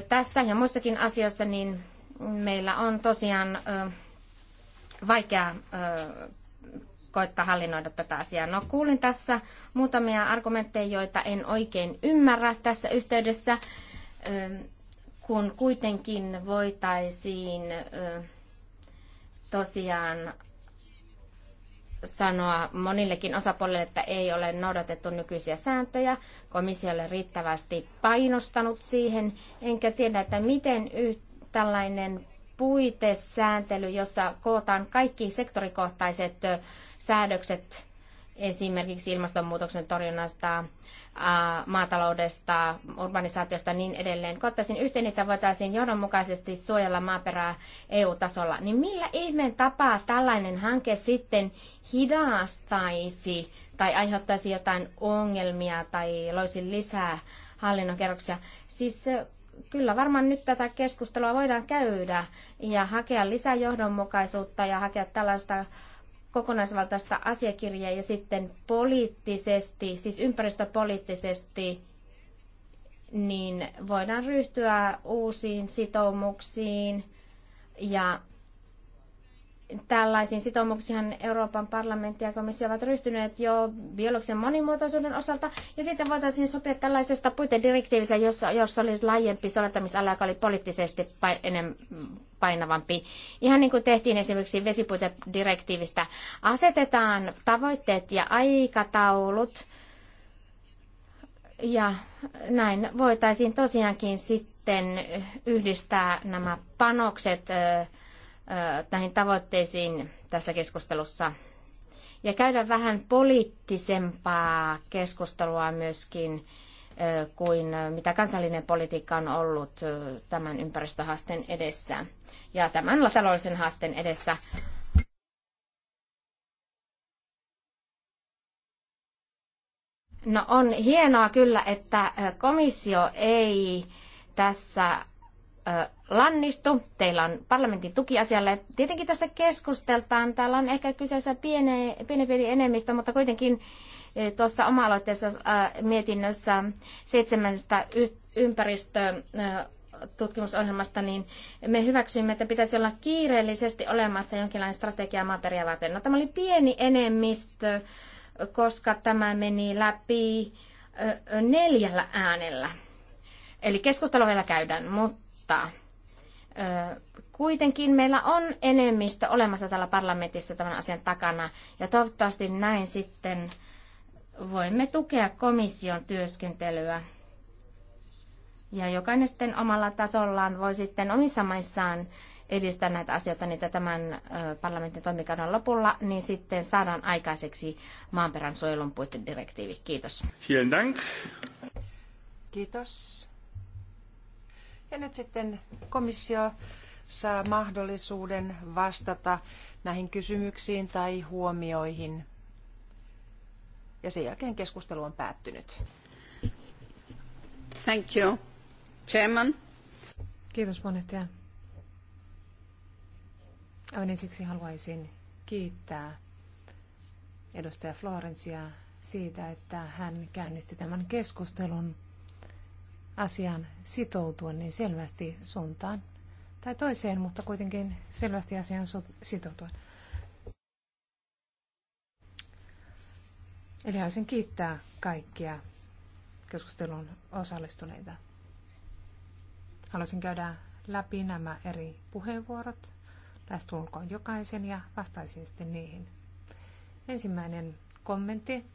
tässä ja muissakin asioissa, niin meillä on tosiaan vaikea koittaa hallinnoida tätä asiaa. No kuulin tässä muutamia argumentteja, joita en oikein ymmärrä tässä yhteydessä, kun kuitenkin voitaisiin tosiaan sanoa monillekin osapuolille, että ei ole noudatettu nykyisiä sääntöjä. Komissio ole riittävästi painostanut siihen, enkä tiedä, että miten yh- tällainen puitesääntely, jossa kootaan kaikki sektorikohtaiset säädökset esimerkiksi ilmastonmuutoksen torjunnasta, maataloudesta, urbanisaatiosta ja niin edelleen. Koottaisin yhteen, että voitaisiin johdonmukaisesti suojella maaperää EU-tasolla. Niin millä ihmeen tapaa tällainen hanke sitten hidastaisi tai aiheuttaisi jotain ongelmia tai loisi lisää hallinnon kerroksia? Siis kyllä varmaan nyt tätä keskustelua voidaan käydä ja hakea lisää johdonmukaisuutta ja hakea tällaista kokonaisvaltaista asiakirjaa ja sitten poliittisesti, siis ympäristöpoliittisesti, niin voidaan ryhtyä uusiin sitoumuksiin ja Tällaisiin sitoumuksiin Euroopan parlamentti ja komissio ovat ryhtyneet jo biologisen monimuotoisuuden osalta, ja sitten voitaisiin sopia tällaisesta puitedirektiivistä, jossa, jossa olisi laajempi soveltamisala, joka oli poliittisesti enemmän painavampi. Ihan niin kuin tehtiin esimerkiksi vesipuitedirektiivistä, asetetaan tavoitteet ja aikataulut, ja näin voitaisiin tosiaankin sitten yhdistää nämä panokset näihin tavoitteisiin tässä keskustelussa ja käydä vähän poliittisempaa keskustelua myöskin kuin mitä kansallinen politiikka on ollut tämän ympäristöhaasteen edessä ja tämän taloudellisen haasteen edessä. No on hienoa kyllä, että komissio ei tässä lannistu. Teillä on parlamentin tuki asialle. Tietenkin tässä keskusteltaan. Täällä on ehkä kyseessä pieni, pieni, pieni enemmistö, mutta kuitenkin tuossa oma-aloitteessa mietinnössä seitsemästä ympäristötutkimusohjelmasta, niin me hyväksyimme, että pitäisi olla kiireellisesti olemassa jonkinlainen strategia maaperia varten. No, tämä oli pieni enemmistö, koska tämä meni läpi neljällä äänellä. Eli keskustelu vielä käydään, mutta vastustaa. Kuitenkin meillä on enemmistö olemassa täällä parlamentissa tämän asian takana ja toivottavasti näin sitten voimme tukea komission työskentelyä. Ja jokainen sitten omalla tasollaan voi sitten omissa maissaan edistää näitä asioita, niitä tämän parlamentin toimikauden lopulla, niin sitten saadaan aikaiseksi maanperän suojelun puitedirektiivi. Kiitos. Vielen dank. Kiitos. Ja nyt sitten komissio saa mahdollisuuden vastata näihin kysymyksiin tai huomioihin. Ja sen jälkeen keskustelu on päättynyt. Thank you. Chairman. Kiitos puheenjohtaja. Aivan ensiksi haluaisin kiittää edustaja Florencia siitä, että hän käynnisti tämän keskustelun asiaan sitoutua niin selvästi suuntaan tai toiseen, mutta kuitenkin selvästi asiaan sitoutua. Eli haluaisin kiittää kaikkia keskustelun osallistuneita. Haluaisin käydä läpi nämä eri puheenvuorot, lähestulkoon jokaisen ja vastaisin sitten niihin. Ensimmäinen kommentti.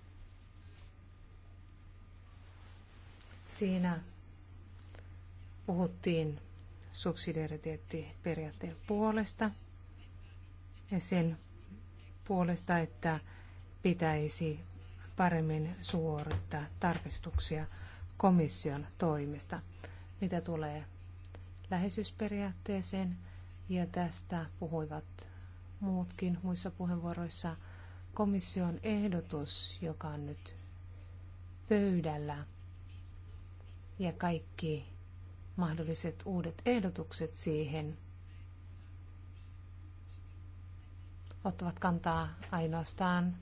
Siinä puhuttiin subsidiariteettiperiaatteen puolesta ja sen puolesta, että pitäisi paremmin suorittaa tarkistuksia komission toimesta, mitä tulee läheisyysperiaatteeseen, ja tästä puhuivat muutkin muissa puheenvuoroissa. Komission ehdotus, joka on nyt pöydällä, ja kaikki mahdolliset uudet ehdotukset siihen ottavat kantaa ainoastaan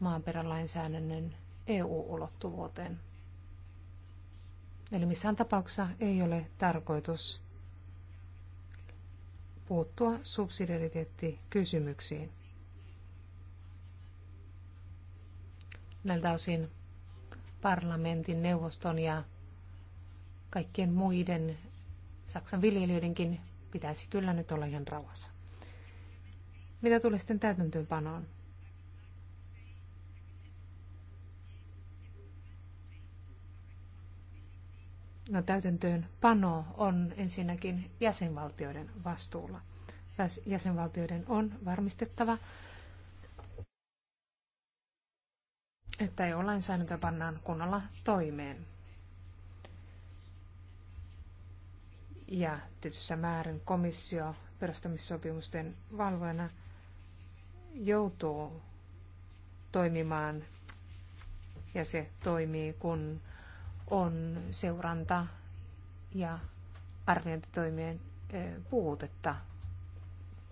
maanperälainsäädännön EU-ulottuvuuteen. Eli missään tapauksessa ei ole tarkoitus puuttua subsidiariteettikysymyksiin. Näiltä osin parlamentin, neuvoston ja kaikkien muiden Saksan viljelijöidenkin pitäisi kyllä nyt olla ihan rauhassa. Mitä tulee sitten täytäntöönpanoon? No, täytäntöönpano on ensinnäkin jäsenvaltioiden vastuulla. Jäsenvaltioiden on varmistettava, että EU-lainsäädäntö pannaan kunnolla toimeen. ja tietyssä määrin komissio perustamissopimusten valvojana joutuu toimimaan ja se toimii, kun on seuranta ja arviointitoimien puutetta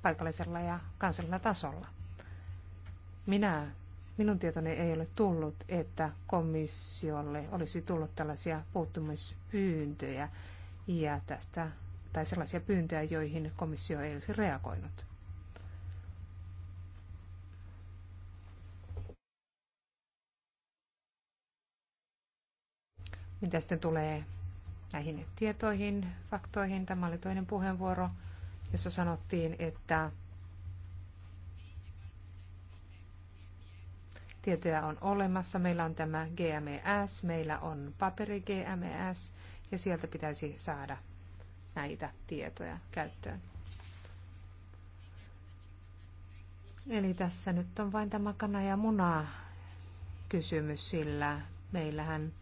paikallisella ja kansallisella tasolla. Minä, minun tietoni ei ole tullut, että komissiolle olisi tullut tällaisia puuttumispyyntöjä ja tästä, tai sellaisia pyyntöjä, joihin komissio ei olisi reagoinut. Mitä sitten tulee näihin tietoihin, faktoihin, tämä oli toinen puheenvuoro, jossa sanottiin, että tietoja on olemassa. Meillä on tämä GMES, meillä on paperi GMES ja sieltä pitäisi saada näitä tietoja käyttöön. Eli tässä nyt on vain tämä kana ja muna kysymys, sillä meillähän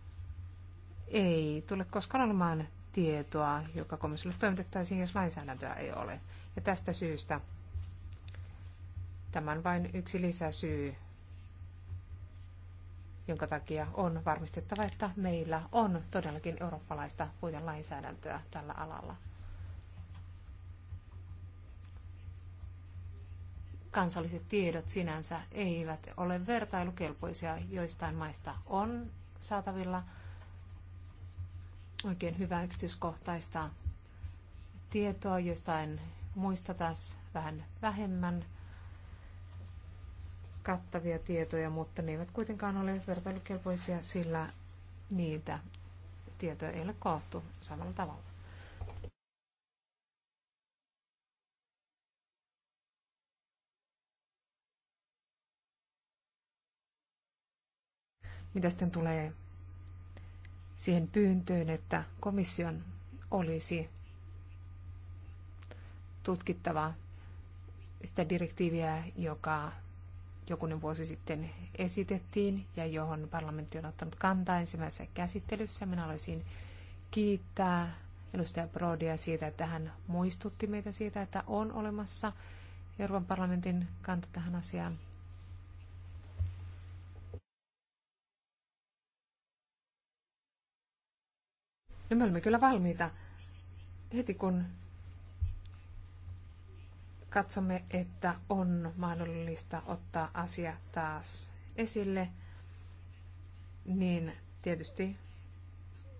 ei tule koskaan olemaan tietoa, joka komissiolle toimitettaisiin, jos lainsäädäntöä ei ole. Ja tästä syystä tämä on vain yksi lisäsyy jonka takia on varmistettava, että meillä on todellakin eurooppalaista puitelainsäädäntöä tällä alalla. Kansalliset tiedot sinänsä eivät ole vertailukelpoisia, joistain maista on saatavilla oikein hyvää yksityiskohtaista tietoa, joistain muista taas vähän vähemmän – kattavia tietoja, mutta ne eivät kuitenkaan ole vertailukelpoisia, sillä niitä tietoja ei ole koottu samalla tavalla. Mitä sitten tulee siihen pyyntöön, että komission olisi tutkittava sitä direktiiviä, joka jokunen vuosi sitten esitettiin ja johon parlamentti on ottanut kantaa ensimmäisessä käsittelyssä. Minä olisin kiittää edustaja Brodia siitä, että hän muistutti meitä siitä, että on olemassa Euroopan parlamentin kanta tähän asiaan. No me olemme kyllä valmiita heti kun katsomme, että on mahdollista ottaa asia taas esille, niin tietysti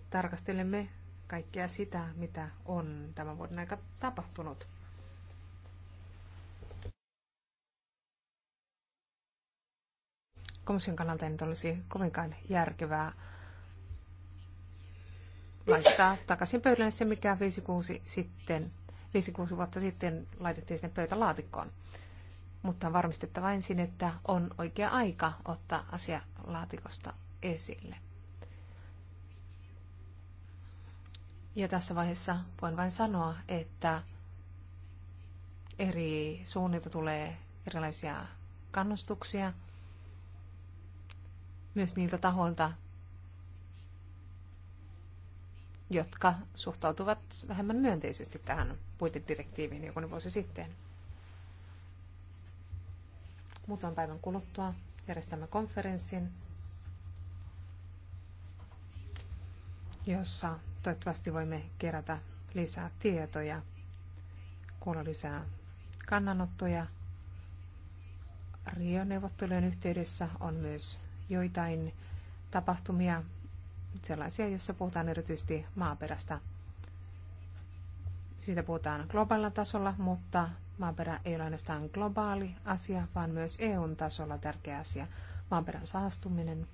tarkastelemme kaikkea sitä, mitä on tämän vuoden aika tapahtunut. komission kannalta ei nyt olisi kovinkaan järkevää laittaa takaisin pöydälle se, mikä 5-6 sitten 5-6 vuotta sitten laitettiin sinne pöytälaatikkoon. Mutta on varmistettava ensin, että on oikea aika ottaa asia laatikosta esille. Ja tässä vaiheessa voin vain sanoa, että eri suunnilta tulee erilaisia kannustuksia myös niiltä tahoilta, jotka suhtautuvat vähemmän myönteisesti tähän puitedirektiiviin jokunen vuosi sitten. Muutaman päivän kuluttua järjestämme konferenssin, jossa toivottavasti voimme kerätä lisää tietoja, kuulla lisää kannanottoja. Rio-neuvottelujen yhteydessä on myös joitain tapahtumia, sellaisia, joissa puhutaan erityisesti maaperästä. Siitä puhutaan globaalilla tasolla, mutta maaperä ei ole ainoastaan globaali asia, vaan myös EUn tasolla tärkeä asia. Maaperän saastuminen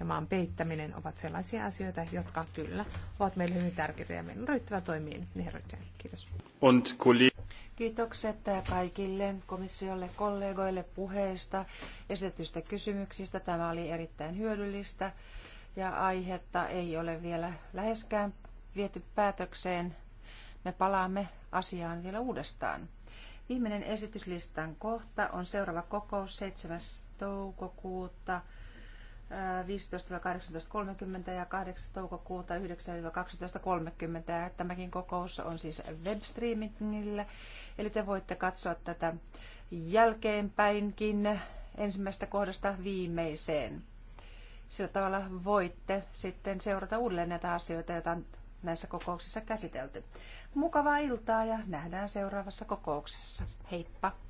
ja maan peittäminen ovat sellaisia asioita, jotka kyllä ovat meille hyvin tärkeitä ja meidän on ryhtyvä toimiin. Kiitos. Kiitokset kaikille komissiolle, kollegoille puheesta, esitetystä kysymyksistä. Tämä oli erittäin hyödyllistä ja aihetta ei ole vielä läheskään viety päätökseen. Me palaamme asiaan vielä uudestaan. Viimeinen esityslistan kohta on seuraava kokous 7. toukokuuta 15-18.30 ja 8. toukokuuta 9-12.30. Tämäkin kokous on siis webstreamingillä, eli te voitte katsoa tätä jälkeenpäinkin ensimmäisestä kohdasta viimeiseen. Sillä tavalla voitte sitten seurata uudelleen näitä asioita, joita on näissä kokouksissa käsitelty. Mukavaa iltaa ja nähdään seuraavassa kokouksessa. Heippa!